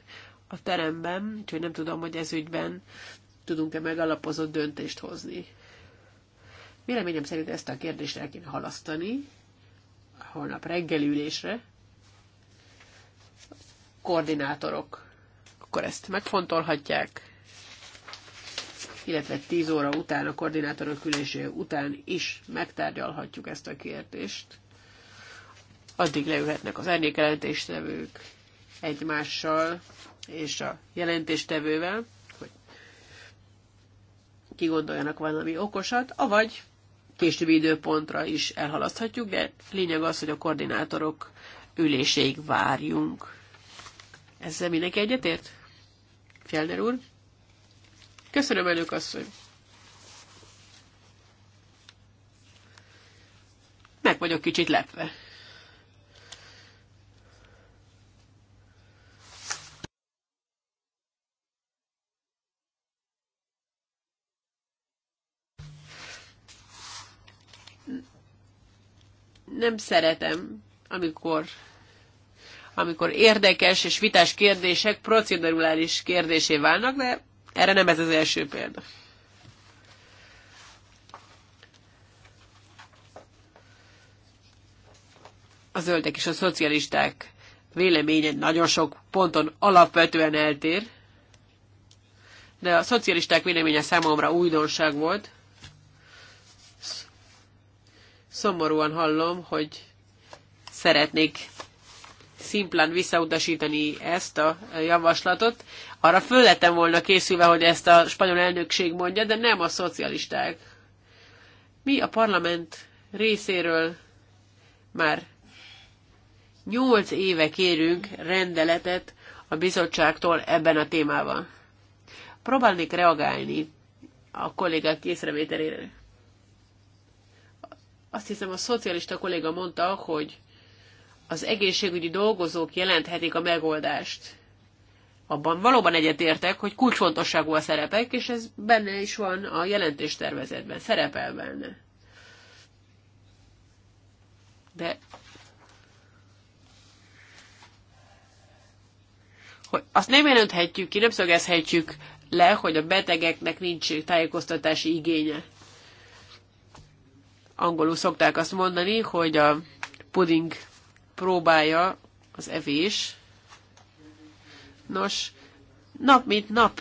a teremben, úgyhogy nem tudom, hogy ez ügyben tudunk-e megalapozott döntést hozni. Véleményem szerint ezt a kérdést el kéne halasztani holnap reggeli ülésre. Koordinátorok akkor ezt megfontolhatják illetve 10 óra után, a koordinátorok ülésé után is megtárgyalhatjuk ezt a kérdést. Addig leülhetnek az jelentéstevők egymással és a jelentéstevővel, hogy kigondoljanak valami okosat, avagy későbbi időpontra is elhalaszthatjuk, de lényeg az, hogy a koordinátorok üléséig várjunk. Ezzel mindenki egyetért? Fjellner úr? Köszönöm, elnök asszony! Meg vagyok kicsit lepve. nem szeretem, amikor, amikor érdekes és vitás kérdések procedurális kérdésé válnak, de erre nem ez az első példa. A zöldek és a szocialisták véleménye nagyon sok ponton alapvetően eltér, de a szocialisták véleménye számomra újdonság volt. Szomorúan hallom, hogy szeretnék szimplán visszautasítani ezt a javaslatot. Arra föl volna készülve, hogy ezt a spanyol elnökség mondja, de nem a szocialisták. Mi a parlament részéről már nyolc éve kérünk rendeletet a bizottságtól ebben a témában. Próbálnék reagálni a kollégák észrevételére. Azt hiszem, a szocialista kolléga mondta, hogy az egészségügyi dolgozók jelenthetik a megoldást abban valóban egyetértek, hogy kulcsfontosságú a szerepek, és ez benne is van a jelentéstervezetben, szerepel benne. De hogy azt nem jelenthetjük ki, nem szögezhetjük le, hogy a betegeknek nincs tájékoztatási igénye. Angolul szokták azt mondani, hogy a puding próbája az evés, Nos, nap mint nap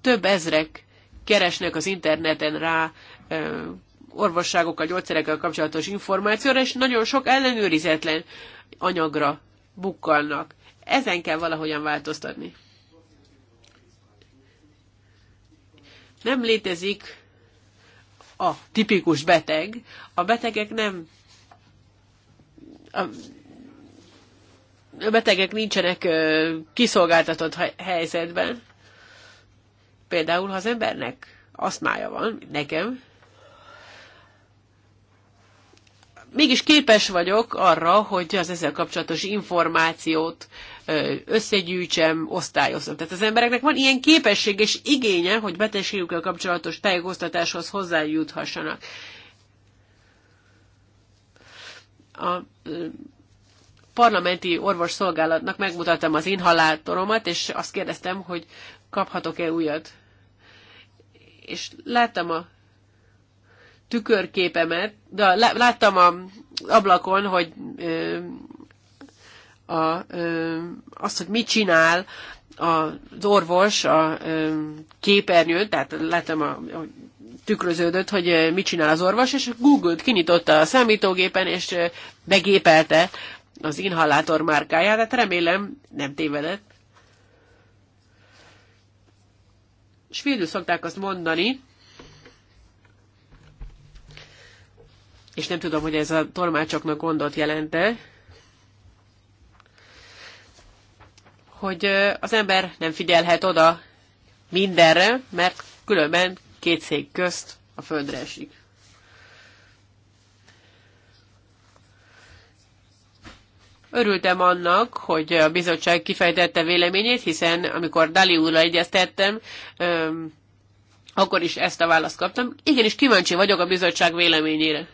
több ezrek keresnek az interneten rá ö, orvosságokkal, gyógyszerekkel kapcsolatos információra, és nagyon sok ellenőrizetlen anyagra bukkalnak. Ezen kell valahogyan változtatni. Nem létezik a tipikus beteg. A betegek nem a betegek nincsenek kiszolgáltatott helyzetben. Például, ha az embernek asztmája van, nekem, mégis képes vagyok arra, hogy az ezzel kapcsolatos információt összegyűjtsem, osztályozom. Tehát az embereknek van ilyen képesség és igénye, hogy betegségükkel kapcsolatos tájékoztatáshoz hozzájuthassanak. A parlamenti orvos szolgálatnak megmutattam az inhalátoromat, és azt kérdeztem, hogy kaphatok-e újat. És láttam a tükörképemet, de láttam a ablakon, hogy ö, a, ö, azt, hogy mit csinál az orvos a ö, képernyőn, tehát láttam a, a tükröződött, hogy mit csinál az orvos, és Google-t kinyitotta a számítógépen, és begépelte az inhalátor márkáját, hát remélem nem tévedett. Svédül szokták azt mondani, és nem tudom, hogy ez a tolmácsoknak gondot jelente, hogy az ember nem figyelhet oda mindenre, mert különben két szék közt a földre esik. Örültem annak, hogy a bizottság kifejtette véleményét, hiszen amikor Dali úrra egyeztettem, akkor is ezt a választ kaptam. Igenis kíváncsi vagyok a bizottság véleményére.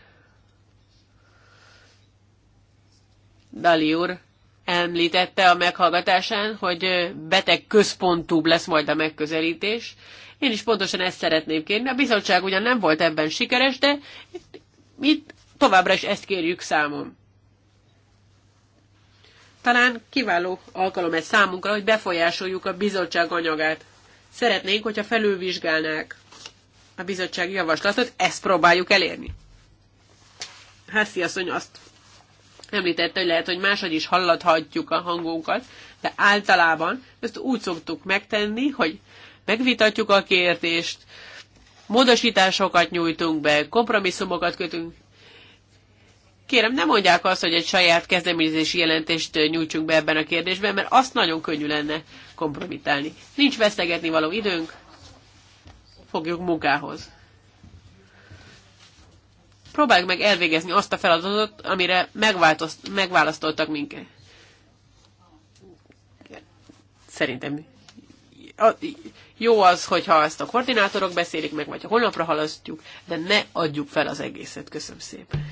Dali úr említette a meghallgatásán, hogy beteg központúbb lesz majd a megközelítés. Én is pontosan ezt szeretném kérni. A bizottság ugyan nem volt ebben sikeres, de itt továbbra is ezt kérjük számon. Talán kiváló alkalom ez számunkra, hogy befolyásoljuk a bizottság anyagát. Szeretnénk, hogyha felülvizsgálnák a bizottság javaslatot, ezt próbáljuk elérni. Hát, asszony azt említette, hogy lehet, hogy máshogy is hallathatjuk a hangunkat, de általában ezt úgy szoktuk megtenni, hogy megvitatjuk a kérdést, módosításokat nyújtunk be, kompromisszumokat kötünk, Kérem, ne mondják azt, hogy egy saját kezdeményezési jelentést nyújtsunk be ebben a kérdésben, mert azt nagyon könnyű lenne kompromitálni. Nincs vesztegetni való időnk, fogjuk munkához. Próbáljuk meg elvégezni azt a feladatot, amire megválasztoltak minket. Szerintem jó az, hogyha ezt a koordinátorok beszélik meg, vagy ha holnapra halasztjuk, de ne adjuk fel az egészet. Köszönöm szépen.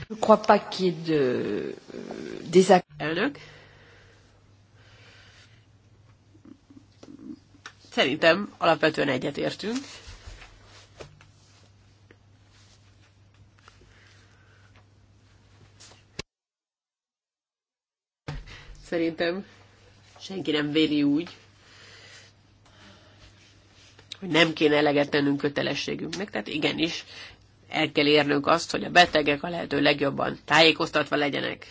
Euh, Elnök. Szerintem alapvetően egyetértünk. Szerintem senki nem véli úgy, hogy nem kéne eleget tennünk kötelességünknek, tehát igenis el kell érnünk azt, hogy a betegek a lehető legjobban tájékoztatva legyenek.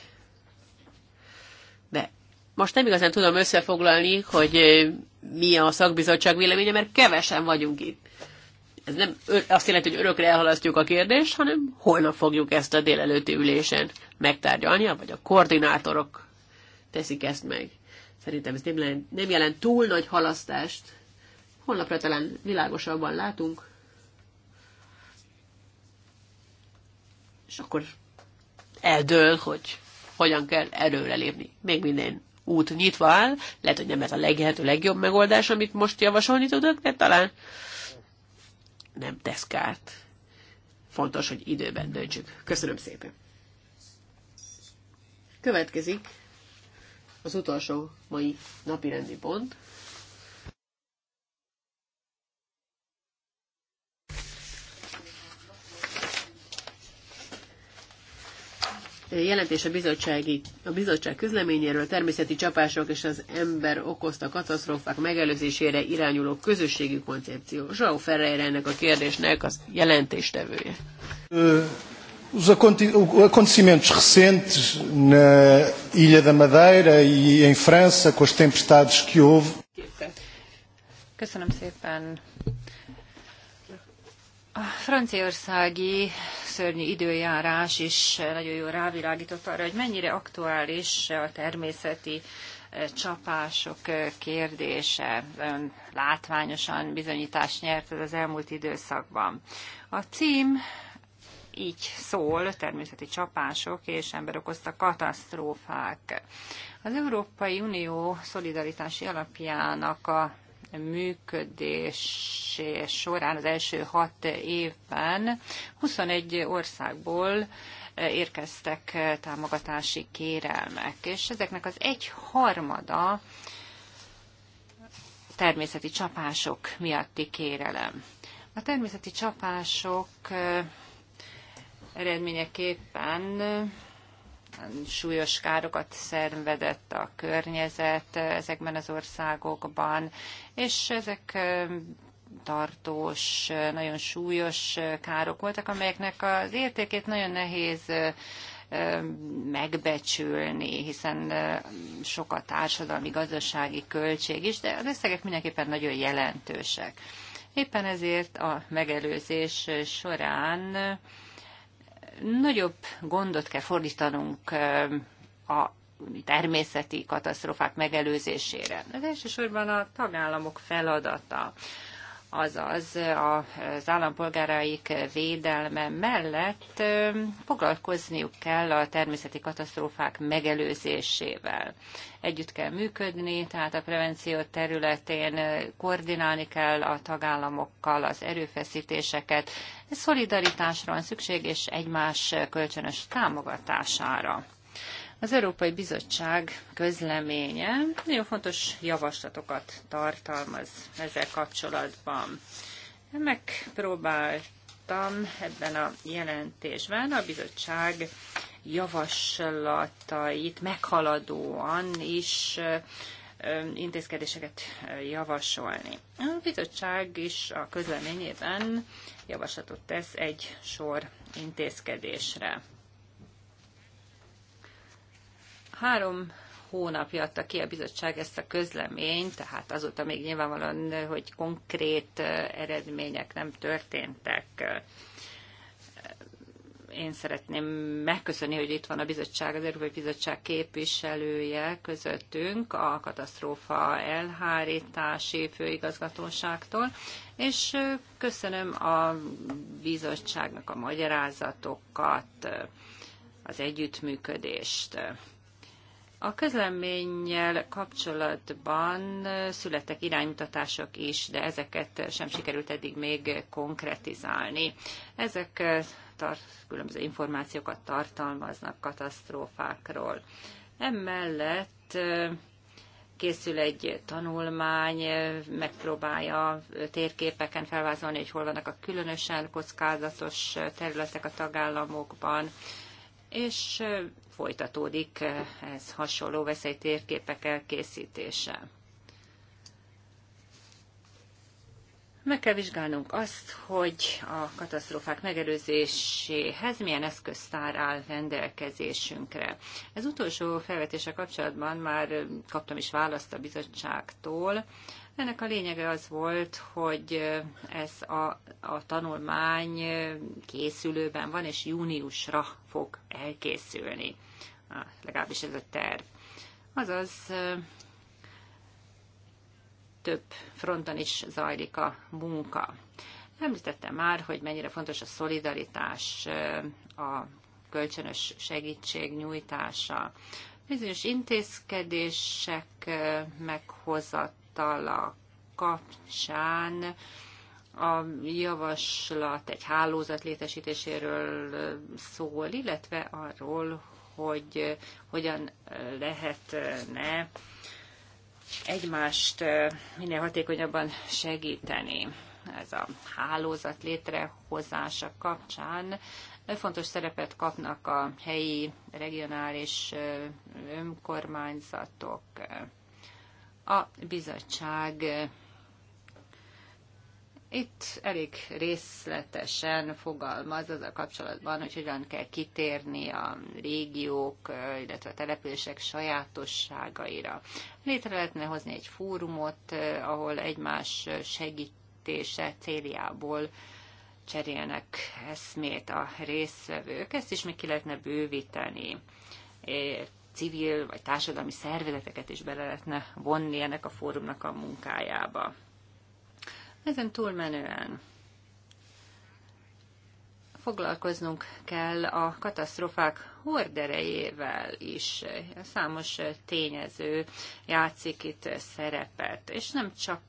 De most nem igazán tudom összefoglalni, hogy mi a szakbizottság véleménye, mert kevesen vagyunk itt. Ez nem azt jelenti, hogy örökre elhalasztjuk a kérdést, hanem holnap fogjuk ezt a délelőtti ülésen megtárgyalni, vagy a koordinátorok teszik ezt meg. Szerintem ez nem jelent, nem jelent túl nagy halasztást. Holnapra talán világosabban látunk, és akkor eldől, hogy hogyan kell erőre lépni. Még minden út nyitva áll, lehet, hogy nem ez a leghető legjobb megoldás, amit most javasolni tudok, de talán nem tesz kárt. Fontos, hogy időben döntsük. Köszönöm szépen. Következik az utolsó mai napi rendi pont. jelentés a, bizottsági, a bizottság közleményéről a természeti csapások és az ember okozta katasztrófák megelőzésére irányuló közösségi koncepció. Zsau Ferreira ennek a kérdésnek az jelentéstevője. Os acontecimentos recentes na Ilha da Madeira e em França, com as tempestades que houve. Köszönöm szépen. A franciaországi szörnyű időjárás is nagyon jól rávilágított arra, hogy mennyire aktuális a természeti eh, csapások eh, kérdése Ön látványosan bizonyítást nyert az elmúlt időszakban. A cím így szól, természeti csapások és ember okozta katasztrófák. Az Európai Unió szolidaritási alapjának a működés során az első hat évben 21 országból e, érkeztek e, támogatási kérelmek, és ezeknek az egy harmada természeti csapások miatti kérelem. A természeti csapások e, eredményeképpen súlyos károkat szenvedett a környezet ezekben az országokban, és ezek tartós, nagyon súlyos károk voltak, amelyeknek az értékét nagyon nehéz megbecsülni, hiszen sok a társadalmi, gazdasági költség is, de az összegek mindenképpen nagyon jelentősek. Éppen ezért a megelőzés során Nagyobb gondot kell fordítanunk a természeti katasztrofák megelőzésére. Ez elsősorban a tagállamok feladata azaz az állampolgáraik védelme mellett foglalkozniuk kell a természeti katasztrófák megelőzésével. Együtt kell működni, tehát a prevenció területén koordinálni kell a tagállamokkal az erőfeszítéseket. Szolidaritásra van szükség, és egymás kölcsönös támogatására. Az Európai Bizottság közleménye nagyon fontos javaslatokat tartalmaz ezzel kapcsolatban. Megpróbáltam ebben a jelentésben a bizottság javaslatait meghaladóan is intézkedéseket javasolni. A bizottság is a közleményében javaslatot tesz egy sor intézkedésre. Három hónapja adta ki a bizottság ezt a közleményt, tehát azóta még nyilvánvalóan, hogy konkrét eredmények nem történtek. Én szeretném megköszönni, hogy itt van a bizottság, az Európai Bizottság képviselője közöttünk a katasztrófa elhárítási főigazgatóságtól, és köszönöm a bizottságnak a magyarázatokat, az együttműködést. A közleménnyel kapcsolatban születtek iránymutatások is, de ezeket sem sikerült eddig még konkretizálni. Ezek eh, tart, különböző információkat tartalmaznak katasztrófákról. Emellett eh, készül egy tanulmány, eh, megpróbálja térképeken felvázolni, hogy hol vannak a különösen kockázatos területek a tagállamokban, és folytatódik ez hasonló veszélytérképek elkészítése. Meg kell vizsgálnunk azt, hogy a katasztrófák megelőzéséhez milyen eszköztár áll rendelkezésünkre. Ez utolsó felvetése kapcsolatban már kaptam is választ a bizottságtól, ennek a lényege az volt, hogy ez a, a tanulmány készülőben van, és júniusra fog elkészülni. Legalábbis ez a terv. Azaz több fronton is zajlik a munka. Említettem már, hogy mennyire fontos a szolidaritás, a kölcsönös segítség nyújtása. Bizonyos intézkedések meghozat fiatala kapcsán a javaslat egy hálózat létesítéséről szól, illetve arról, hogy hogyan lehetne egymást minél hatékonyabban segíteni. Ez a hálózat létrehozása kapcsán fontos szerepet kapnak a helyi, regionális önkormányzatok a bizottság itt elég részletesen fogalmaz az a kapcsolatban, hogy hogyan kell kitérni a régiók, illetve a települések sajátosságaira. Létre lehetne hozni egy fórumot, ahol egymás segítése céljából cserélnek eszmét a résztvevők. Ezt is még ki lehetne bővíteni civil vagy társadalmi szervezeteket is bele lehetne vonni ennek a fórumnak a munkájába. Ezen túlmenően foglalkoznunk kell a katasztrofák horderejével is. Számos tényező játszik itt szerepet, és nem csak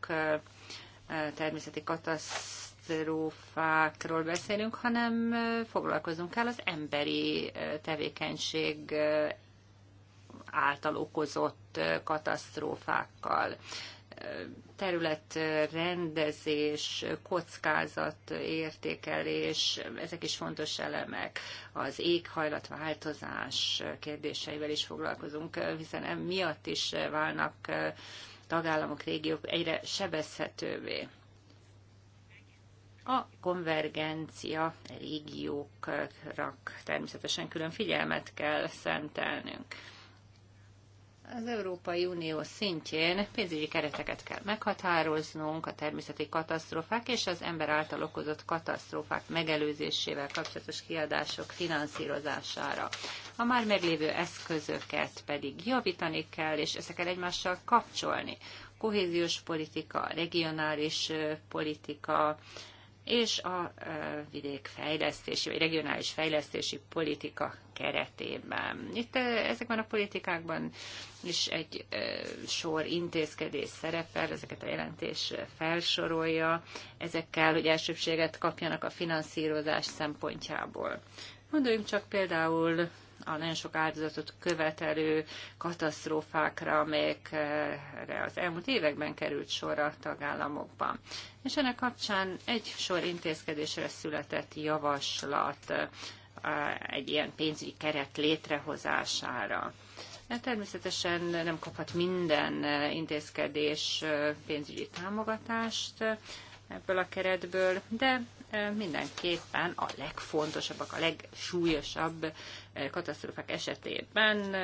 természeti katasztrófákról beszélünk, hanem foglalkozunk kell az emberi tevékenység által okozott katasztrófákkal területrendezés, értékelés, ezek is fontos elemek. Az éghajlatváltozás kérdéseivel is foglalkozunk, hiszen emiatt is válnak tagállamok, régiók egyre sebezhetővé. A konvergencia régiókra természetesen külön figyelmet kell szentelnünk az Európai Unió szintjén pénzügyi kereteket kell meghatároznunk a természeti katasztrófák és az ember által okozott katasztrófák megelőzésével kapcsolatos kiadások finanszírozására. A már meglévő eszközöket pedig javítani kell, és ezeket egymással kapcsolni. Kohéziós politika, regionális politika, és a vidék fejlesztési vagy regionális fejlesztési politika keretében. Itt ezekben a politikákban is egy sor intézkedés szerepel, ezeket a jelentés felsorolja, ezekkel, hogy elsőbséget kapjanak a finanszírozás szempontjából. Mondjunk csak például a nagyon sok áldozatot követelő katasztrófákra, amelyekre az elmúlt években került sor a tagállamokban. És ennek kapcsán egy sor intézkedésre született javaslat egy ilyen pénzügyi keret létrehozására. Természetesen nem kaphat minden intézkedés pénzügyi támogatást ebből a keretből, de mindenképpen a legfontosabbak, a legsúlyosabb katasztrófák esetében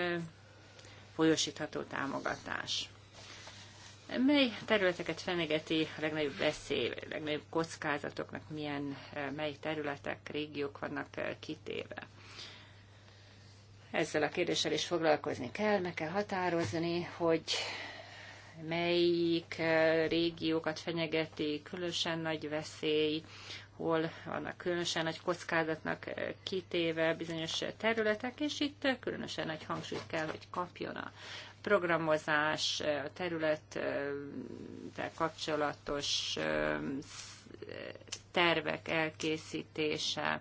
folyosítható támogatás. Mely területeket fenyegeti a legnagyobb veszély, a legnagyobb kockázatoknak, milyen, mely területek, régiók vannak kitéve? Ezzel a kérdéssel is foglalkozni kell, meg kell határozni, hogy melyik régiókat fenyegeti különösen nagy veszély, hol vannak különösen nagy kockázatnak kitéve bizonyos területek, és itt különösen nagy hangsúlyt kell, hogy kapjon a programozás, a területtel kapcsolatos tervek elkészítése,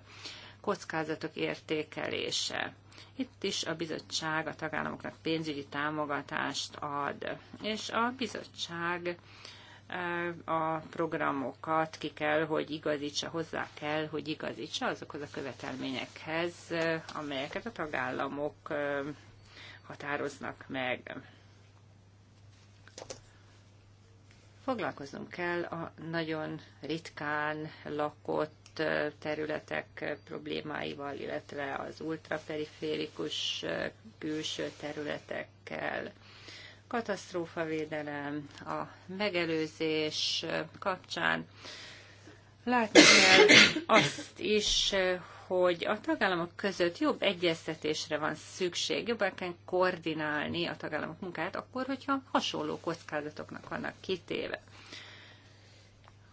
kockázatok értékelése. Itt is a bizottság a tagállamoknak pénzügyi támogatást ad, és a bizottság a programokat ki kell, hogy igazítsa, hozzá kell, hogy igazítsa azokhoz a követelményekhez, amelyeket a tagállamok határoznak meg. Foglalkoznunk kell a nagyon ritkán lakott területek problémáival, illetve az ultraperiférikus külső területekkel katasztrófavédelem, a megelőzés kapcsán látni kell azt is, hogy a tagállamok között jobb egyeztetésre van szükség, jobban kell koordinálni a tagállamok munkáját, akkor, hogyha hasonló kockázatoknak vannak kitéve,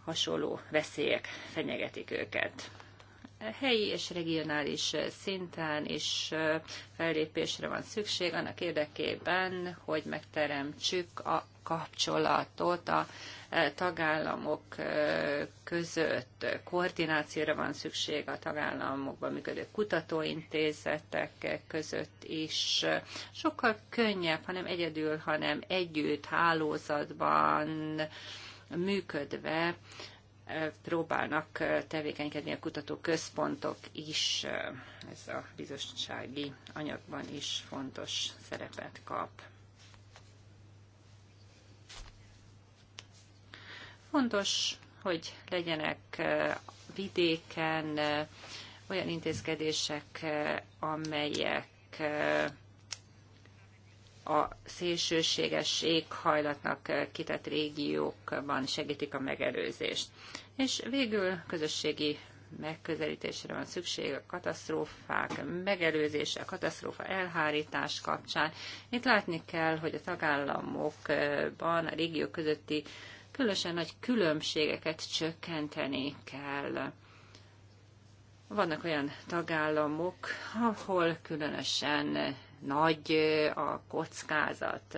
hasonló veszélyek fenyegetik őket helyi és regionális szinten is fellépésre van szükség annak érdekében, hogy megteremtsük a kapcsolatot a tagállamok között. Koordinációra van szükség a tagállamokban működő kutatóintézetek között is. Sokkal könnyebb, hanem egyedül, hanem együtt, hálózatban működve próbálnak eh, tevékenykedni a kutatóközpontok is, eh, ez a bizottsági anyagban is fontos szerepet kap. Fontos, hogy legyenek eh, vidéken olyan intézkedések, amelyek a szélsőséges éghajlatnak kitett régiókban segítik a megelőzést. És végül közösségi megközelítésre van szükség a katasztrófák megelőzése, a katasztrófa elhárítás kapcsán. Itt látni kell, hogy a tagállamokban, a régió közötti különösen nagy különbségeket csökkenteni kell. Vannak olyan tagállamok, ahol különösen nagy a kockázat,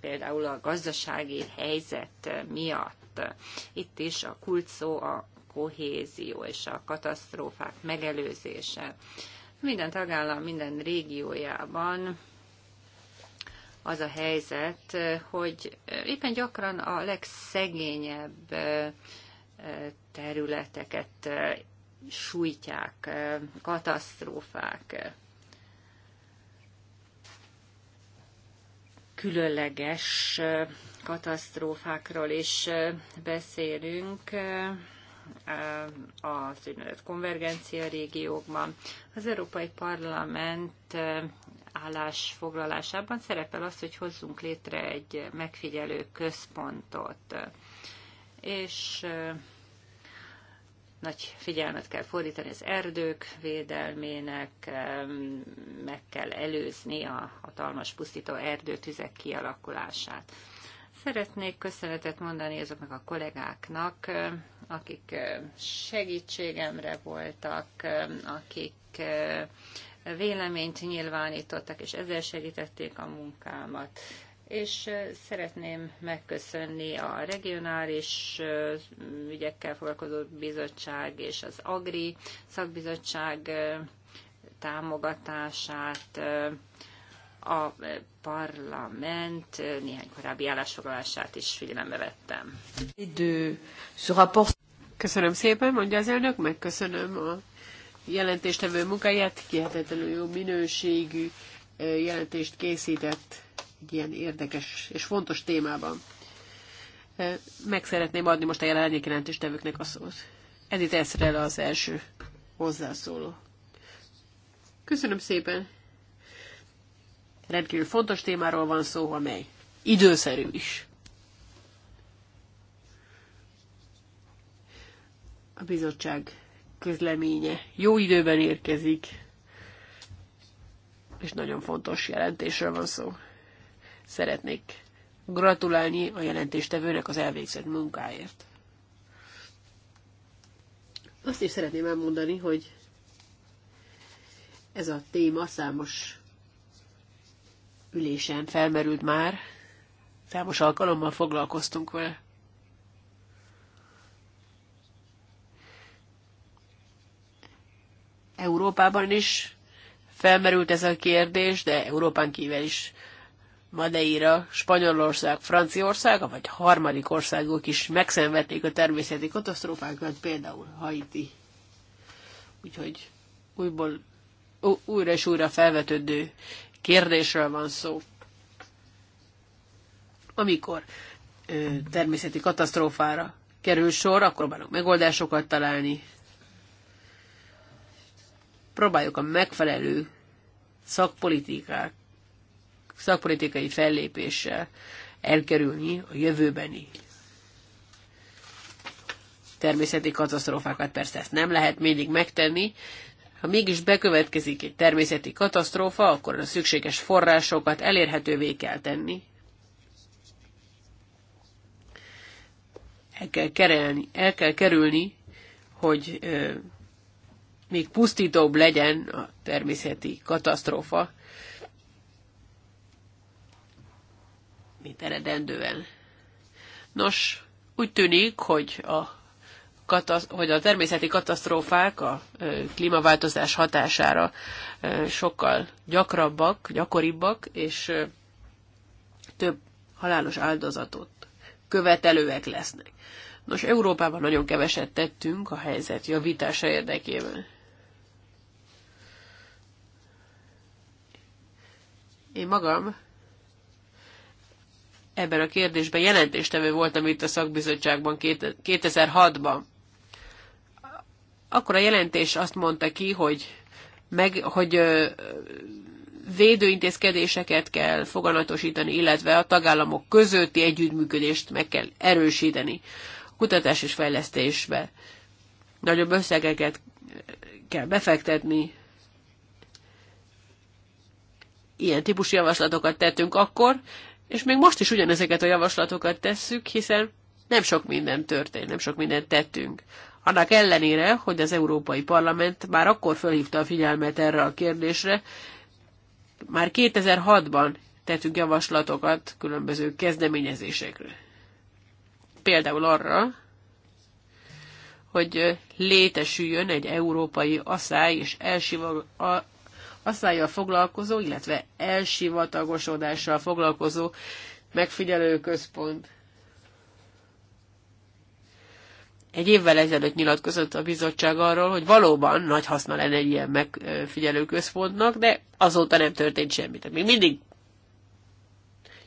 például a gazdasági helyzet miatt között. Itt is a kult szó a kohézió és a katasztrófák megelőzése. Minden tagállam, minden régiójában az a helyzet, hogy éppen gyakran a legszegényebb területeket sújtják katasztrófák. Különleges katasztrófákról is beszélünk az úgynevezett konvergencia régiókban. Az Európai Parlament állásfoglalásában szerepel az, hogy hozzunk létre egy megfigyelő központot. És nagy figyelmet kell fordítani az erdők védelmének, meg kell előzni a hatalmas pusztító erdőtüzek kialakulását. Szeretnék köszönetet mondani azoknak a kollégáknak, akik segítségemre voltak, akik véleményt nyilvánítottak, és ezzel segítették a munkámat. És szeretném megköszönni a regionális ügyekkel foglalkozó bizottság és az Agri szakbizottság támogatását, a parlament néhány korábbi állásfoglalását is figyelembe vettem. Köszönöm szépen, mondja az elnök, megköszönöm a jelentéstevő munkáját, kihetetlenül jó minőségű jelentést készített egy ilyen érdekes és fontos témában. Meg szeretném adni most a jelenlegi jelentéstevőknek a szót. Edith Eszrel az első hozzászóló. Köszönöm szépen! Rendkívül fontos témáról van szó, amely időszerű is. A bizottság közleménye jó időben érkezik, és nagyon fontos jelentésről van szó. Szeretnék gratulálni a jelentéstevőnek az elvégzett munkáért. Azt is szeretném elmondani, hogy ez a téma számos ülésen felmerült már, számos alkalommal foglalkoztunk vele. Európában is felmerült ez a kérdés, de Európán kívül is Madeira, Spanyolország, Franciaország, vagy harmadik országok is megszenvedték a természeti katasztrófákat, például Haiti. Úgyhogy újból újra és újra felvetődő kérdésről van szó. Amikor ö, természeti katasztrófára kerül sor, akkor próbálunk megoldásokat találni. Próbáljuk a megfelelő szakpolitikák, szakpolitikai fellépéssel elkerülni a jövőbeni természeti katasztrófákat. Persze ezt nem lehet mindig megtenni, ha mégis bekövetkezik egy természeti katasztrófa, akkor a szükséges forrásokat elérhetővé kell tenni. El kell, kerelni, el kell kerülni, hogy ö, még pusztítóbb legyen a természeti katasztrófa, mint eredendően. Nos, úgy tűnik, hogy a hogy a természeti katasztrófák a klímaváltozás hatására sokkal gyakrabbak, gyakoribbak, és több halálos áldozatot követelőek lesznek. Nos, Európában nagyon keveset tettünk a helyzet javítása érdekében. Én magam ebben a kérdésben jelentéstevő voltam itt a szakbizottságban 2006-ban. Akkor a jelentés azt mondta ki, hogy, meg, hogy védőintézkedéseket kell foganatosítani, illetve a tagállamok közötti együttműködést meg kell erősíteni kutatás és fejlesztésbe. Nagyobb összegeket kell befektetni. Ilyen típusú javaslatokat tettünk akkor, és még most is ugyanezeket a javaslatokat tesszük, hiszen nem sok minden történt, nem sok mindent tettünk. Annak ellenére, hogy az Európai Parlament már akkor felhívta a figyelmet erre a kérdésre, már 2006-ban tettünk javaslatokat különböző kezdeményezésekre. Például arra, hogy létesüljön egy európai asszály és elsival, a, asszályjal foglalkozó, illetve elsivatagosodással foglalkozó megfigyelő központ. Egy évvel ezelőtt nyilatkozott a bizottság arról, hogy valóban nagy haszna lenne egy ilyen megfigyelő központnak, de azóta nem történt semmi. Tehát még mindig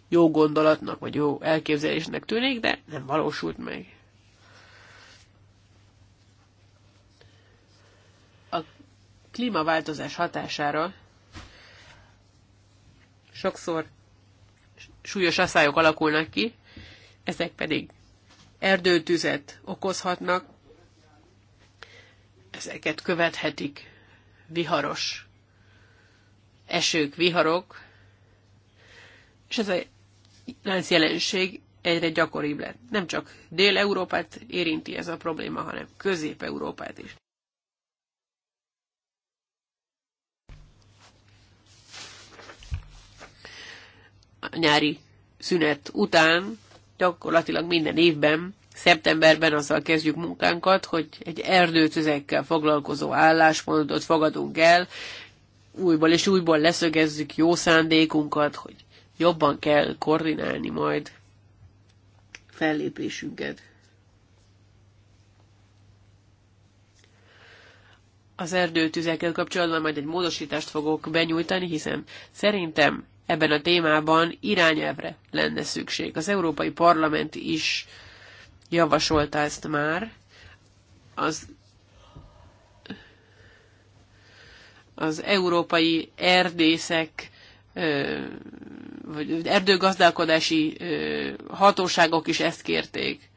jó gondolatnak, vagy jó elképzelésnek tűnik, de nem valósult meg. A klímaváltozás hatására sokszor súlyos asszályok alakulnak ki, ezek pedig erdőtüzet okozhatnak, ezeket követhetik viharos esők, viharok, és ez a lánc jelenség egyre gyakoribb lett. Nem csak Dél-Európát érinti ez a probléma, hanem Közép-Európát is. A nyári szünet után gyakorlatilag minden évben, szeptemberben azzal kezdjük munkánkat, hogy egy erdőtüzekkel foglalkozó álláspontot fogadunk el, újból és újból leszögezzük jó szándékunkat, hogy jobban kell koordinálni majd fellépésünket. Az erdőtüzekkel kapcsolatban majd egy módosítást fogok benyújtani, hiszen szerintem ebben a témában irányelvre lenne szükség. Az Európai Parlament is javasolta ezt már. Az, az európai erdészek vagy erdőgazdálkodási hatóságok is ezt kérték.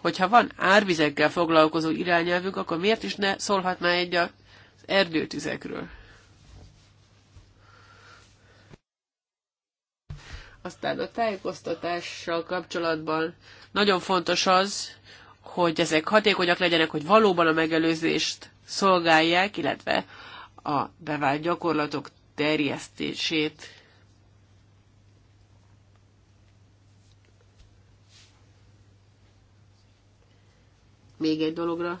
Hogyha van árvizekkel foglalkozó irányelvük, akkor miért is ne szólhatná egy az erdőtüzekről? Aztán a tájékoztatással kapcsolatban nagyon fontos az, hogy ezek hatékonyak legyenek, hogy valóban a megelőzést szolgálják, illetve a bevált gyakorlatok terjesztését. Még egy dologra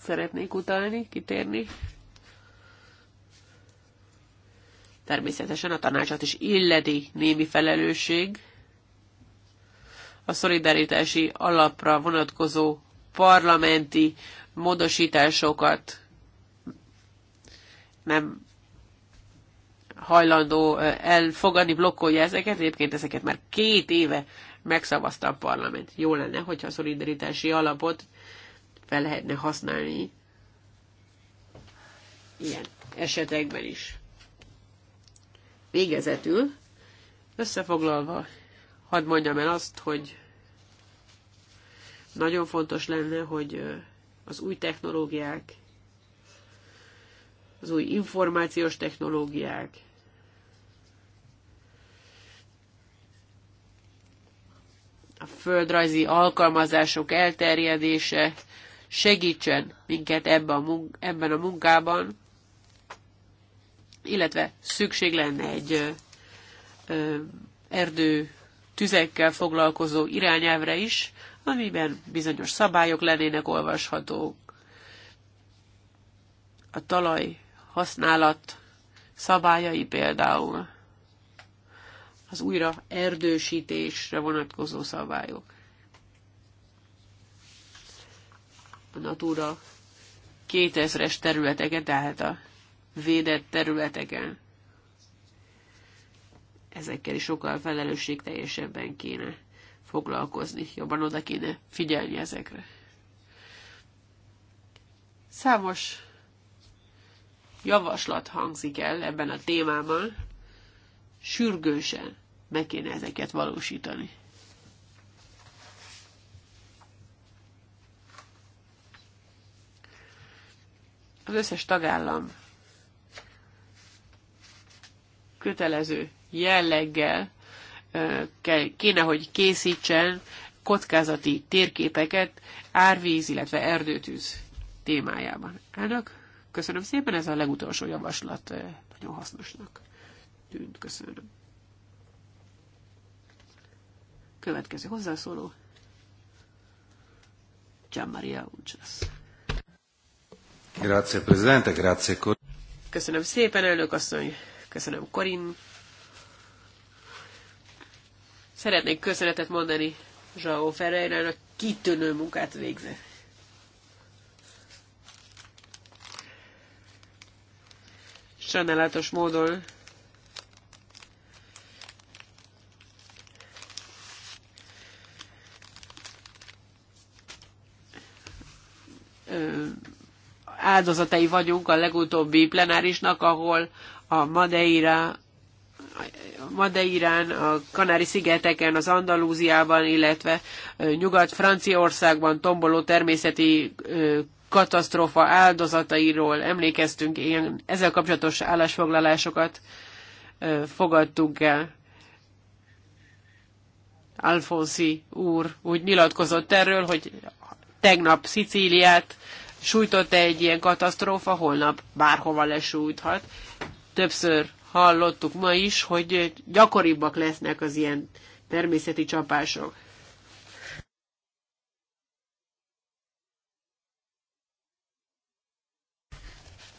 szeretnék utalni, kitérni. Természetesen a tanácsot is illeti némi felelősség. A szolidaritási alapra vonatkozó parlamenti módosításokat nem hajlandó elfogadni, blokkolja ezeket. Egyébként ezeket már két éve megszavazta a parlament. Jó lenne, hogyha a szolidaritási alapot fel lehetne használni ilyen esetekben is. Végezetül, összefoglalva, hadd mondjam el azt, hogy nagyon fontos lenne, hogy az új technológiák, az új információs technológiák, a földrajzi alkalmazások elterjedése segítsen minket ebben a, ebben a munkában, illetve szükség lenne egy erdő tüzekkel foglalkozó irányelvre is, amiben bizonyos szabályok lennének olvashatók. A talaj használat szabályai például, az újra erdősítésre vonatkozó szabályok. A Natura 2000-es területeket, tehát a védett területeken. Ezekkel is sokkal felelősségteljesebben kéne foglalkozni, jobban oda kéne figyelni ezekre. Számos javaslat hangzik el ebben a témában, sürgősen meg kéne ezeket valósítani. Az összes tagállam kötelező jelleggel kéne, hogy készítsen kockázati térképeket árvíz, illetve erdőtűz témájában. Elnök, köszönöm szépen, ez a legutolsó javaslat nagyon hasznosnak tűnt, köszönöm. Következő hozzászóló. Gian Maria Ucsász. Grazie, Presidente, grazie. Köszönöm szépen, elnök asszony. Köszönöm, Korin. Szeretnék köszönetet mondani Zsáó Ferreira, kitűnő munkát végze. Sajnálatos módon áldozatai vagyunk a legutóbbi plenárisnak, ahol a Madeira, Madeirán, a Kanári-szigeteken, az Andalúziában, illetve Nyugat-Franciaországban tomboló természeti katasztrófa áldozatairól emlékeztünk, ilyen ezzel kapcsolatos állásfoglalásokat fogadtunk el. Alfonsi úr úgy nyilatkozott erről, hogy tegnap Szicíliát sújtott egy ilyen katasztrófa, holnap bárhova lesújthat. Többször hallottuk ma is, hogy gyakoribbak lesznek az ilyen természeti csapások.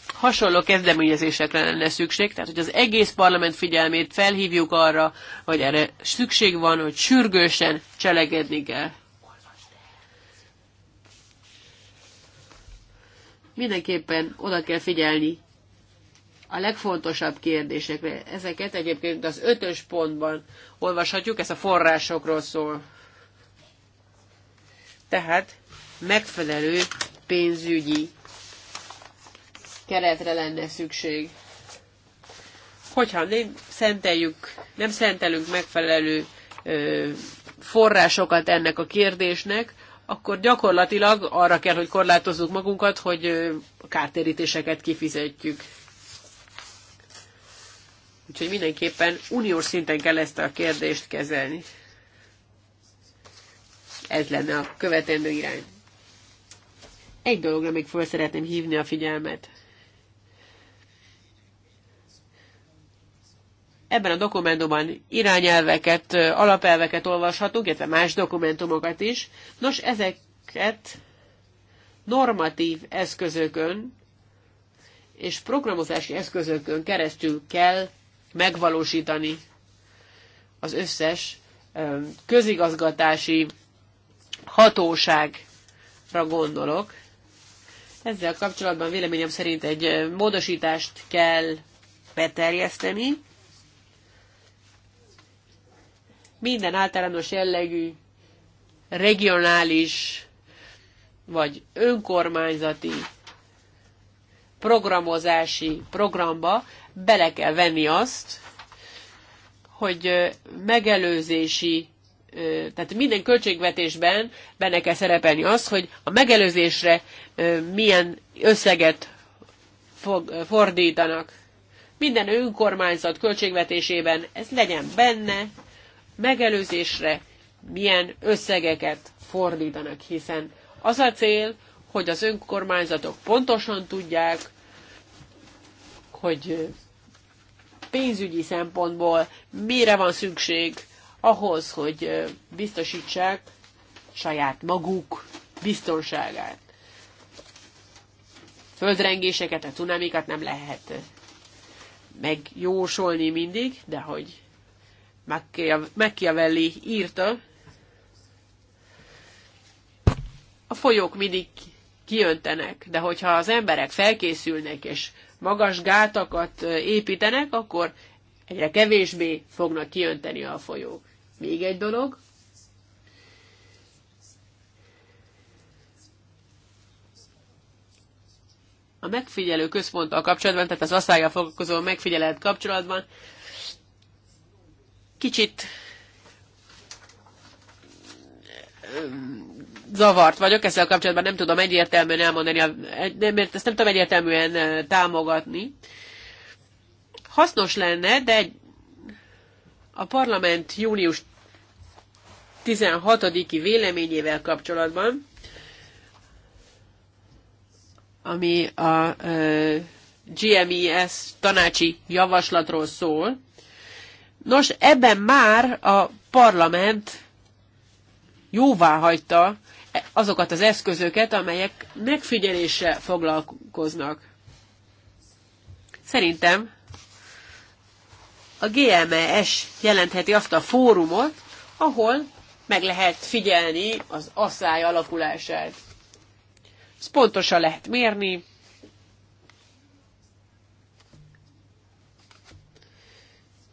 hasonló kezdeményezésekre lenne szükség, tehát hogy az egész parlament figyelmét felhívjuk arra, hogy erre szükség van, hogy sürgősen cselekedni kell. Mindenképpen oda kell figyelni a legfontosabb kérdésekre. Ezeket egyébként az ötös pontban olvashatjuk, ez a forrásokról szól. Tehát megfelelő pénzügyi keretre lenne szükség. Hogyha nem szenteljük, nem szentelünk megfelelő ö, forrásokat ennek a kérdésnek, akkor gyakorlatilag arra kell, hogy korlátozzuk magunkat, hogy kártérítéseket kifizetjük. Úgyhogy mindenképpen uniós szinten kell ezt a kérdést kezelni. Ez lenne a követendő irány. Egy dologra még föl szeretném hívni a figyelmet. Ebben a dokumentumban irányelveket, alapelveket olvashatunk, illetve más dokumentumokat is. Nos, ezeket normatív eszközökön és programozási eszközökön keresztül kell megvalósítani az összes közigazgatási hatóságra gondolok. Ezzel kapcsolatban véleményem szerint egy módosítást kell beterjeszteni. Minden általános jellegű regionális vagy önkormányzati programozási programba bele kell venni azt, hogy megelőzési, tehát minden költségvetésben benne kell szerepelni az, hogy a megelőzésre milyen összeget fog, fordítanak. Minden önkormányzat költségvetésében ez legyen benne, megelőzésre milyen összegeket fordítanak, hiszen az a cél, hogy az önkormányzatok pontosan tudják, hogy pénzügyi szempontból mire van szükség ahhoz, hogy biztosítsák saját maguk biztonságát. Földrengéseket, a cunamikat nem lehet megjósolni mindig, de hogy Machiavelli írta, a folyók mindig kijöntenek, de hogyha az emberek felkészülnek és magas gátakat építenek, akkor egyre kevésbé fognak kiönteni a folyók. Még egy dolog. A megfigyelő központtal kapcsolatban, tehát az asszályjal foglalkozó megfigyelet kapcsolatban kicsit zavart vagyok ezzel kapcsolatban, nem tudom egyértelműen elmondani, nem, ezt nem tudom egyértelműen támogatni. Hasznos lenne, de egy, a parlament június 16-i véleményével kapcsolatban, ami a GMES tanácsi javaslatról szól. Nos, ebben már a parlament jóvá hagyta azokat az eszközöket, amelyek megfigyeléssel foglalkoznak. Szerintem a GMES jelentheti azt a fórumot, ahol meg lehet figyelni az asszály alakulását. Ezt pontosan lehet mérni.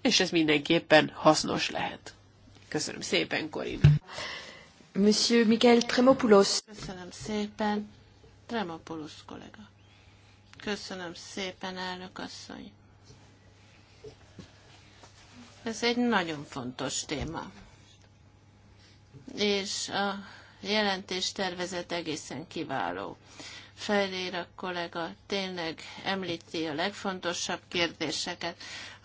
És ez mindenképpen hasznos lehet. Köszönöm szépen, Korin. Monsieur Mikael Tremopoulos. Köszönöm szépen, Tremopoulos kollega. Köszönöm szépen, elnök asszony. Ez egy nagyon fontos téma. És a jelentés tervezet egészen kiváló. Fejlér a kollega tényleg említi a legfontosabb kérdéseket,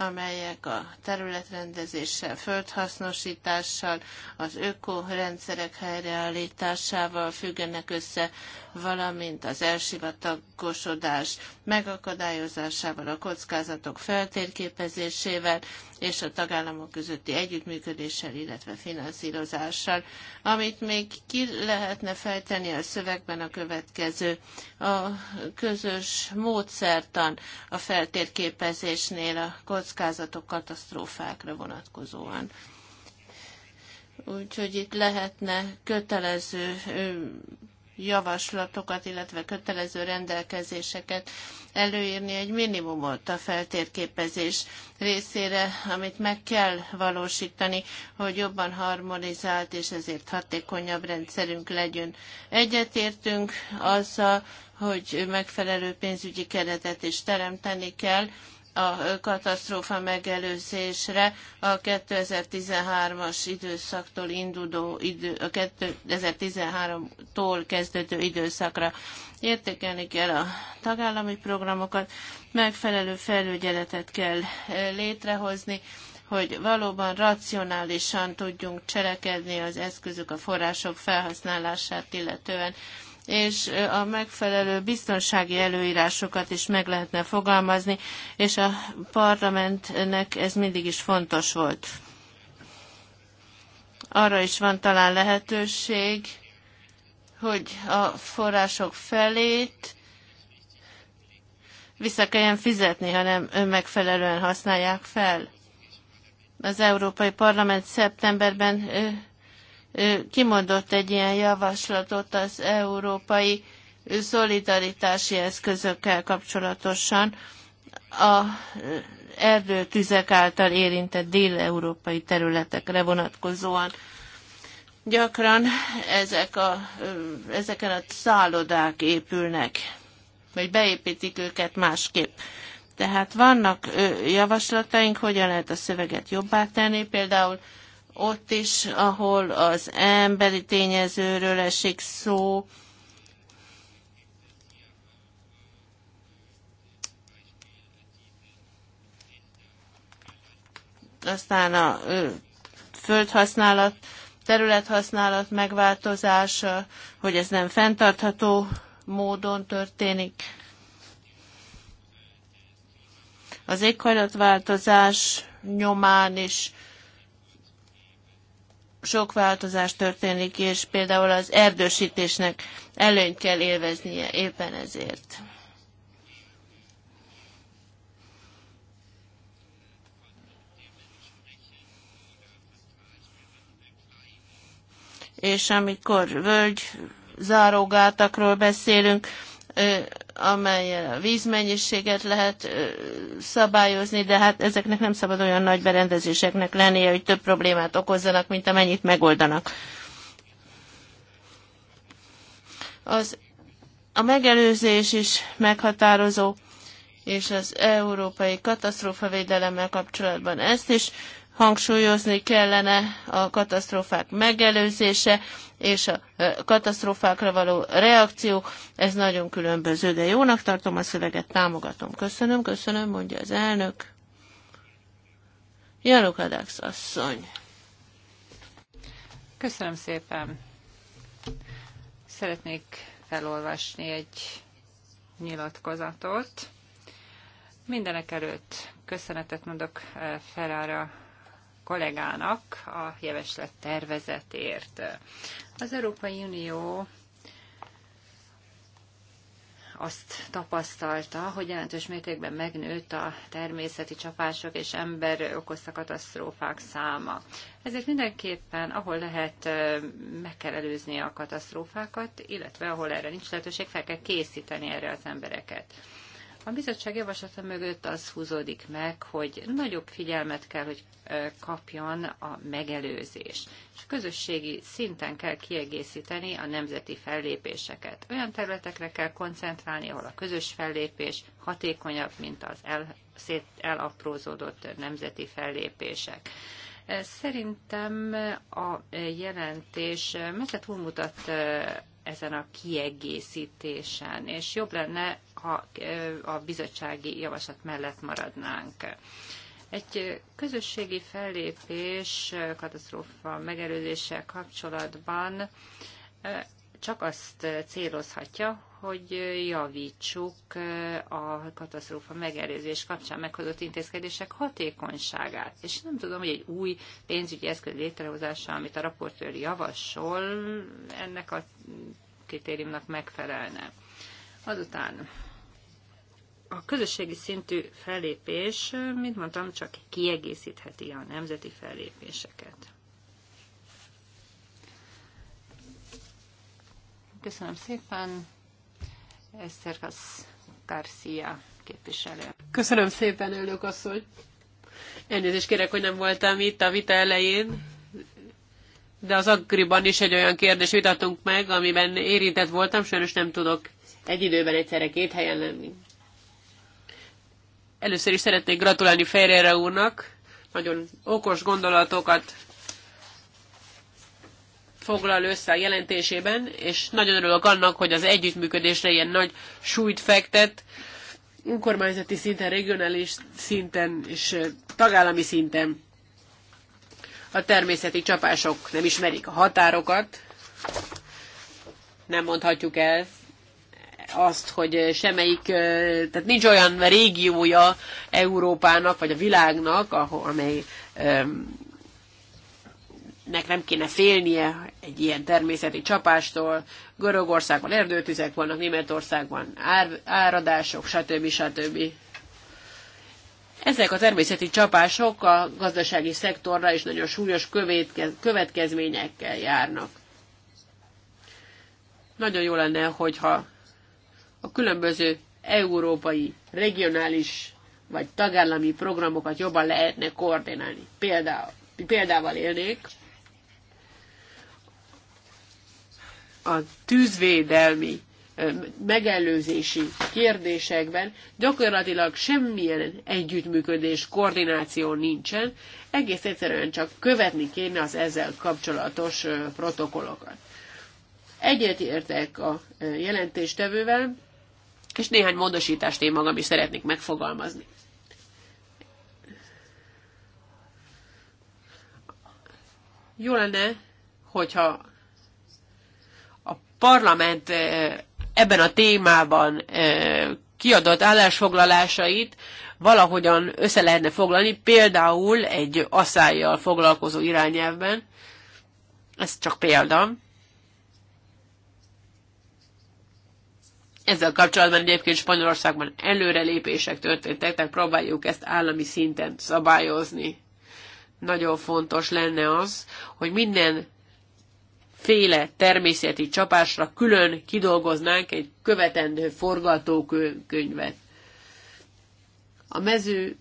amelyek a területrendezéssel, földhasznosítással, az ökorendszerek helyreállításával függenek össze, valamint az elsivatagosodás megakadályozásával, a kockázatok feltérképezésével és a tagállamok közötti együttműködéssel, illetve finanszírozással. Amit még ki lehetne fejteni a szövegben a következő, a közös módszertan a feltérképezésnél a kockázatok kockázatok katasztrófákra vonatkozóan. Úgyhogy itt lehetne kötelező javaslatokat, illetve kötelező rendelkezéseket előírni egy minimumot a feltérképezés részére, amit meg kell valósítani, hogy jobban harmonizált és ezért hatékonyabb rendszerünk legyen. Egyetértünk azzal, hogy megfelelő pénzügyi keretet is teremteni kell, a katasztrófa megelőzésre a 2013-as időszaktól induló idő, a 2013-tól kezdődő időszakra. Értékelni kell a tagállami programokat, megfelelő felügyeletet kell eh, létrehozni, hogy valóban racionálisan tudjunk cselekedni az eszközök, a források felhasználását illetően és a megfelelő biztonsági előírásokat is meg lehetne fogalmazni, és a parlamentnek ez mindig is fontos volt. Arra is van talán lehetőség, hogy a források felét vissza kelljen fizetni, hanem önmegfelelően használják fel. Az Európai Parlament szeptemberben kimondott egy ilyen javaslatot az európai szolidaritási eszközökkel kapcsolatosan a erdőtüzek által érintett dél-európai területekre vonatkozóan. Gyakran ezek a, ezeken a szállodák épülnek, vagy beépítik őket másképp. Tehát vannak javaslataink, hogyan lehet a szöveget jobbá tenni, például ott is, ahol az emberi tényezőről esik szó, aztán a földhasználat, területhasználat megváltozása, hogy ez nem fenntartható módon történik. Az éghajlatváltozás nyomán is sok változás történik, és például az erdősítésnek előnyt kell élveznie éppen ezért. És amikor völgy zárógátakról beszélünk, amely a vízmennyiséget lehet szabályozni, de hát ezeknek nem szabad olyan nagy berendezéseknek lennie, hogy több problémát okozzanak, mint amennyit megoldanak. Az, a megelőzés is meghatározó, és az európai katasztrófavédelemmel kapcsolatban ezt is hangsúlyozni kellene a katasztrófák megelőzése és a katasztrófákra való reakció. Ez nagyon különböző, de jónak tartom a szöveget, támogatom. Köszönöm, köszönöm, mondja az elnök. Janukadex asszony. Köszönöm szépen. Szeretnék felolvasni egy nyilatkozatot. Mindenek előtt köszönetet mondok eh, Ferrara kollégának a javaslat tervezetért. Az Európai Unió azt tapasztalta, hogy jelentős mértékben megnőtt a természeti csapások és ember okozta katasztrófák száma. Ezért mindenképpen, ahol lehet, meg kell előzni a katasztrófákat, illetve ahol erre nincs lehetőség, fel kell készíteni erre az embereket. A bizottság javaslata mögött az húzódik meg, hogy nagyobb figyelmet kell, hogy kapjon a megelőzés. És közösségi szinten kell kiegészíteni a nemzeti fellépéseket. Olyan területekre kell koncentrálni, ahol a közös fellépés hatékonyabb, mint az el, szét, elaprózódott nemzeti fellépések. Szerintem a jelentés messze túlmutat ezen a kiegészítésen, és jobb lenne ha a bizottsági javaslat mellett maradnánk. Egy közösségi fellépés katasztrófa megelőzése kapcsolatban csak azt célozhatja, hogy javítsuk a katasztrófa megelőzés kapcsán meghozott intézkedések hatékonyságát. És nem tudom, hogy egy új pénzügyi eszköz létrehozása, amit a raportőr javasol, ennek a kritériumnak megfelelne. Azután a közösségi szintű fellépés, mint mondtam, csak kiegészítheti a nemzeti fellépéseket. Köszönöm szépen. Szerkasz Garcia képviselő. Köszönöm szépen, elnök asszony. Elnézést kérek, hogy nem voltam itt a vita elején, de az Agriban is egy olyan kérdés vitatunk meg, amiben érintett voltam, sajnos nem tudok egy időben egyszerre két helyen lenni. Először is szeretnék gratulálni Ferreira úrnak. Nagyon okos gondolatokat foglal össze a jelentésében, és nagyon örülök annak, hogy az együttműködésre ilyen nagy súlyt fektet, önkormányzati szinten, regionális szinten és tagállami szinten. A természeti csapások nem ismerik a határokat, nem mondhatjuk el azt, hogy eh, semmelyik, eh, tehát nincs olyan régiója Európának, vagy a világnak, ahol, amely nek nem kéne félnie egy ilyen természeti csapástól. Görögországban erdőtüzek vannak, Németországban ár, áradások, stb. stb. Ezek a természeti csapások a gazdasági szektorra is nagyon súlyos következményekkel járnak. Nagyon jó lenne, hogyha a különböző európai, regionális vagy tagállami programokat jobban lehetne koordinálni. Például, példával élnék, a tűzvédelmi megelőzési kérdésekben gyakorlatilag semmilyen együttműködés, koordináció nincsen, egész egyszerűen csak követni kéne az ezzel kapcsolatos protokollokat. Egyetértek a jelentéstevővel, és néhány módosítást én magam is szeretnék megfogalmazni. Jó lenne, hogyha a parlament eh, ebben a témában eh, kiadott állásfoglalásait valahogyan össze lehetne foglalni, például egy asszájjal foglalkozó irányelvben. Ez csak példa. Ezzel kapcsolatban egyébként Spanyolországban előrelépések történtek, tehát próbáljuk ezt állami szinten szabályozni. Nagyon fontos lenne az, hogy minden féle természeti csapásra külön kidolgoznánk egy követendő forgatókönyvet. A mező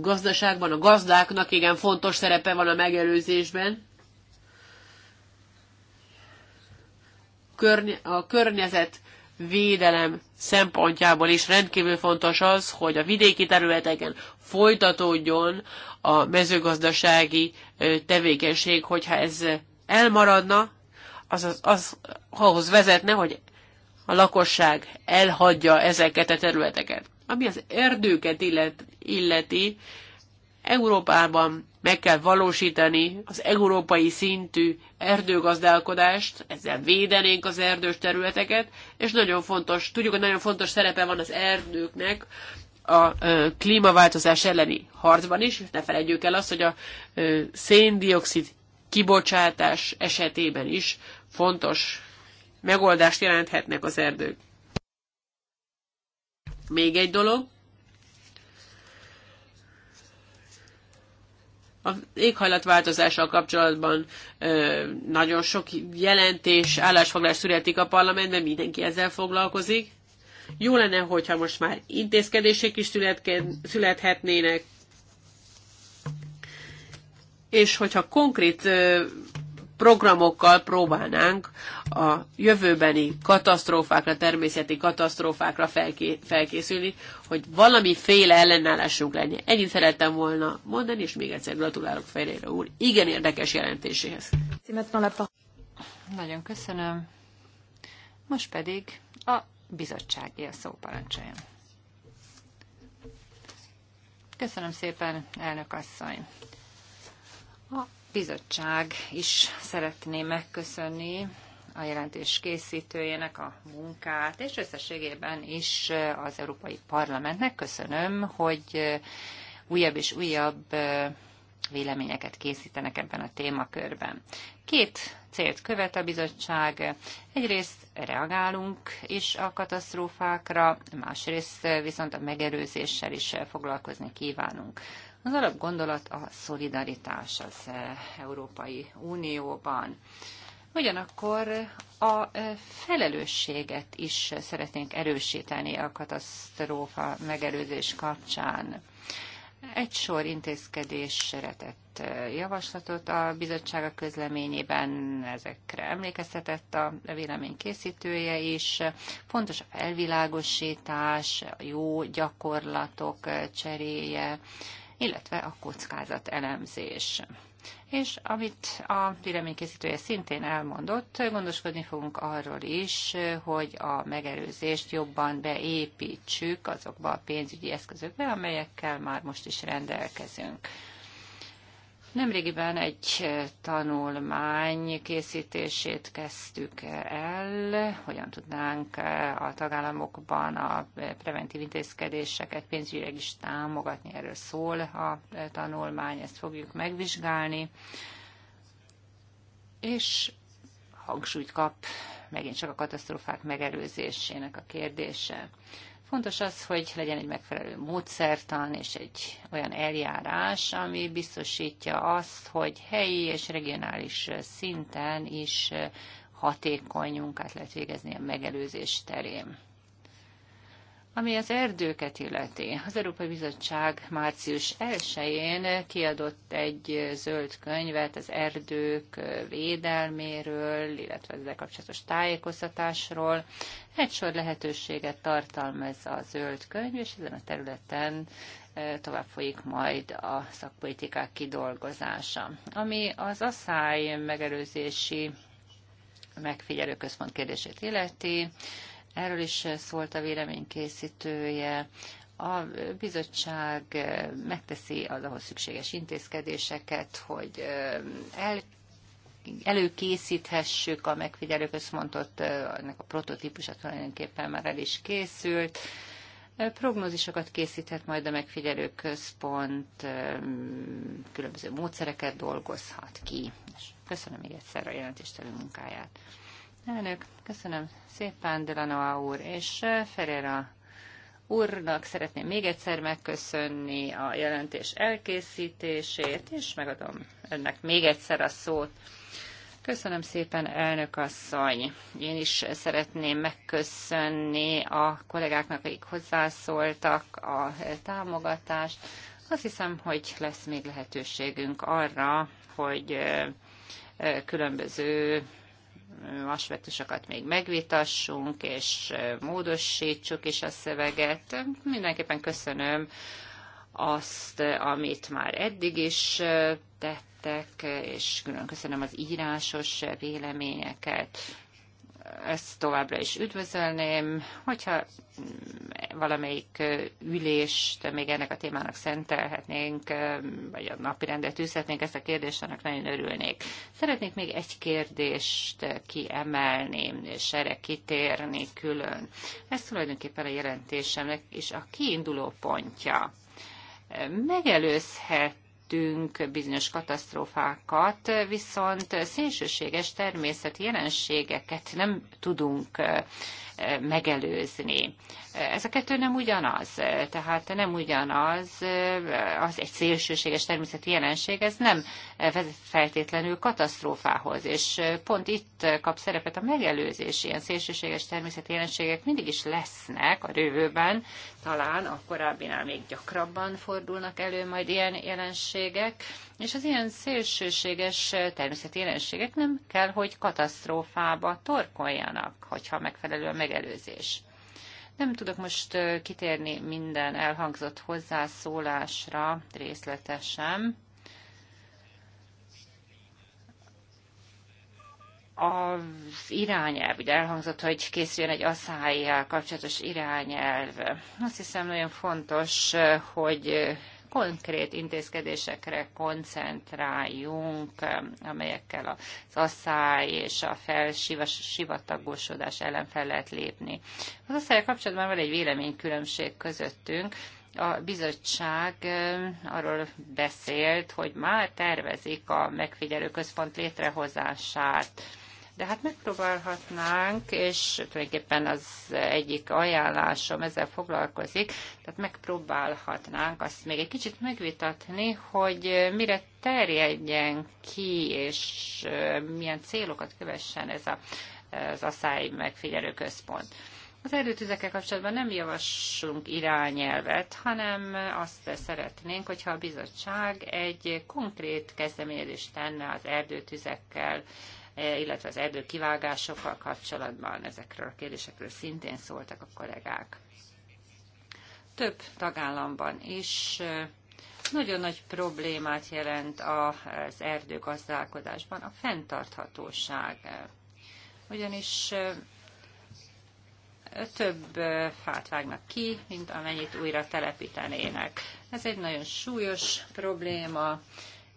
gazdaságban a gazdáknak igen fontos szerepe van a megelőzésben. A környezet védelem szempontjából is rendkívül fontos az, hogy a vidéki területeken folytatódjon a mezőgazdasági tevékenység, hogyha ez elmaradna, az, az, az ahhoz vezetne, hogy a lakosság elhagyja ezeket a területeket. Ami az erdőket illet, illeti, Európában meg kell valósítani az európai szintű erdőgazdálkodást, ezzel védenénk az erdős területeket, és nagyon fontos, tudjuk, hogy nagyon fontos szerepe van az erdőknek a klímaváltozás elleni harcban is, ne felejtjük el azt, hogy a széndiokszid kibocsátás esetében is fontos megoldást jelenthetnek az erdők. Még egy dolog, A éghajlatváltozással kapcsolatban ö, nagyon sok jelentés, állásfoglás születik a parlamentben, mindenki ezzel foglalkozik. Jó lenne, hogyha most már intézkedések is születhetnének, és hogyha konkrét programokkal próbálnánk a jövőbeni katasztrófákra, természeti katasztrófákra felké- felkészülni, hogy valamiféle ellenállásunk legyen. Ennyit szerettem volna mondani, és még egyszer gratulálok Ferére úr igen érdekes jelentéséhez. Nagyon köszönöm. Most pedig a bizottsági a szó parancsoljon. Köszönöm szépen, elnök asszony. A bizottság is szeretné megköszönni a jelentés készítőjének a munkát, és összességében is az Európai Parlamentnek köszönöm, hogy újabb és újabb véleményeket készítenek ebben a témakörben. Két célt követ a bizottság. Egyrészt reagálunk is a katasztrófákra, másrészt viszont a megerőzéssel is foglalkozni kívánunk. Az alapgondolat a szolidaritás az eh, Európai Unióban. Ugyanakkor a eh, felelősséget is szeretnénk erősíteni a katasztrófa megelőzés kapcsán. Egy sor intézkedésre tett eh, javaslatot a bizottság a közleményében, ezekre emlékeztetett a vélemény készítője is. Fontos a felvilágosítás, a jó gyakorlatok cseréje, illetve a kockázat elemzés. És amit a véleménykészítője szintén elmondott, gondoskodni fogunk arról is, hogy a megelőzést jobban beépítsük azokba a pénzügyi eszközökbe, amelyekkel már most is rendelkezünk. Nemrégiben egy eh, tanulmány készítését kezdtük eh, el, hogyan tudnánk eh, a tagállamokban a preventív intézkedéseket pénzügyileg is támogatni, erről szól a tanulmány, ezt fogjuk megvizsgálni. És hangsúlyt kap megint csak a katasztrófák megelőzésének a kérdése. Fontos az, hogy legyen egy megfelelő módszertan és egy olyan eljárás, ami biztosítja azt, hogy helyi és regionális szinten is hatékony munkát lehet végezni a megelőzés terén. Ami az erdőket illeti, az Európai Bizottság március 1-én kiadott egy zöld könyvet az erdők védelméről, illetve ezzel kapcsolatos tájékoztatásról. Egy sor lehetőséget tartalmaz a zöld könyv, és ezen a területen e, tovább folyik majd a szakpolitikák kidolgozása. Ami az asszály megelőzési központ kérdését illeti, Erről is szólt a véleménykészítője. A bizottság megteszi az ahhoz szükséges intézkedéseket, hogy el előkészíthessük a megfigyelő központot, ennek a prototípusa tulajdonképpen már el is készült. Prognózisokat készíthet majd a megfigyelő központ, különböző módszereket dolgozhat ki. köszönöm még egyszer a jelentéstelő munkáját. Elnök, köszönöm szépen, Delanoa úr, és Ferreira úrnak szeretném még egyszer megköszönni a jelentés elkészítését, és megadom önnek még egyszer a szót. Köszönöm szépen, elnök asszony. Én is szeretném megköszönni a kollégáknak, akik hozzászóltak a támogatást. Azt hiszem, hogy lesz még lehetőségünk arra, hogy különböző aspektusokat még megvitassunk, és módosítsuk is a szöveget. Mindenképpen köszönöm azt, amit már eddig is tettek, és külön köszönöm az írásos véleményeket ezt továbbra is üdvözölném, hogyha mm, valamelyik ülést még ennek a témának szentelhetnénk, vagy a napi rendet tűzhetnénk ezt a kérdést, annak nagyon örülnék. Szeretnék még egy kérdést kiemelni, és erre kitérni külön. Ez tulajdonképpen a jelentésemnek is a kiinduló pontja. Megelőzhet említettünk bizonyos katasztrófákat, viszont szélsőséges természeti jelenségeket nem tudunk megelőzni. Ez a kettő nem ugyanaz, tehát nem ugyanaz, az egy szélsőséges természeti jelenség, ez nem vezet feltétlenül katasztrófához, és pont itt kap szerepet a megelőzés. Ilyen szélsőséges természeti jelenségek mindig is lesznek a rövőben, talán a korábbinál még gyakrabban fordulnak elő majd ilyen jelenségek, és az ilyen szélsőséges természeti jelenségek nem kell, hogy katasztrófába torkoljanak, hogyha megfelelően meg megelőzés. Nem tudok most kitérni minden elhangzott hozzászólásra részletesen. Az irányelv, ugye elhangzott, hogy készüljön egy asszályjal kapcsolatos irányelv. Azt hiszem nagyon fontos, hogy konkrét intézkedésekre koncentráljunk, amelyekkel az asszály és a felsivatagosodás ellen fel lehet lépni. Az asszály kapcsolatban van egy véleménykülönbség közöttünk, a bizottság arról beszélt, hogy már tervezik a megfigyelő központ létrehozását. De hát megpróbálhatnánk, és tulajdonképpen az egyik ajánlásom ezzel foglalkozik, tehát megpróbálhatnánk azt még egy kicsit megvitatni, hogy mire terjedjen ki, és milyen célokat kövessen ez a, az asszály megfigyelő központ. Az erdőtüzekkel kapcsolatban nem javaslunk irányelvet, hanem azt szeretnénk, hogyha a bizottság egy konkrét kezdeményezést tenne az erdőtüzekkel E, illetve az kivágásokkal, kapcsolatban ezekről a kérdésekről szintén szóltak a kollégák. Több tagállamban is e, nagyon nagy problémát jelent az erdőgazdálkodásban a fenntarthatóság. E, ugyanis több fát vágnak ki, mint amennyit újra telepítenének. Ez egy nagyon súlyos probléma,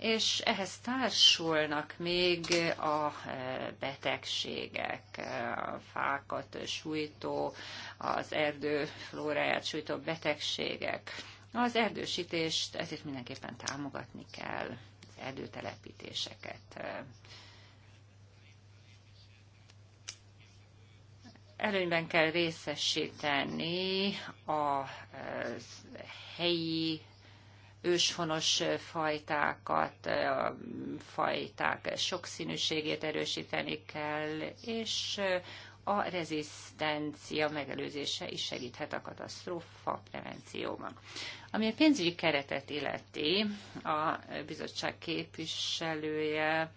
és ehhez társulnak még a e, betegségek, e, a fákat sújtó, az erdő flóráját sújtó betegségek. Az erdősítést ezért mindenképpen támogatni kell, az erdőtelepítéseket. E. Előnyben kell részesíteni a helyi őshonos fajtákat, a fajták sokszínűségét erősíteni kell, és a rezisztencia megelőzése is segíthet a katasztrófa prevencióban. Ami a pénzügyi keretet illeti, a bizottság képviselője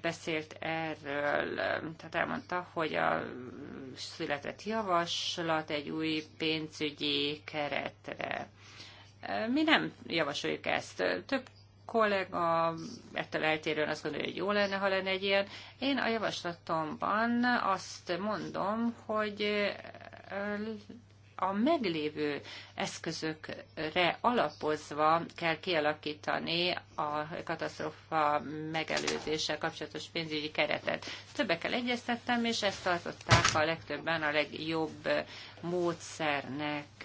beszélt erről, tehát elmondta, hogy a született javaslat egy új pénzügyi keretre mi nem javasoljuk ezt. Több kollega ettől eltérően azt gondolja, hogy jó lenne, ha lenne egy ilyen. Én a javaslatomban azt mondom, hogy a meglévő eszközökre alapozva kell kialakítani a katasztrófa megelőzéssel kapcsolatos pénzügyi keretet. Többekkel egyeztettem, és ezt tartották a legtöbben a legjobb módszernek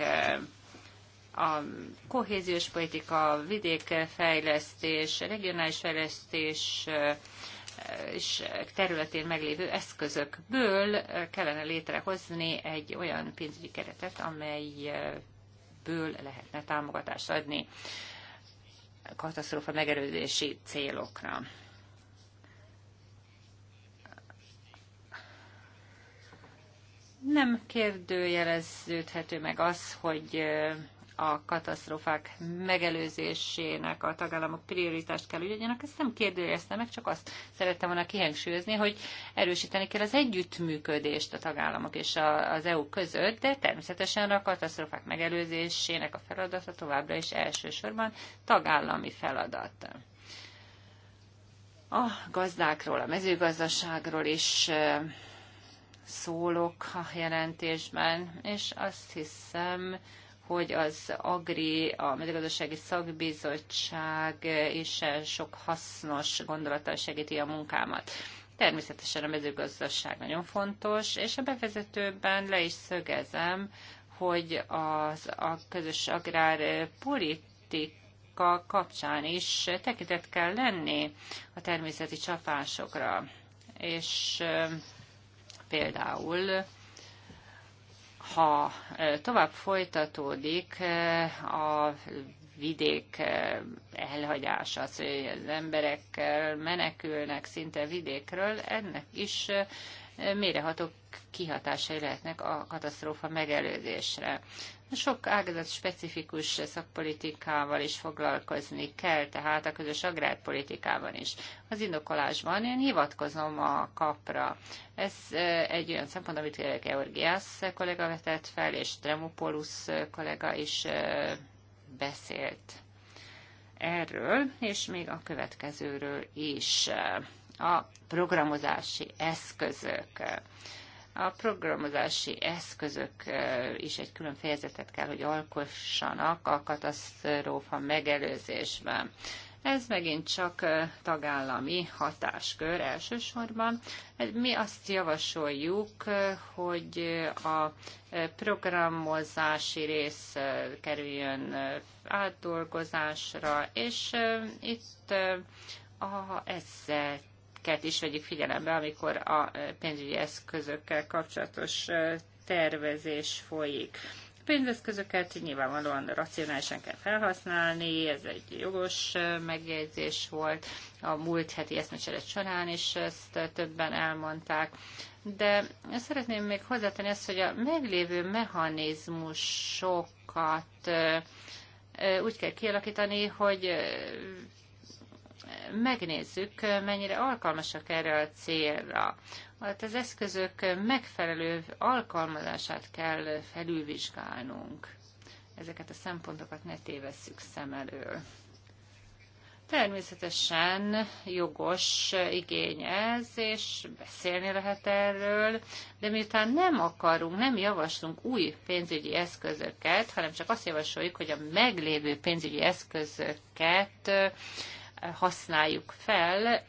a kohéziós politika, vidékfejlesztés, regionális fejlesztés és területén meglévő eszközökből kellene létrehozni egy olyan pénzügyi keretet, amelyből lehetne támogatást adni katasztrófa megerőzési célokra. nem kérdőjeleződhető meg az, hogy a katasztrófák megelőzésének a tagállamok prioritást kell ügyeljenek. Ezt nem kérdőjeztem meg, csak azt szerettem volna kihangsúlyozni, hogy erősíteni kell az együttműködést a tagállamok és az EU között, de természetesen a katasztrófák megelőzésének a feladata továbbra is elsősorban tagállami feladat a gazdákról, a mezőgazdaságról is szólok a jelentésben, és azt hiszem, hogy az AGRI, a mezőgazdasági szakbizottság is sok hasznos gondolattal segíti a munkámat. Természetesen a mezőgazdaság nagyon fontos, és a bevezetőben le is szögezem, hogy az, a közös agrárpolitika kapcsán is tekintet kell lenni a természeti csapásokra. És például ha tovább folytatódik a vidék elhagyása, az emberek menekülnek szinte vidékről, ennek is mérehatók kihatásai lehetnek a katasztrófa megelőzésre. Sok ágazat specifikus szakpolitikával is foglalkozni kell, tehát a közös agrárpolitikában is. Az indokolásban én hivatkozom a kapra. Ez egy olyan szempont, amit Georgiász kollega vetett fel, és Tremopolus kollega is beszélt erről, és még a következőről is. A programozási eszközök a programozási eszközök is egy külön fejezetet kell, hogy alkossanak a katasztrófa megelőzésben. Ez megint csak tagállami hatáskör elsősorban. Mi azt javasoljuk, hogy a programozási rész kerüljön átdolgozásra, és itt a, ezzel amiket is vegyük figyelembe, amikor a e, pénzügyi eszközökkel kapcsolatos e, tervezés folyik. A pénzeszközöket nyilvánvalóan racionálisan kell felhasználni, ez egy jogos e, megjegyzés volt a múlt heti eszmecseret során is ezt többen elmondták. De szeretném még hozzátenni azt, hogy a meglévő mechanizmusokat úgy kell kialakítani, hogy megnézzük, mennyire alkalmasak erre a célra. Hát az eszközök megfelelő alkalmazását kell felülvizsgálnunk. Ezeket a szempontokat ne tévesszük szem elől. Természetesen jogos igény ez, és beszélni lehet erről, de miután nem akarunk, nem javaslunk új pénzügyi eszközöket, hanem csak azt javasoljuk, hogy a meglévő pénzügyi eszközöket használjuk fel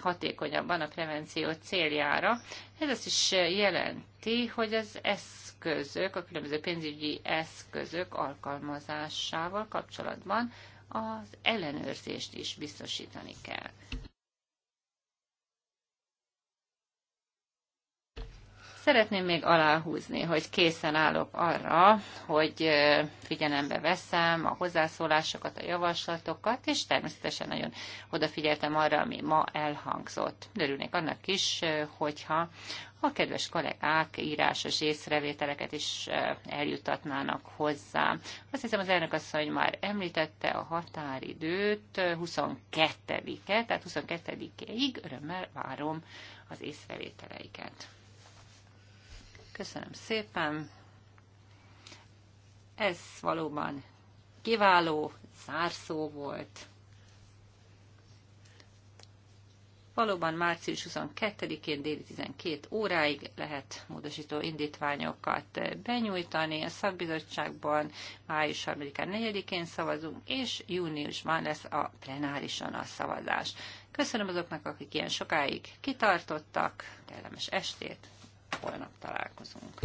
hatékonyabban a prevenció céljára. Ez azt is jelenti, hogy az eszközök, a különböző pénzügyi eszközök alkalmazásával kapcsolatban az ellenőrzést is biztosítani kell. Szeretném még aláhúzni, hogy készen állok arra, hogy figyelembe veszem a hozzászólásokat, a javaslatokat, és természetesen nagyon odafigyeltem arra, ami ma elhangzott. Örülnék annak is, hogyha a kedves kollégák írásos észrevételeket is eljutatnának hozzá. Azt hiszem az elnök asszony már említette a határidőt 22-e, tehát 22-ig örömmel várom az észrevételeiket. Köszönöm szépen. Ez valóban kiváló zárszó volt. Valóban március 22-én déli 12 óráig lehet módosító indítványokat benyújtani. A szakbizottságban május 3-án, 4-én szavazunk, és júniusban lesz a plenárison a szavazás. Köszönöm azoknak, akik ilyen sokáig kitartottak, kellemes estét! holnap találkozunk.